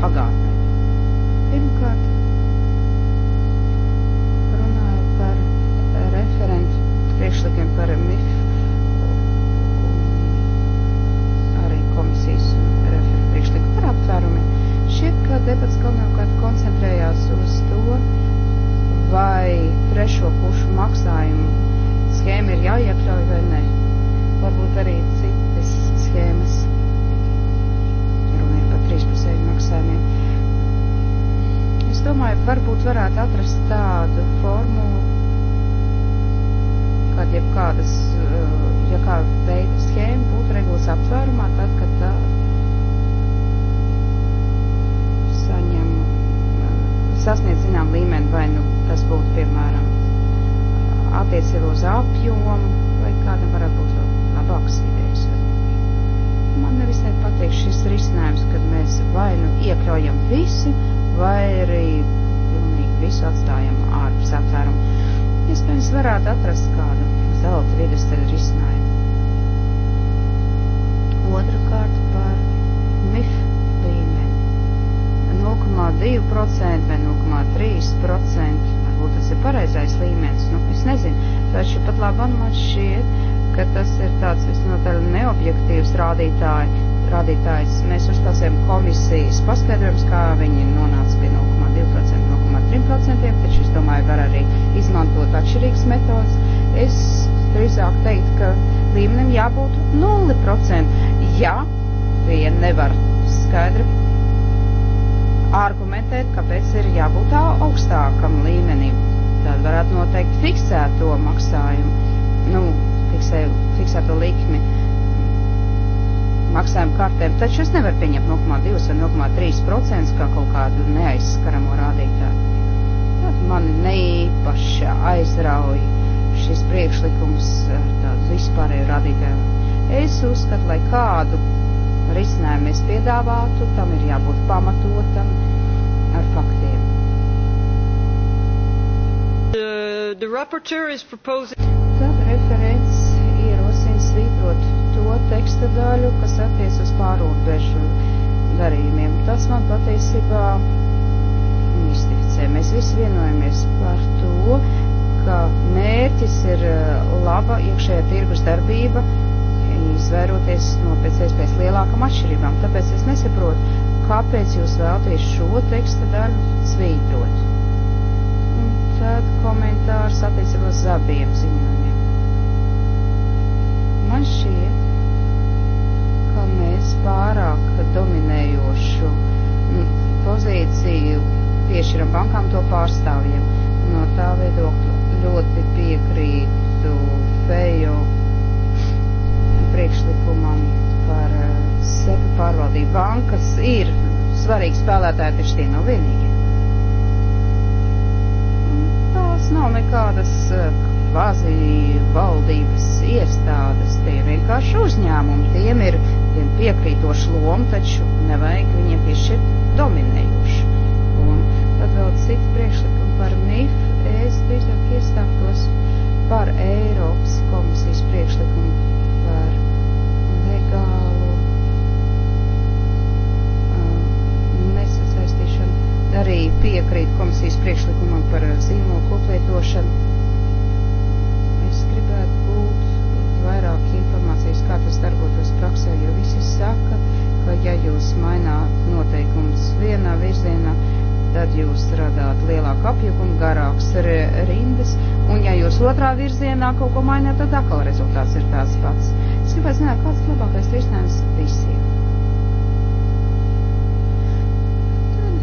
pagātnē. Pirmkārt, runāju par referentu priekšlikiem par MIF komisijas un referenta priekšlikumu par aptvērumiem. Šķiet, ka debats galvenokārt koncentrējās uz to, vai trešo pušu maksājumu schēma ir jāiekļauj vai nē. Varbūt arī citas schēmas. Runa ir par trīspusēju maksājumiem. Es domāju, varbūt varētu atrast tādu formulu, kad jebkādas, eh, ja kāda veida schēma būtu regulas aptvērumā, tad, kad tā saņem, eh, sasniedz zinām līmeni, vai nu tas būtu, piemēram, attiecībā uz apjomu, vai kādam varētu būt labākas idejas. Man nevisai patīk šis risinājums, kad mēs vai nu iekļaujam visu, vai arī pilnīgi visu atstājam ārpus aptvērumu Iespējams, varētu atrast kādu zelta vidusceļa risinājumu. Otrakārt par MIF līmeni. 0,2% vai 0,3%, varbūt tas ir pareizais līmenis, nu, es nezinu, taču pat labam man šķiet, ka tas ir tāds visnotaļ neobjektīvs rādītāji, rādītājs. Mēs uzklausījām komisijas paskaidrojums, kā viņi nonāca pie 0,2%, 100%, taču es domāju, var arī izmantot atšķirīgas metodas. Es drīzāk teiktu, ka līmenim jābūt 0%. Ja vien nevar skaidri argumentēt, kāpēc ir jābūt tā augstākam līmenim, tad varētu noteikt fiksēto maksājumu, nu, fiksē, fiksēto likmi maksājumu kartēm, taču es nevaru pieņemt 0,2 vai 0,3% kā kaut kādu neaizskaramo rādītāju man neīpaši aizrauja šis priekšlikums ar tādu vispārēju radītāju. Es uzskatu, lai kādu risinājumu es piedāvātu, tam ir jābūt pamatotam ar faktiem. The, the rapporteur is proposing... Tad referents ierosina svītrot to teksta daļu, kas attiec uz pārobežu darījumiem. Tas man patiesībā jāmistificē. Mēs visi vienojamies par to, ka mērķis ir uh, laba iekšējā tirgus darbība, izvairoties no pēc iespējas lielākam atšķirībām. Tāpēc es nesaprotu, kāpēc jūs vēlties šo teksta daļu svītrot. Un tad komentārs attiecībā uz abiem ziņojumiem. Man šie piešķiram bankām to pārstāvjiem. No tā viedokļa ļoti piekrītu Fejo priekšlikumam par eh, seku pārvaldību. Bankas ir svarīgi spēlētāji, taču tie nav vienīgi. Tās nav nekādas eh, kvazi valdības iestādes, tie ir vienkārši uzņēmumi, tiem ir tiem piekrītoši loma, taču nevajag viņiem piešķirt dominējuši tad vēl citi priekšlikumi par MIF, es drīzāk iestātos par Eiropas komisijas priekšlikumu par legālu uh, nesasaistīšanu. Arī piekrīt komisijas priekšlikumam par uh, zīmolu koplietošanu. Es gribētu būt vairāk informācijas, kā tas darbotos praksē, jo visi saka, ka ja jūs maināt noteikumus vienā virzienā, tad jūs radāt lielāku apjukumu, garāks rindas, un ja jūs otrā virzienā kaut ko maināt, tad atkal rezultāts ir tās pats. Es gribētu zināt, kāds ir labākais risinājums visiem. Tad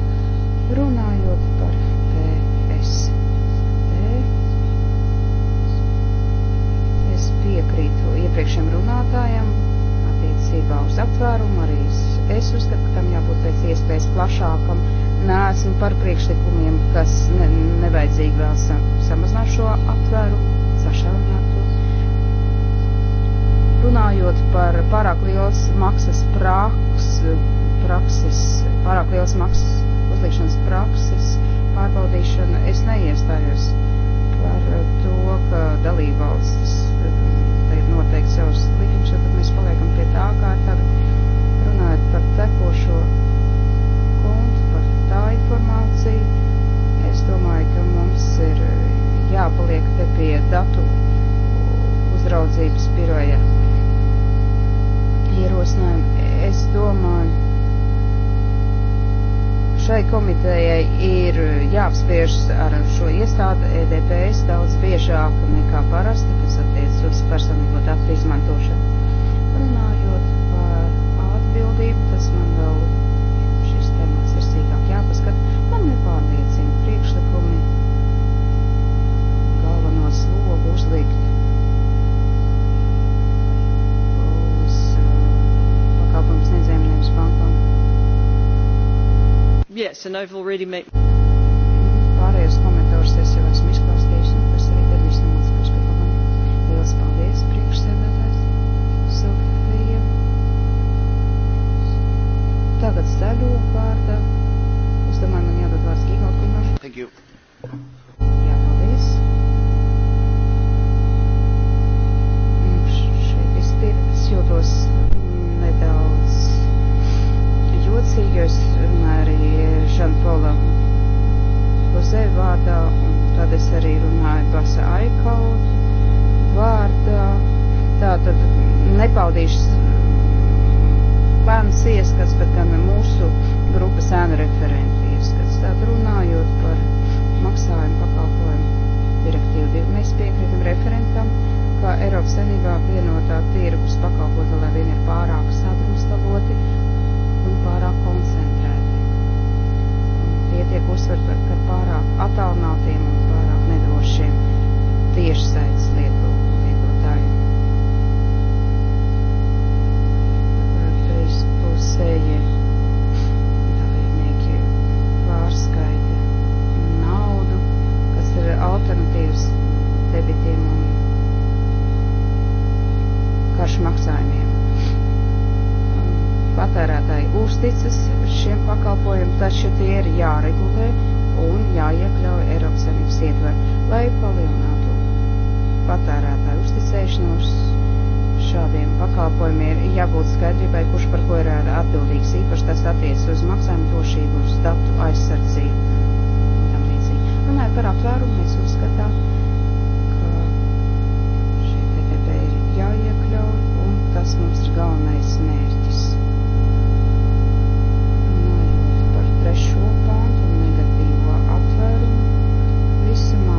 runājot par PSP, es piekrītu iepriekšējiem runātājiem attiecībā uz aptvērumu, arī es uzskatu, ka tam jābūt pēc iespējas plašākam neesmu par priekšlikumiem, kas ne, nevajadzīgi vēl sa, samazināt šo aptvēru, sašaurināt to. Runājot par pārāk liels maksas praks, prakses, pārāk liels maksas uzlikšanas prakses pārbaudīšanu, es neiestājos par to, ka dalībvalstis mm, ir noteikti savus likumus, jo tad mēs paliekam pie tā, kā tagad runājot par tekošo kontu tā informācija. Es domāju, ka mums ir eh, jāpaliek te pie datu uzraudzības biroja ierosinājumu. Es domāju, šai komitejai ir jāapspriež ar šo iestādi EDPS daudz biežāk nekā parasti, kas attiec uz personīgo datu izmantošanu. Runājot par atbildību, tas man vēl jāpaskat. Man nepārliecina priekšlikumi galveno slogu uzlikt uz uh, pakalpojums nedzēm nevis bankām. Yes, and I've already made... Pārējos komentārus es jau esmu izklāstījis, un tas arī tad viss no mans perspektīvām. Lielas paldies, priekšsēdētājs, Sofija. Tagad zaļo vārdu. Thank you. Jā, paldies. Šeit vispirms jūtos nedaudz jocīgi, jo es runāju arī Žanpolam Lozē vārdā, un tad es arī runāju Basa Aikaut vārdā. Tātad nepaudīšu lēnas ieskats, bet gan mūsu grupas ēnu referenti direktīvas, kad tad runājot par maksājumu pakalpojumu direktīvu. Mēs piekrītam referentam, ka Eiropas Savienībā vienotā tirgus pakalpota, lai vien ir pārāk sadrumstaloti un pārāk koncentrēti. Tie tiek uzsverti par pārāk attālinātiem un pārāk nedrošiem tiešsaites lietu lietotājiem. Trīs pusēji pārskaiti, naudu, kas ir alternatīvas debitiem un karšu maksājumiem. Patērētāji uzticas šiem pakalpojumiem, taču tie ir jāregulē un jāiekļauj Eiropas Savienības ietver, lai palielinātu patērētāju uzticēšanos šādiem pakalpojumiem ir jābūt skaidrībai, kurš par ko ir atbildīgs. Īpaši tas attiecas uz maksājumu drošību, uz datu aizsardzību un tam līdzīgi. Runājot par aptvērumu, mēs uzskatām, ka šie TTP ir jāiekļauj un tas mums ir galvenais mērķis. Runājot par trešo pāntu un negatīvo aptvērumu visumā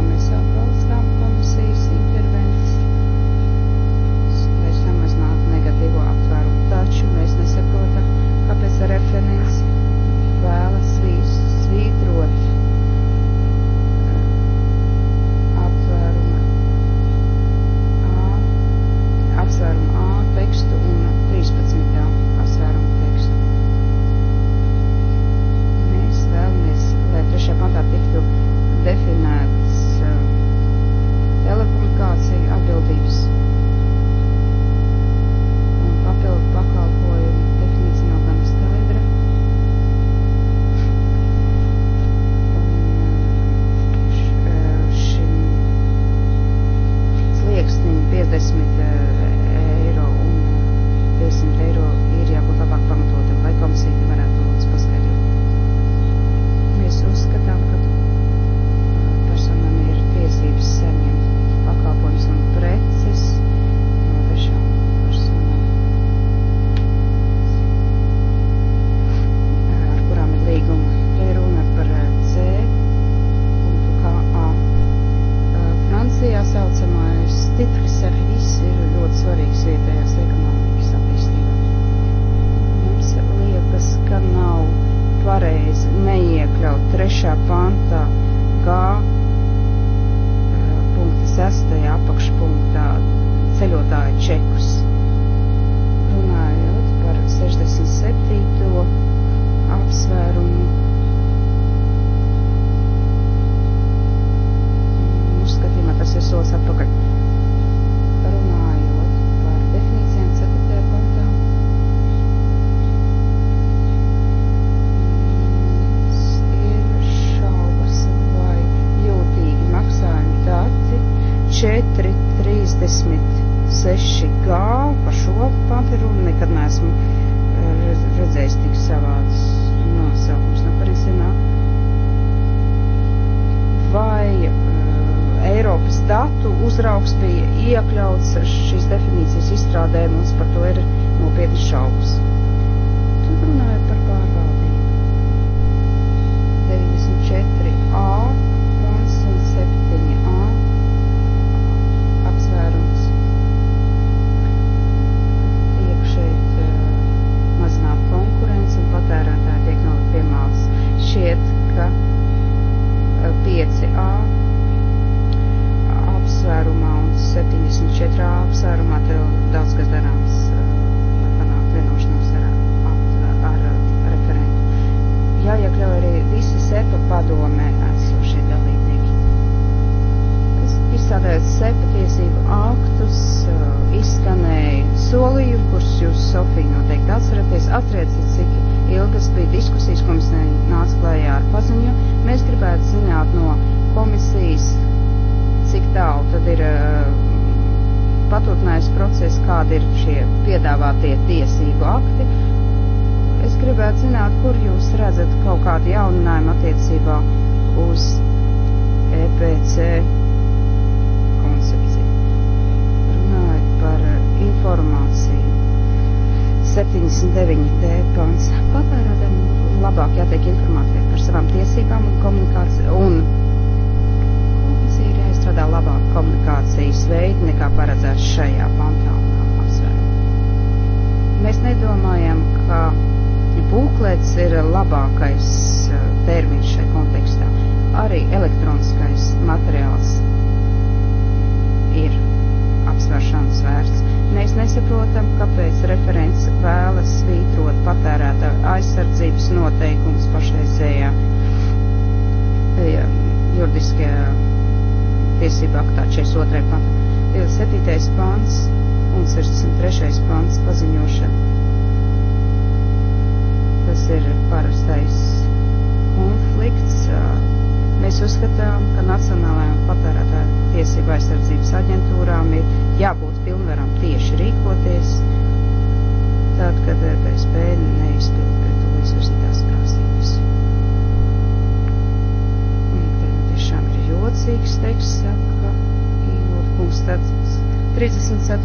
54.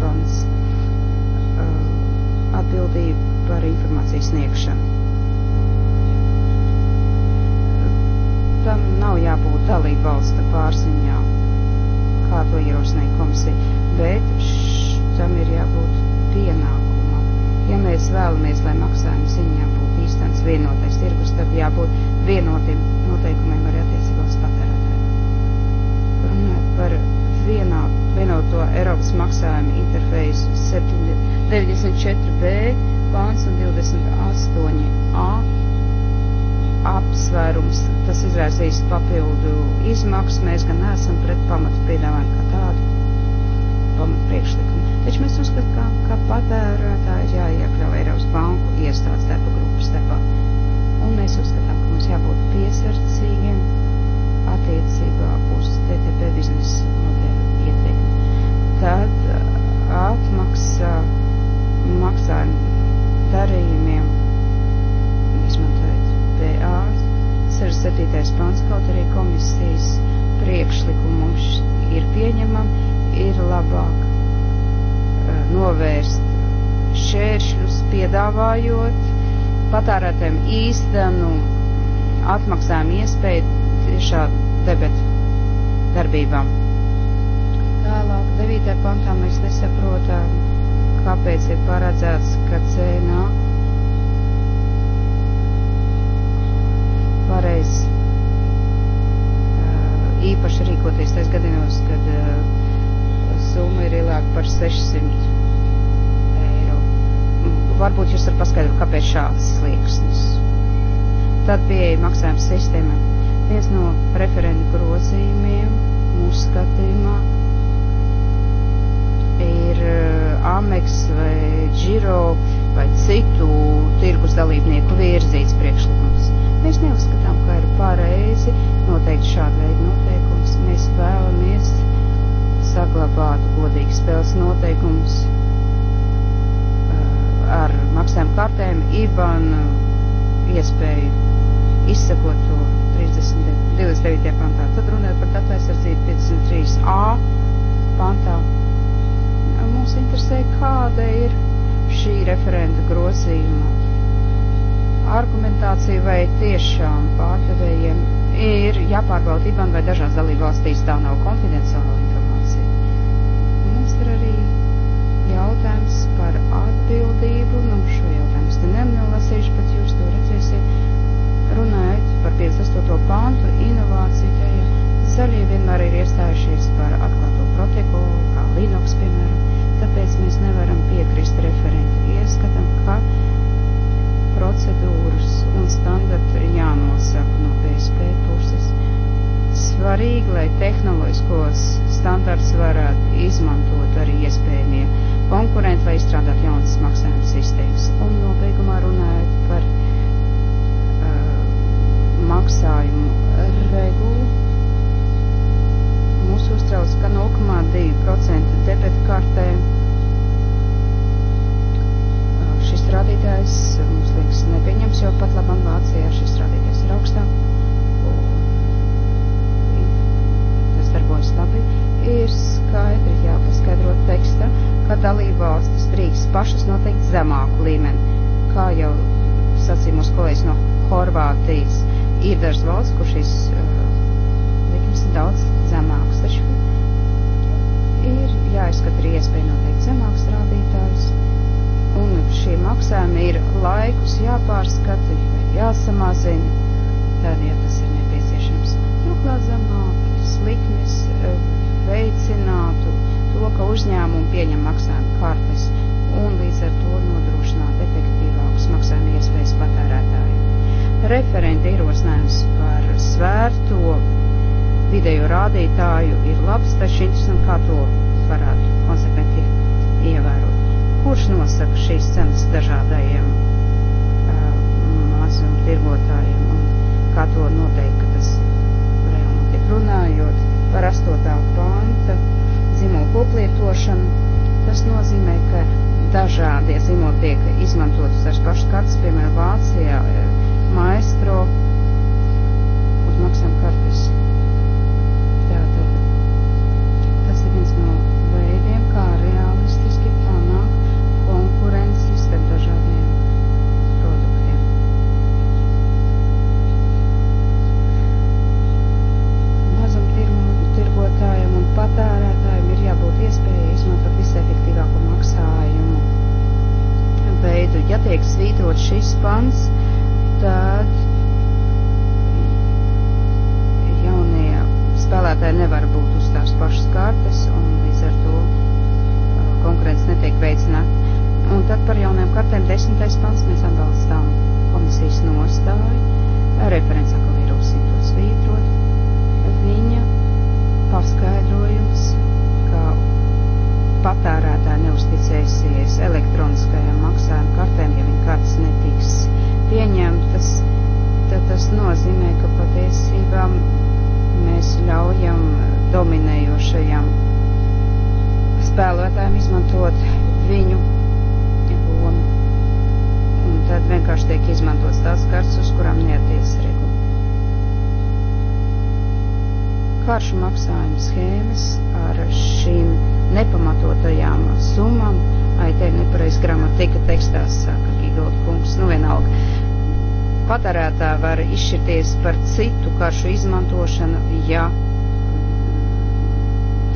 pants uh, atbildība par informācijas sniegšanu. Tam nav jābūt dalību valsta pārziņā, kā to ierosināja komisija, bet š, tam ir jābūt pienākumam. Ja mēs vēlamies, lai maksājuma ziņā būtu īstens vienotais tirgus, tad jābūt vienotiem noteikumiem arī attiecībā uz patērētājiem. Runājot par vienā vienoto Eiropas maksājuma interfeisu 94b pāns un 28a apsvērums. Tas izraisīs papildu izmaksas, mēs gan neesam pret pamatu piedāvājumu kā tādu pamatu priekšlikumu. Taču mēs uzskatām, ka, ka patē, piedāvājot patērētēm īstenu atmaksājumu iespēju tiešā debeta darbībām. Tālāk, 9. pantā mēs nesaprotam, kāpēc ir paredzēts, ka cēnā pareiz īpaši rīkoties tais gadījumos, kad summa ir lielāka par 600 varbūt jūs varat paskaidrot, kāpēc šāds slieksnis. Tad pieeja maksājuma sistēma. Viens no referenta grozījumiem mūsu skatījumā ir eh, Amex vai Giro vai citu tirgus dalībnieku virzīts priekšlikums. Mēs neuzskatām, ka ir pareizi noteikti šāda veida noteikums. Mēs vēlamies saglabāt godīgas spēles noteikumus ar maksājumu kartēm, IBAN uh, iespēju izsekot to 30, 29. pantā. Tad runājot par datu aizsardzību 53a pantā. Nu, mums interesē, kāda ir šī referenta grozījuma argumentācija vai tiešām pārdevējiem ir jāpārbauda IBAN vai dažās dalībvalstīs tā nav konfidenciāla informācija. Mums ir arī jautājums par atbildību. Nu, šo jautājumu es te nenolasīšu, bet jūs to redzēsiet. Runājot par 58. pantu, inovāciju, ja, ja zaļie vienmēr ir iestājušies par atklāto protokolu, kā Linux, piemēram, tāpēc mēs nevaram piekrist referentu ieskatam, ka procedūras un standarti jānosaka no PSP puses. Svarīgi, lai tehnoloģiskos standarts varētu izmantot arī iespējamie konkurenti, lai izstrādātu jaunas maksājuma sistēmas. Un nobeigumā runājot par uh, maksājumu regulu, mūs uztrauc, ka 0,2% debetkartē uh, šis rādītājs mums liekas nepieņems, jo pat labam Vācijā šis rādītājs ir augstāk. Tas darbojas labi ir skaidri jāpaskaidro tekstā, ka dalībvalstis drīkst pašas noteikt zemāku līmeni, kā jau sacīja mūsu kolēģis no Horvātijas. Ir dažas valsts, kur šis uh, likums ir daudz zemāks, taču ir jāizskata arī iespēja noteikt zemāks rādītājs. Un šie maksājumi ir laikus jāpārskata, jāsamazina, tad, ja tas ir nepieciešams. Turklāt zemākas likmes. Uh, veicinātu to, ka uzņēmumi pieņem maksājumu kartes un līdz ar to nodrošināt efektīvākas maksājuma iespējas patērētājiem. Referenta ierosinājums par svērto vidējo rādītāju ir labs, taču interesanti, kā to varētu konsekventi ievērot. Kurš nosaka šīs cenas dažādajiem mazumtirgotājiem um, un kā to noteikti, ka tas reāli tiek runājot? par 8. panta zīmolu koplietošanu. Tas nozīmē, ka dažādie zīmoli tiek izmantot uz pašu kartes, piemēram, Vācijā, eh, maestro uz maksām kartes. Tātad tas ir viens no veidiem, kā arī ražotājiem un patērētājiem ir jābūt iespējai izmantot visefektīvāko maksājumu veidu. Ja tiek svītrot šis pants, tad jaunie spēlētāji nevar būt uz tās pašas kartes un līdz ar to uh, konkurence netiek veicināta. Un tad par jauniem kartēm desmitais pants mēs atbalstām komisijas nostāju. Referents atkal ierosina to svītrot. Viņa paskaidrojums, ka patērētāji neusticēsies elektroniskajām maksājuma kartēm, ja viņa kartes netiks pieņemtas, tad tas nozīmē, ka patiesībā mēs ļaujam dominējošajam spēlētājiem izmantot viņu lomu. Un tad vienkārši tiek izmantots tās kartes, uz kurām neatiesri karšu maksājumu schēmas ar šīm nepamatotajām summām. Ai, te nepareiz gramatika tekstā saka Gigold kungs, nu vienalga. Patērētā var izšķirties par citu karšu izmantošanu, ja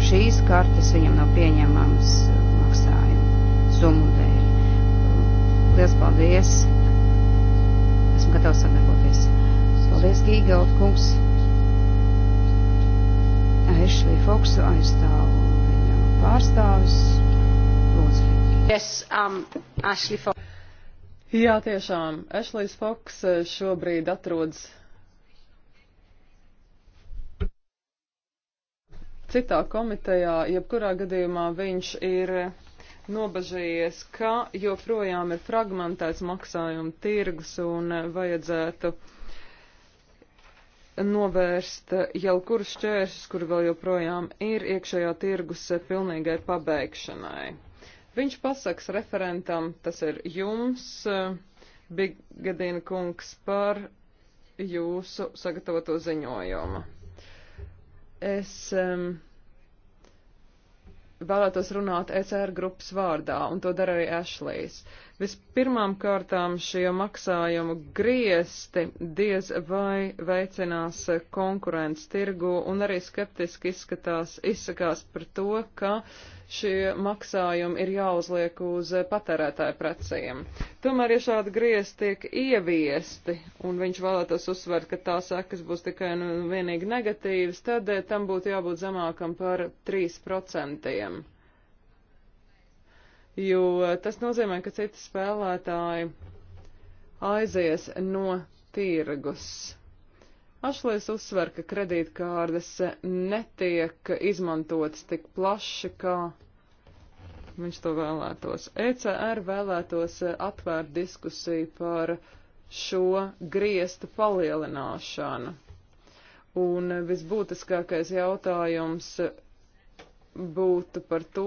šīs kartes viņam nav pieņemams maksājumu summu dēļ. Liels paldies! Esmu gatavs sadarboties. Paldies, Gīgald kungs! Ešlī Foksu aizstāv viņa pārstāvis. Lūdzu. Yes, um, Ashley Fox. Jā, tiešām. Ešlijs Foks eh, šobrīd atrodas citā komitejā, jebkurā gadījumā viņš ir nobažījies, ka joprojām ir fragmentēts maksājuma tirgus un eh, vajadzētu uh, novērst jau kurus šķēršus, kuri vēl joprojām ir iekšējā tirgus pilnīgai pabeigšanai. Viņš pasaks referentam, tas ir jums, Bigadina kungs, par jūsu sagatavoto ziņojumu. Es um, vēlētos runāt ECR grupas vārdā, un to dara arī Ešlijs. Uh, Vispirmām kārtām šie maksājumu griesti diez vai veicinās konkurences tirgu un arī skeptiski izskatās, izsakās par to, ka šie maksājumi ir jāuzliek uz patērētāju precēm. Tomēr, ja šādi griesti tiek ieviesti un viņš vēlētos uzsvērt, ka tās sekas būs tikai un vienīgi negatīvas, tad tam būtu jābūt zemākam par 3% jo tas nozīmē, ka citi spēlētāji aizies no tirgus. Ašlies uzsver, ka kredītkārdes netiek izmantotas tik plaši, kā viņš to vēlētos. ECR vēlētos atvērt diskusiju par šo griestu palielināšanu. Un visbūtiskākais jautājums būtu par to,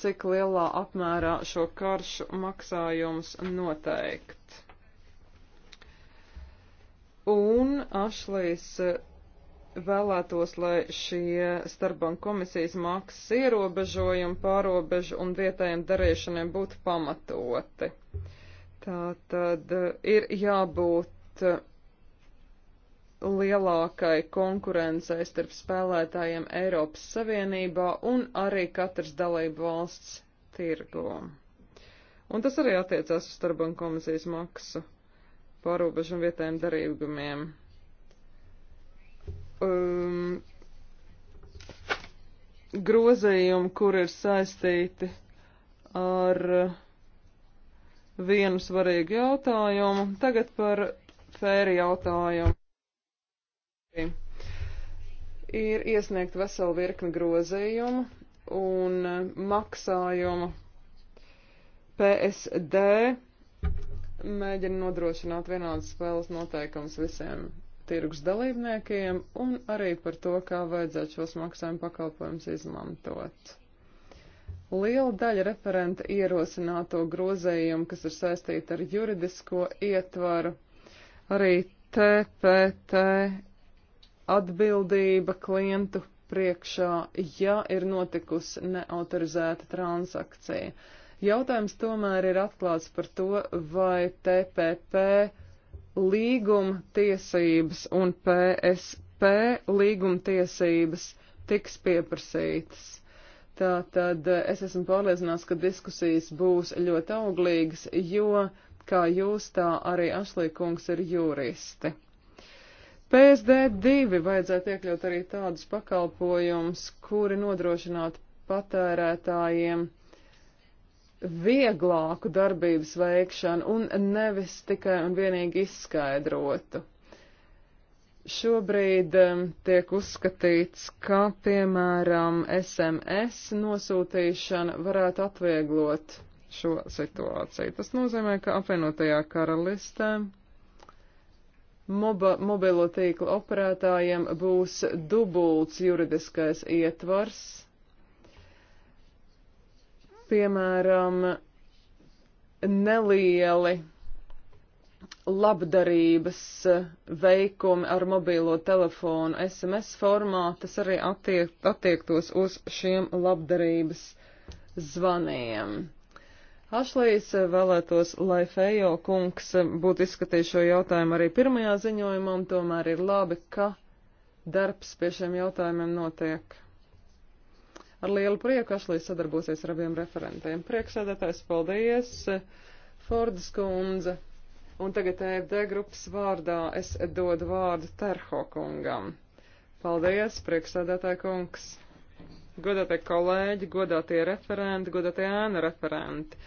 cik lielā apmērā šo karšu maksājums noteikt. Un Ašlīs vēlētos, lai šie starpbanku komisijas maksas ierobežojumi pārobežu un vietējiem darīšaniem būtu pamatoti. Tā tad ir jābūt lielākai konkurencei starp spēlētājiem Eiropas Savienībā un arī katras dalību valsts tirgo. Un tas arī attiecās uz starpbanku komisijas maksu pārobežu un vietējiem darījumiem. Um, grozējumi, kur ir saistīti ar vienu svarīgu jautājumu, tagad par fēri jautājumu. Ir iesniegt veselu virkni grozījumu un eh, maksājumu PSD mēģina nodrošināt vienādas spēles noteikums visiem tirgus dalībniekiem un arī par to, kā vajadzētu šos maksājumu pakalpojumus izmantot. Liela daļa referenta ierosināto grozējumu, kas ir saistīta ar juridisko ietvaru, arī TPT atbildība klientu priekšā, ja ir notikusi neautorizēta transakcija. Jautājums tomēr ir atklāts par to, vai TPP līguma tiesības un PSP līguma tiesības tiks pieprasītas. Tātad eh, es esmu pārliecināts, ka diskusijas būs ļoti auglīgas, jo, kā jūs tā arī Ašlīkungs ir juristi. PSD2 vajadzētu iekļaut arī tādus pakalpojumus, kuri nodrošinātu patērētājiem vieglāku darbības veikšanu un nevis tikai un vienīgi izskaidrotu. Šobrīd tiek uzskatīts, ka, piemēram, SMS nosūtīšana varētu atvieglot šo situāciju. Tas nozīmē, ka apvienotajā karalistē Moba, mobilo tīklu operētājiem būs dubults juridiskais ietvars. Piemēram, nelieli labdarības veikumi ar mobilo telefonu SMS formā, tas arī attiek, attiektos uz šiem labdarības zvaniem. Ašlīs eh, vēlētos, lai Fejo kungs eh, būtu izskatījis šo jautājumu arī pirmajā ziņojumā, un tomēr ir labi, ka darbs pie šiem jautājumiem notiek. Ar lielu prieku Ašlīs sadarbosies ar abiem referentiem. Prieksēdētājs, paldies, Fordas kundze. Un tagad EFD grupas vārdā es dodu vārdu Terho kungam. Paldies, prieksēdētāja kungs godātie kolēģi, godātie referenti, godātie ēna referenti.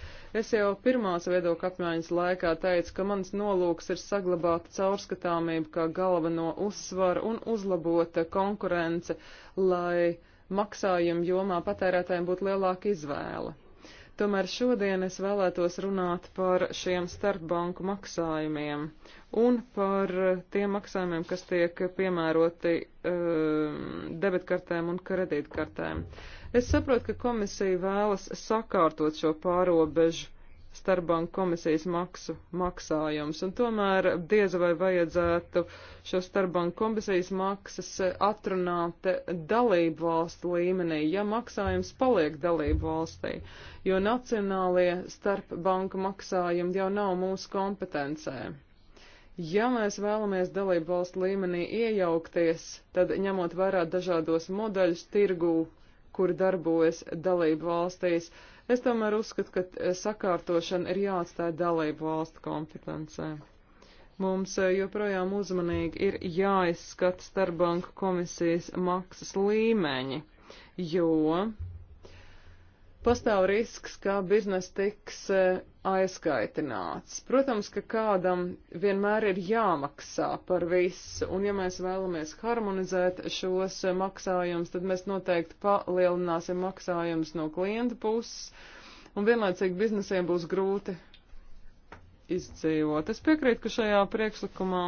Es jau pirmās viedokļa apmaiņas laikā teicu, ka mans nolūks ir saglabāt caurskatāmību kā galveno uzsvaru un uzlabota konkurence, lai maksājumu jomā patērētājiem būtu lielāka izvēle. Tomēr šodien es vēlētos runāt par šiem starpbanku maksājumiem un par tiem maksājumiem, kas tiek piemēroti uh, debitkartēm un kredītkartēm. Es saprotu, ka komisija vēlas sakārtot šo pārobežu starpbanku komisijas maksu maksājums, un tomēr diez vai vajadzētu šo starpbanku komisijas maksas atrunāt dalību valstu līmenī, ja maksājums paliek dalību valstī, jo nacionālie starpbanku maksājumi jau nav mūsu kompetencē. Ja mēs vēlamies dalību valstu līmenī iejaukties, tad ņemot vērā dažādos modeļus tirgū, kuri darbojas dalību valstīs, uh, Es tomēr uzskatu, ka eh, sakārtošana ir jāatstāja dalību valstu kompetencē. Mums eh, joprojām uzmanīgi ir jāizskata starpbanku komisijas maksas līmeņi, jo pastāv risks, ka biznes tiks e, aizskaitināts. Protams, ka kādam vienmēr ir jāmaksā par visu, un ja mēs vēlamies harmonizēt šos e, maksājumus, tad mēs noteikti palielināsim maksājumus no klienta puses, un vienlaicīgi biznesiem būs grūti izdzīvot. Es piekrītu, ka šajā priekšlikumā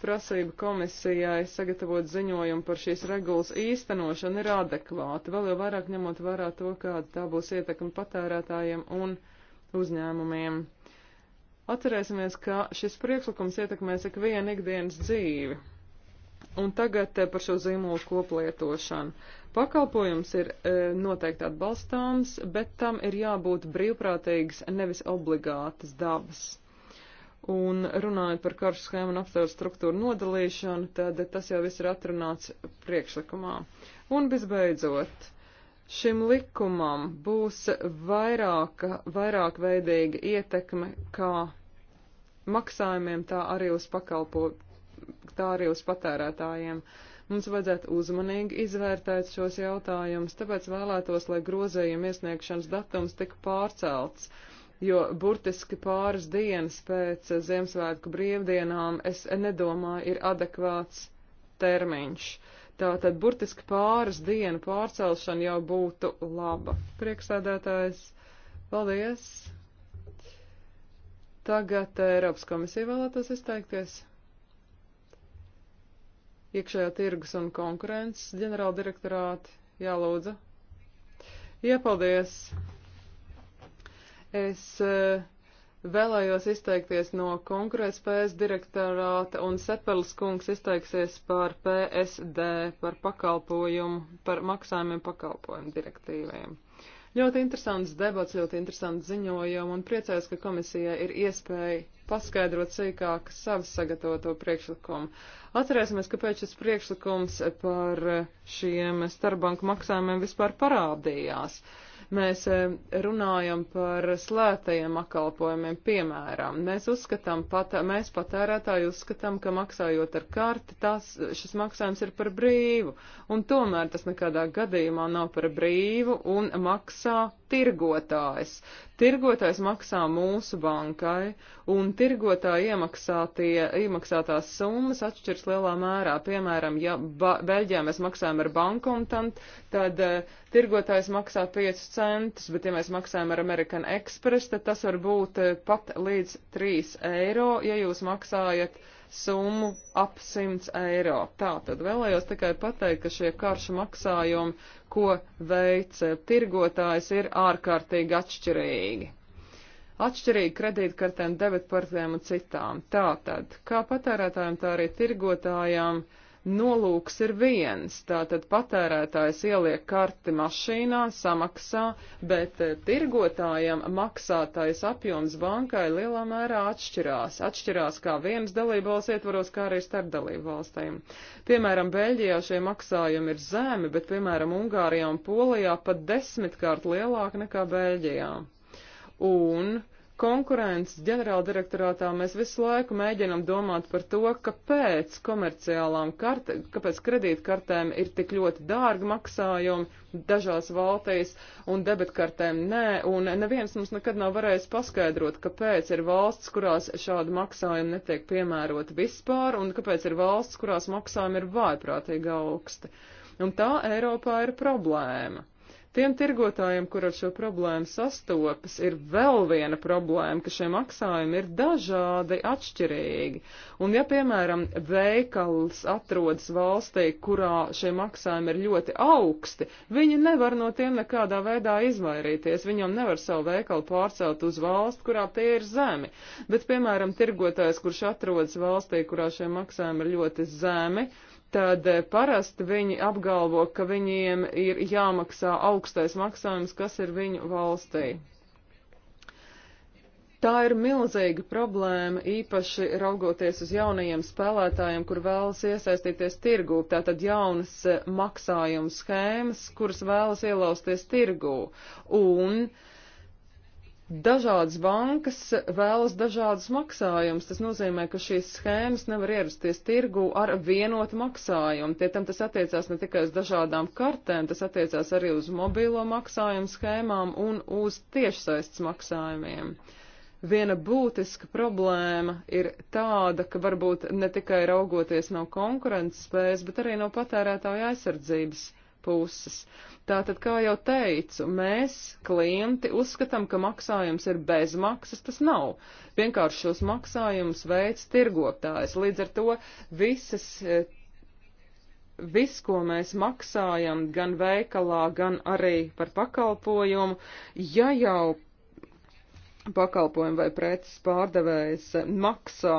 prasība komisijai sagatavot ziņojumu par šīs regulas īstenošanu ir adekvāta, vēl jau vairāk ņemot vērā to, kāda tā būs ietekme patērētājiem un uzņēmumiem. Atcerēsimies, ka šis priekšlikums ietekmēs ikvienu ikdienas dzīvi. Un tagad eh, par šo zīmolu koplietošanu. Pakalpojums ir e, noteikti atbalstāms, bet tam ir jābūt brīvprātīgas, nevis obligātas dabas. Un runājot par karšu schēmu un aptvēru struktūru nodalīšanu, tad tas jau viss ir atrunāts priekšlikumā. Un visbeidzot, šim likumam būs vairāka, vairāk veidīga ietekme kā maksājumiem, tā arī uz pakalpo, tā arī uz patērētājiem. Mums vajadzētu uzmanīgi izvērtēt šos jautājumus, tāpēc vēlētos, lai grozējuma iesniegšanas datums tik pārcelts. Uh, jo burtiski pāris dienas pēc Ziemassvētku brīvdienām es nedomāju ir adekvāts termiņš. Tātad burtiski pāris dienu pārcelšana jau būtu laba. Prieksēdētājs, paldies! Tagad Eiropas komisija vēlētos izteikties. Iekšējā tirgus un konkurences ģenerāldirektorāti jālūdza. Iepaldies! Es eh, vēlējos izteikties no konkurētspējas direktorāta, un Sepels kungs izteiksies par PSD, par pakalpojumu, par maksājumiem pakalpojumu direktīviem. Ļoti interesants debats, ļoti interesants ziņojumi, un priecājos, ka komisijai ir iespēja paskaidrot sīkāk savu sagatavoto priekšlikumu. Atcerēsimies, kāpēc šis priekšlikums par šiem starpbanku maksājumiem vispār parādījās. Uh, Mēs e, runājam par slētajiem pakalpojumiem, piemēram. Mēs, uzskatām, pat, mēs patērētāji uzskatām, ka maksājot ar karti, tas, šis maksājums ir par brīvu. Un tomēr tas nekādā gadījumā nav par brīvu un maksā tirgotājs. Tirgotājs maksā mūsu bankai, un tirgotāja iemaksātās summas atšķirs lielā mērā. Piemēram, ja ba Beļģijā mēs maksājam ar banku, tad, tad uh, tirgotājs maksā 5 centus, bet ja mēs maksājam ar American Express, tad tas var būt uh, pat līdz 3 eiro, ja jūs maksājat uh, summu ap 100 eiro. Tātad vēlējos tikai pateikt, ka šie karšu maksājumi, ko veic eh, tirgotājs, ir ārkārtīgi atšķirīgi. Atšķirīgi kredītkartēm, debitpartēm un citām. Tātad, kā patērētājiem, tā arī tirgotājiem Nolūks ir viens, tātad patērētājs ieliek karti mašīnā, samaksā, bet eh, tirgotājiem maksātais apjoms bankai lielā mērā atšķirās. Atšķirās kā vienas dalībvalsts ietvaros, kā arī starp dalībvalstīm. Piemēram, Beļģijā šie maksājumi ir zemi, bet, piemēram, Ungārijā un Polijā pat desmitkārt lielāk nekā Beļģijā. Un uh, konkurences ģenerāldirektorātā mēs visu laiku mēģinam domāt par to, kāpēc komerciālām kartēm, kāpēc kredītkartēm ir tik ļoti dārgi maksājumi dažās valstīs un debetkartēm nē, un neviens mums nekad nav varējis paskaidrot, kāpēc ir valsts, kurās šādi maksājumi netiek piemēroti vispār, un kāpēc ir valsts, kurās maksājumi ir vājprātīgi augsti. Un tā Eiropā ir problēma. Tiem tirgotājiem, kur ar šo problēmu sastopas, ir vēl viena problēma, ka šie maksājumi ir dažādi, atšķirīgi. Un ja, piemēram, veikals atrodas valstī, kurā šie maksājumi ir ļoti augsti, viņi nevar no tiem nekādā veidā izvairīties. Viņam nevar savu veikalu pārcelt uz valsti, kurā tie ir zemi. Bet, piemēram, tirgotājs, kurš atrodas valstī, kurā šie maksājumi ir ļoti zemi, tad eh, parasti viņi apgalvo, ka viņiem ir jāmaksā augstais maksājums, kas ir viņu valstī. Tā ir milzīga problēma, īpaši raugoties uz jaunajiem spēlētājiem, kur vēlas iesaistīties tirgū, tātad jaunas eh, maksājumu schēmas, kuras vēlas ielausties tirgū. Un uh, Dažādas bankas vēlas dažādus maksājumus. Tas nozīmē, ka šīs schēmas nevar ierasties tirgu ar vienotu maksājumu. Pie tam tas attiecās ne tikai uz dažādām kartēm, tas attiecās arī uz mobīlo maksājumu schēmām un uz tiešsaistes maksājumiem. Viena būtiska problēma ir tāda, ka varbūt ne tikai raugoties no konkurences spējas, bet arī no patērētāja aizsardzības puses. Tātad, kā jau teicu, mēs, klienti, uzskatām, ka maksājums ir bez maksas, tas nav. Vienkārši šos maksājumus veids tirgotājs. Līdz ar to visas eh, viss, ko mēs maksājam gan veikalā, gan arī par pakalpojumu, ja jau pakalpojumu vai preces pārdevējs maksā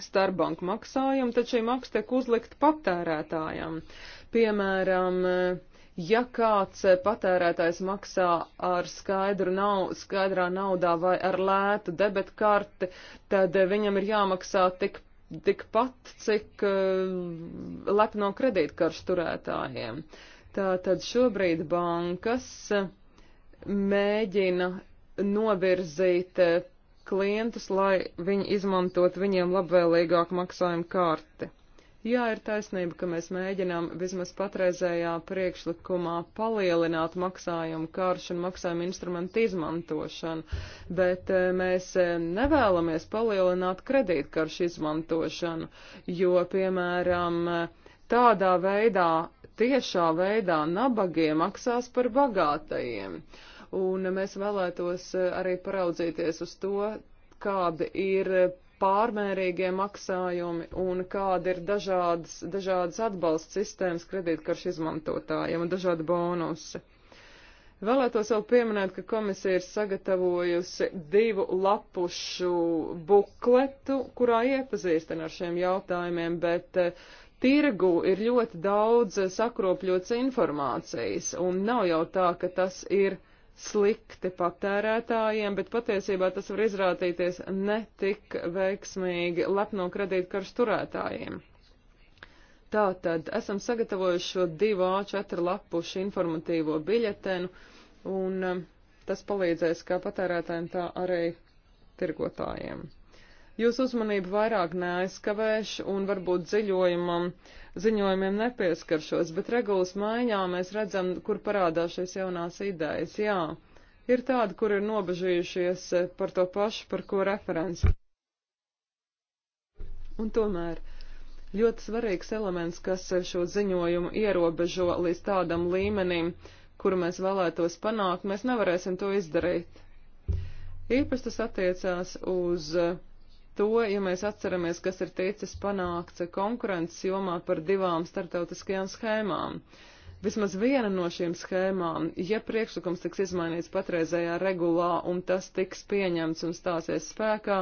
starpbanku maksājumu, tad šī maksa tiek uzlikta patērētājam. Piemēram, ja kāds patērētājs maksā ar skaidru nav, skaidrā naudā vai ar lētu debetkarti, tad viņam ir jāmaksā tik, tikpat, cik uh, eh, lepno kredītkaršu turētājiem. Tātad šobrīd bankas mēģina novirzīt eh, klientus, lai viņi izmantot viņiem labvēlīgāku maksājumu karti. Jā, ir taisnība, ka mēs mēģinām vismaz patreizējā priekšlikumā palielināt maksājumu kāršu un maksājumu instrumentu izmantošanu, bet eh, mēs eh, nevēlamies palielināt kredītkaršu izmantošanu, jo, piemēram, tādā veidā, tiešā veidā nabagie maksās par bagātajiem. Un mēs vēlētos eh, arī paraudzīties uz to, kāda ir pārmērīgie maksājumi un kāda ir dažādas, dažādas atbalsta sistēmas kredītkaršu izmantotājiem un dažādi bonusi. Vēlētos vēl pieminēt, ka komisija ir sagatavojusi divu lapušu bukletu, kurā iepazīstina ar šiem jautājumiem, bet eh, tirgu ir ļoti daudz sakropļots informācijas, un nav jau tā, ka tas ir slikti patērētājiem, bet patiesībā tas var izrādīties netik veiksmīgi lepno kredītu karšu turētājiem. Tātad esam sagatavojuši šo divu A4 lapušu informatīvo biļetenu, un um, tas palīdzēs kā patērētājiem, tā arī tirgotājiem. Jūs uzmanību vairāk neaizskavēšu un varbūt ziļojumam, ziņojumiem nepieskaršos, bet regulas maiņā mēs redzam, kur parādās šīs jaunās idejas. Jā, ir tādi, kur ir nobežījušies par to pašu, par ko referents. Un tomēr ļoti svarīgs elements, kas šo ziņojumu ierobežo līdz tādam līmenim, kuru mēs vēlētos panākt, mēs nevarēsim to izdarīt. Īpaši tas attiecās uz uh, to, ja mēs atceramies, kas ir ticis panākts konkurences jomā par divām startautiskajām schēmām. Vismaz viena no šīm schēmām, ja priekšlikums tiks izmainīts patreizējā regulā un tas tiks pieņemts un stāsies spēkā,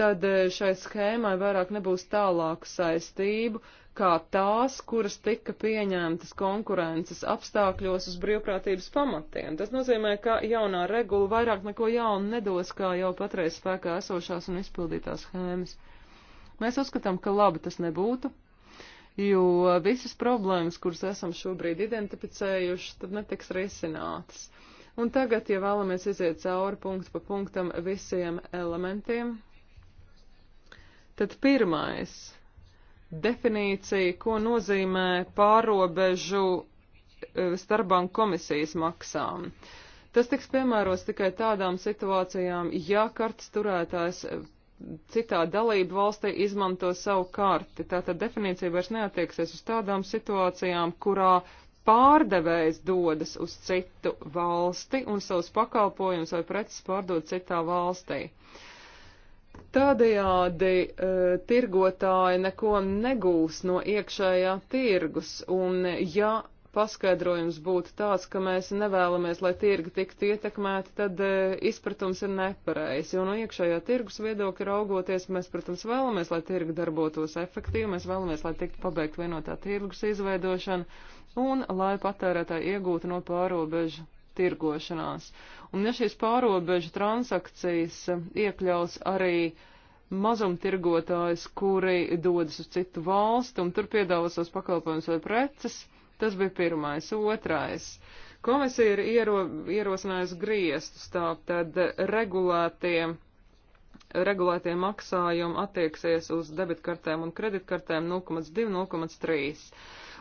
tad eh, šai schēmai vairāk nebūs tālāku saistību, kā tās, kuras tika pieņemtas konkurences apstākļos uz brīvprātības pamatiem. Tas nozīmē, ka jaunā regula vairāk neko jaunu nedos, kā jau patreiz spēkā esošās un izpildītās schēmas. Mēs uzskatām, ka labi tas nebūtu, jo visas problēmas, kuras esam šobrīd identificējuši, tad netiks risinātas. Un tagad, ja vēlamies iziet cauri punktu pa punktam visiem elementiem, tad pirmais definīciju, ko nozīmē pārobežu e, starpbanku komisijas maksām. Tas tiks piemērots tikai tādām situācijām, ja kartes turētājs e, citā dalību valstī izmanto savu karti. Tātad definīcija vairs neatieksies uz tādām situācijām, kurā pārdevējs dodas uz citu valsti un savus pakalpojumus vai preces pārdod citā valstī. Uh, Tādējādi e, tirgotāji neko negūs no iekšējā tirgus, un ja paskaidrojums būtu tāds, ka mēs nevēlamies, lai tirgi tiktu ietekmēti, tad e, izpratums ir nepareizs. Jo no iekšējā tirgus viedokļa raugoties, mēs, protams, vēlamies, lai tirgi darbotos efektīvi, mēs vēlamies, lai tiktu pabeigta vienotā tirgus izveidošana un lai patērētāji iegūtu no pārobežu tirgošanās. Un ja šīs pārobežu transakcijas eh, iekļaus arī mazumtirgotājs, kuri dodas uz citu valstu un tur piedāvā savus pakalpojumus vai preces, tas bija pirmais. Otrais. Komisija ir iero, ierosinājusi griestus, tātad regulētie, regulētie maksājumi attieksies uz debitkartēm un kreditkartēm 0,2-0,3.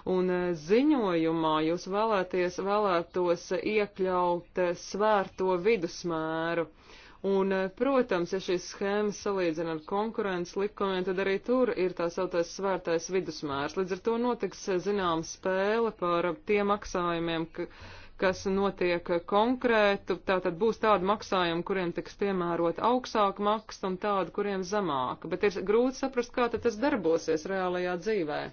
Un eh, ziņojumā jūs vēlēties, vēlētos iekļaut eh, svērto vidusmēru. Un, eh, protams, ja šīs schēmas salīdzina ar konkurences likumiem, tad arī tur ir tā sautais svērtais vidusmērs. Līdz ar to notiks zinām spēle par tiem maksājumiem, ka, kas notiek konkrētu. Tātad būs tādi maksājumi, kuriem tiks piemērot augstāka maksta un tādi, kuriem zemāka. Bet ir grūti saprast, kā tas darbosies reālajā dzīvē.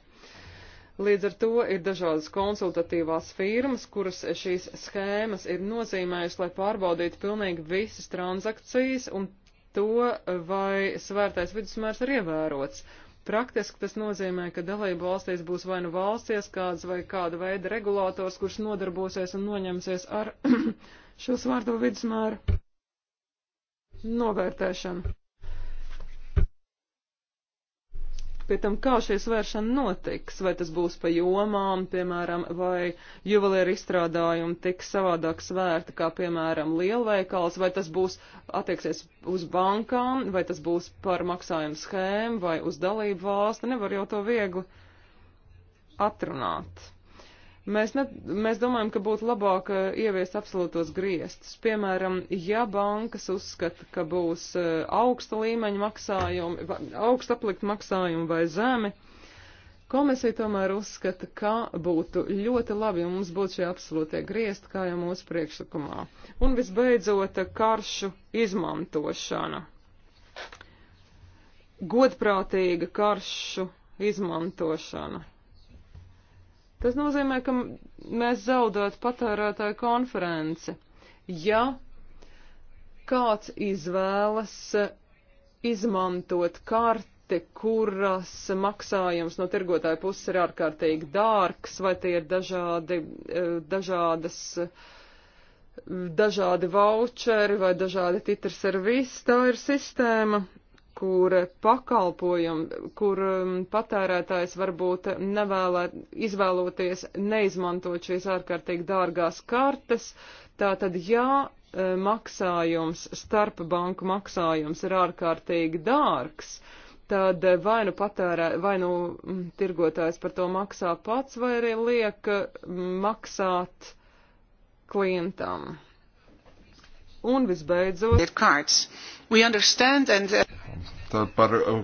Līdz ar to ir dažādas konsultatīvās firmas, kuras šīs schēmas ir nozīmējušas, lai pārbaudītu pilnīgi visas transakcijas un to, vai svērtais vidusmērs ir ievērots. Praktiski tas nozīmē, ka dalību valstīs būs vai nu valsts iestādes vai kāda veida regulators, kurš nodarbosies un noņemsies ar [clears throat] šo svārto vidusmēru novērtēšanu. Pie tam, kā šie svēršana notiks, vai tas būs pa jomām, piemēram, vai juvelieru izstrādājumi tiks savādāk svērti, kā, piemēram, lielveikals, vai tas būs attieksies uz bankām, vai tas būs par maksājumu schēmu, vai uz dalību valsti, nevar jau to viegli atrunāt. Mēs, ne, mēs domājam, ka būtu labāk eh, ieviest absolūtos griestus. Piemēram, ja bankas uzskata, ka būs eh, augsta līmeņa maksājumi, augsta aplikt maksājumi vai zemi, komisija tomēr uzskata, ka būtu ļoti labi, ja mums būtu šie absolūtie griesti, kā jau mūsu priekšlikumā. Un visbeidzot, eh, karšu izmantošana. Godprātīga karšu izmantošana Tas nozīmē, ka mēs zaudētu patērētāju konferenci. Ja kāds izvēlas e, izmantot karti, kuras maksājums no tirgotāja puses ir ārkārtīgi dārgs, vai tie ir dažādi, e, dažādas, e, dažādi voucheri vai dažādi titri servisi, tā ir sistēma, kur pakalpojumi, kur um, patērētājs varbūt nevēlē izvēloties neizmantot šīs ārkārtīgi dārgās kartes. Tātad, ja e, maksājums, starp banku maksājums ir ārkārtīgi dārgs, tad vai nu patērē, vai nu mm, tirgotājs par to maksā pats, vai arī liek mm, maksāt klientam. Un visbeidzot. And... Uh, Tad par uh,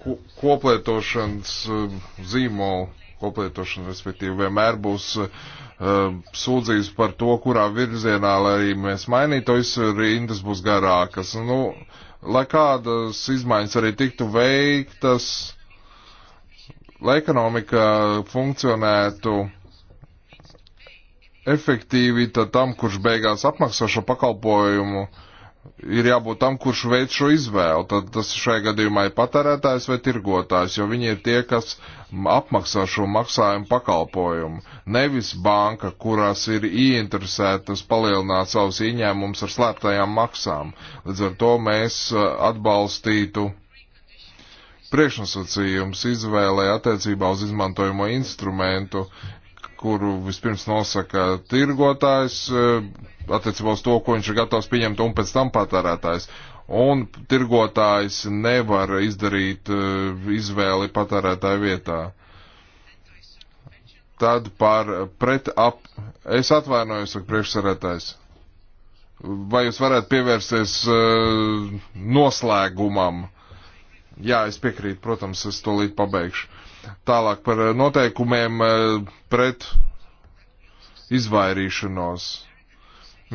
ko, koplietošanas uh, zīmolu, koplietošana respektīvi vienmēr būs uh, sūdzības par to, kurā virzienā, lai mēs mainītos, rindas būs garākas. Nu, lai kādas izmaiņas arī tiktu veiktas, lai ekonomika funkcionētu efektīvi, tad tam, kurš beigās apmaksā šo pakalpojumu, ir jābūt tam, kurš veic šo izvēlu. Tad tas šajā gadījumā ir patērētājs vai tirgotājs, jo viņi ir tie, kas apmaksā šo maksājumu pakalpojumu. Nevis banka, kurās ir ieinteresētas palielināt savus ieņēmumus ar slēptajām maksām. Līdz ar to mēs uh, atbalstītu priekšnosacījums izvēlē attiecībā uz izmantojamo instrumentu, kuru vispirms nosaka tirgotājs eh, attiecībā uz to, ko viņš ir gatavs pieņemt un pēc tam patērētājs. Un tirgotājs nevar izdarīt eh, izvēli patērētāju vietā. Tad par pret ap... Es atvainojos, saka priekšsarētājs. Vai jūs varētu pievērsties eh, noslēgumam? Jā, es piekrītu, protams, es to līdz pabeigšu. Tālāk par eh, noteikumiem eh, pret izvairīšanos.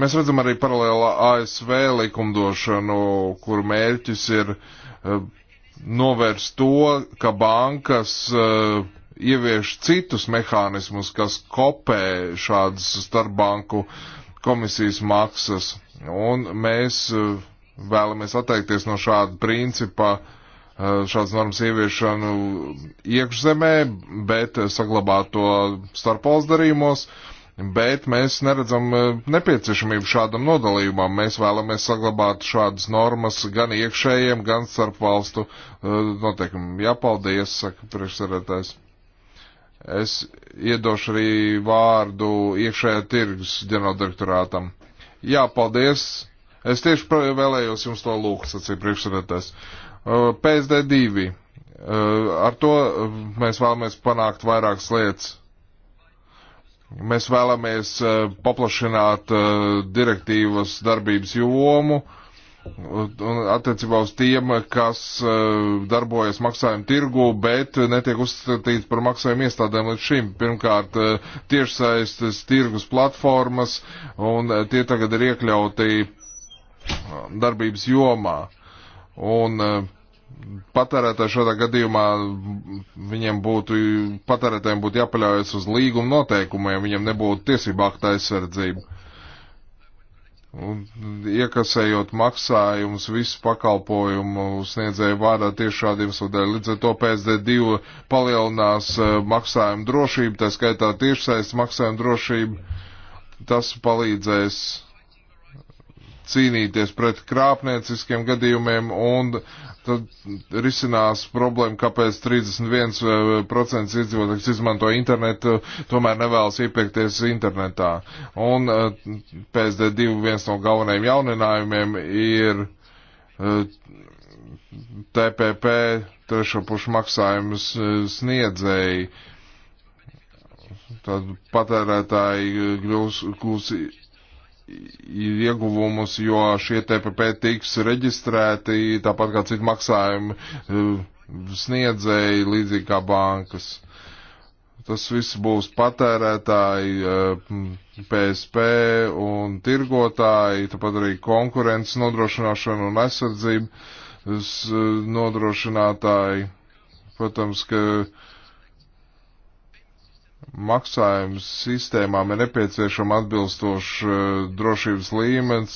Mēs redzam arī paralēlā ASV likumdošanu, kur mērķis ir eh, novērst to, ka bankas ievieš citus mehānismus, kas kopē šādas starpbanku komisijas maksas. Un mēs vēlamies atteikties no šāda principa uh, Eh, šādas normas ieviešanu iekšzemē, bet saglabāt to starpvalstu darījumos. Bet mēs neredzam eh, nepieciešamību šādam nodalījumam. Mēs vēlamies saglabāt šādas normas gan iekšējiem, gan starpvalstu eh, noteikumiem. Jā, paldies, saka priekšsarētājs. Es iedošu arī vārdu iekšējā tirgus ģenerāldirektorātam. Jā, paldies. Es tieši vēlējos jums to lūgt, sacīja priekšsarētājs. Eh, PSD2. Eh, ar to eh, mēs vēlamies panākt vairākas lietas. Mēs vēlamies paplašināt direktīvas darbības jomu un attiecībā uz tiem, kas darbojas maksājumu tirgu, bet netiek uzskatīti par maksājumu iestādēm līdz šim. Pirmkārt, tiešsaistes tirgus platformas, un tie tagad ir iekļauti darbības jomā. Un e, patērētāji šādā gadījumā viņiem būtu, patērētājiem būtu jāpaļaujas uz līguma noteikumiem, viņiem nebūtu tiesību akta aizsardzība. Un iekasējot maksājumus visu pakalpojumu sniedzēju vārdā tieši šādiem sodēļ. Līdz ar to PSD2 palielinās e, maksājumu drošību, tā skaitā tiešsaistes maksājumu drošību. Tas palīdzēs cīnīties pret krāpnieciskiem gadījumiem un tad risinās problēma, kāpēc 31% eh, iedzīvotājs izmanto internetu, tomēr nevēlas iepirkties internetā. Un eh, PSD2 viens no galvenajiem jauninājumiem ir eh, TPP trešo pušu maksājumus sniedzēji. Tad patērētāji kļūs ieguvumus, jo šie TPP tiks reģistrēti tāpat kā citu maksājumu eh, sniedzēji, līdzīgi kā bankas. Tas viss būs patērētāji, PSP eh, un tirgotāji, tāpat arī konkurences nodrošināšana un aizsardzība nodrošinātāji. Protams, ka uh, maksājums sistēmām ir nepieciešama atbilstoša eh, drošības līmenis.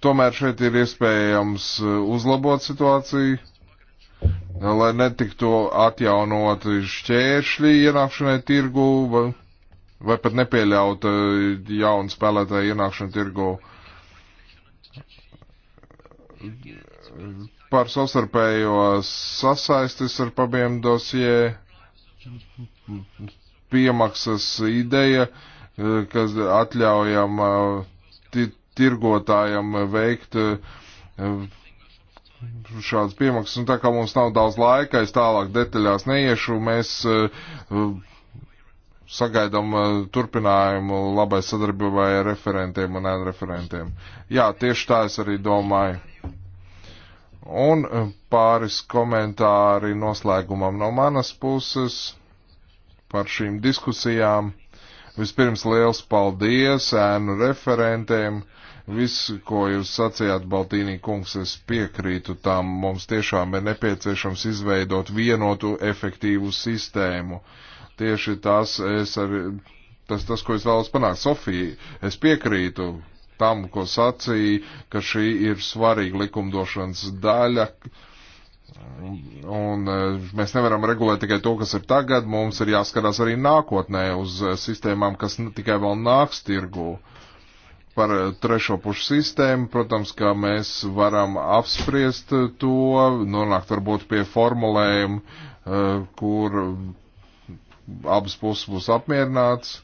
Tomēr šeit ir iespējams eh, uzlabot situāciju, lai netiktu atjaunoti šķēršļi ienākšanai tirgu vai, vai pat nepieļaut eh, jaunu spēlētāju ienākšanu tirgu. Par savstarpējo sasaistis ar pabiem dosie piemaksas ideja, eh, kas atļaujam eh, tirgotājam veikt eh, šādas piemaksas. Un tā kā mums nav daudz laika, es tālāk detaļās neiešu, mēs sagaidām turpinājumu labai sadarbībai ar referentiem un referentiem. Jā, tieši tā es arī domāju. Un pāris komentāri noslēgumam no manas puses par šīm diskusijām. Vispirms liels paldies ēnu referentiem. Viss, ko jūs sacījāt, Baltīnī kungs, es piekrītu tam. Mums tiešām ir nepieciešams izveidot vienotu efektīvu sistēmu. Tieši tas, es arī, tas, tas, ko es vēlos panākt. Sofija, es piekrītu tam, ko sacīja, ka šī ir svarīga likumdošanas daļa, uh, Un e, mēs nevaram regulēt tikai to, kas ir tagad, mums ir jāskatās arī nākotnē uz e, sistēmām, kas nu, tikai vēl nāks tirgū. Par e, trešo pušu sistēmu, protams, ka mēs varam apspriest to, nonākt varbūt pie formulējumu, kur abas puses būs apmierināts.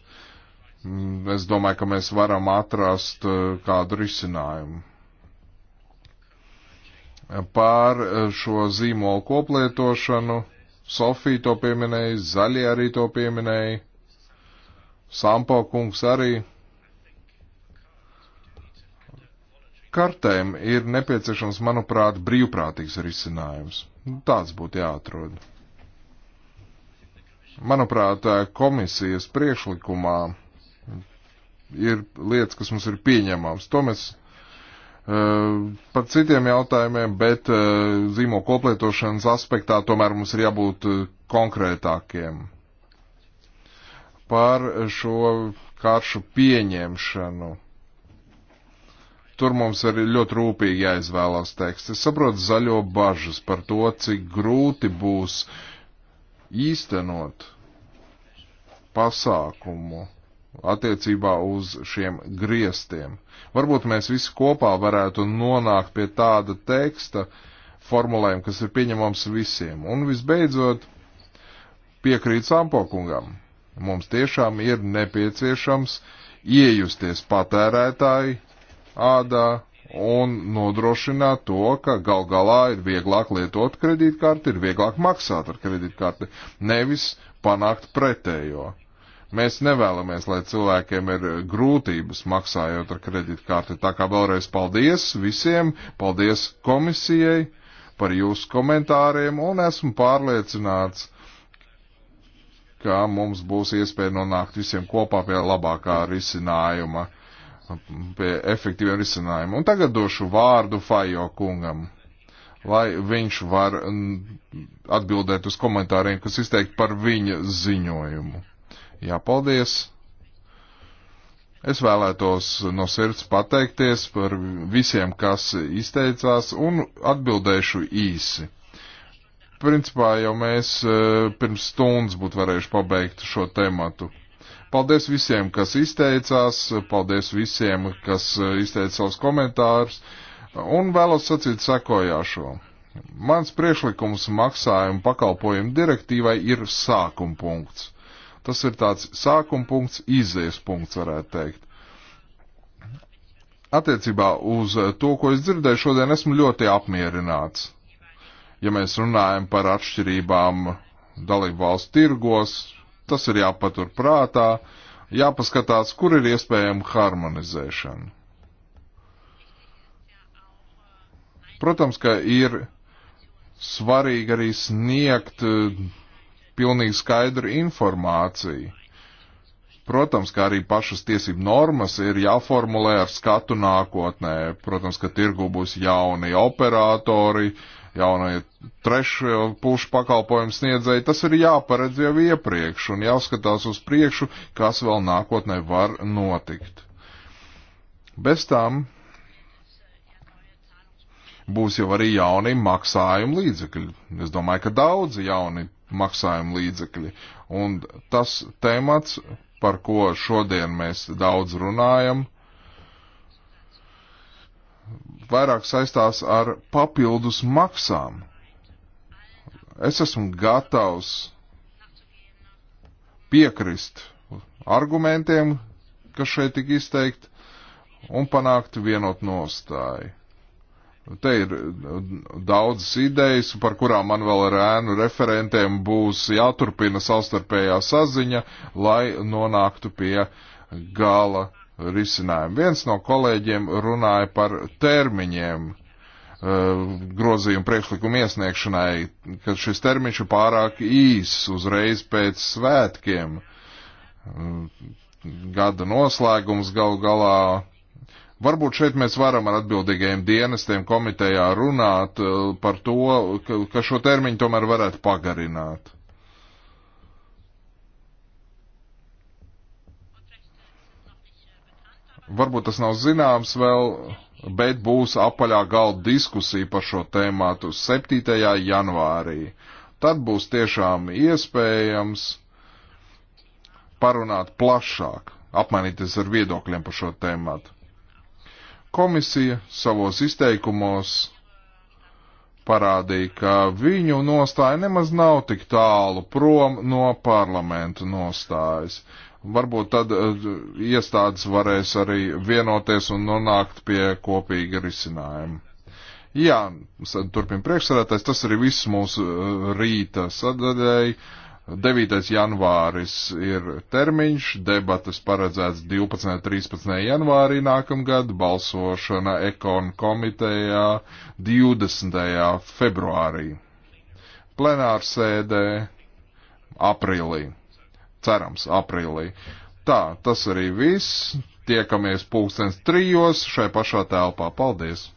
Mm, es domāju, ka mēs varam atrast kādu risinājumu pār eh, šo zīmolu koplietošanu. Sofija to pieminēja, Zaļie arī to pieminēja, Sampo kungs arī. Kartēm ir nepieciešams, manuprāt, brīvprātīgs risinājums. Nu, tāds būtu jāatrod. Manuprāt, eh, komisijas priekšlikumā ir lietas, kas mums ir pieņemams. To mēs Eh, par citiem jautājumiem, bet eh, zīmo koplietošanas aspektā tomēr mums ir jābūt eh, konkrētākiem. Par šo karšu pieņemšanu tur mums ir ļoti rūpīgi jāizvēlās teksts. Es saprotu zaļo bažas par to, cik grūti būs īstenot pasākumu, attiecībā uz šiem griestiem. Varbūt mēs visi kopā varētu nonākt pie tāda teksta formulējuma, kas ir pieņemams visiem. Un visbeidzot, piekrīt Sampokungam. Mums tiešām ir nepieciešams iejusties patērētāji ādā un nodrošināt to, ka gal galā ir vieglāk lietot kredītkarti, ir vieglāk maksāt ar kredītkarti, nevis panākt pretējo. Mēs nevēlamies, lai cilvēkiem ir grūtības maksājot ar kredītkarti. Tā kā vēlreiz paldies visiem, paldies komisijai par jūsu komentāriem un esmu pārliecināts, ka mums būs iespēja nonākt visiem kopā pie labākā risinājuma, pie efektīviem risinājumiem. Un tagad došu vārdu Fajo kungam lai viņš var atbildēt uz komentāriem, kas izteikti par viņa ziņojumu. Jā, paldies! Es vēlētos no sirds pateikties par visiem, kas izteicās, un atbildēšu īsi. Principā jau mēs e, pirms stundas būtu varējuši pabeigt šo tematu. Paldies visiem, kas izteicās, paldies visiem, kas e, izteica savus komentārus, un vēlos sacīt sekojošo. Mans priekšlikums maksājumu pakalpojumu direktīvai ir sākuma punkts Tas ir tāds sākuma punkts, izējas punkts, varētu teikt. Attiecībā uz eh, to, ko es dzirdēju šodien, esmu ļoti apmierināts. Ja mēs runājam par atšķirībām dalību valstu tirgos, tas ir jāpatur prātā, jāpaskatās, kur ir iespējama harmonizēšana. Protams, ka ir svarīgi arī sniegt uh, pilnīgi skaidru informāciju. Protams, ka arī pašas tiesību normas ir jāformulē ar skatu nākotnē. Protams, ka tirgu būs jauni operatori, jaunie trešo pušu pakalpojumu sniedzēji. Tas ir jāparedz jau iepriekš un jāskatās uz priekšu, kas vēl nākotnē var notikt. Bez tam būs jau arī jauni maksājuma līdzekļi. Es domāju, ka daudzi jauni maksājumu līdzekļi. Un tas temats, par ko šodien mēs daudz runājam, vairāk saistās ar papildus maksām. Es esmu gatavs piekrist argumentiem, kas šeit tika izteikti, un panākt vienot nostāju. Te ir uh, daudzas idejas, par kurām man vēl ar ēnu referentiem būs jāturpina savstarpējā saziņa, lai nonāktu pie gala risinājuma. Viens no kolēģiem runāja par termiņiem uh, grozījumu priekšlikumu iesniegšanai, ka šis termiņš ir pārāk īs uzreiz pēc svētkiem. Uh, gada noslēgums gal galā Varbūt šeit mēs varam ar atbildīgajiem dienestiem komitejā runāt eh, par to, ka šo termiņu tomēr varētu pagarināt. Varbūt tas nav zināms vēl, bet būs apaļā galda diskusija par šo tēmātu 7. janvārī. Tad būs tiešām iespējams parunāt plašāk, apmainīties ar viedokļiem par šo tēmātu. Komisija savos izteikumos parādīja, ka viņu nostāja nemaz nav tik tālu prom no parlamentu nostājas. Varbūt tad uh, iestādes varēs arī vienoties un nonākt pie kopīga risinājuma. Jā, turpin priekšsēdētājs, tas arī viss mūsu eh, rīta sadaļai. Uh, 9. janvāris ir termiņš, debatas paredzēts 12. un 13. janvārī nākamgad, balsošana ekon komitejā 20. februārī. Plenārsēdē aprīlī. Cerams, aprīlī. Tā, tas arī viss. Tiekamies pulkstens trijos šai pašā telpā. Paldies!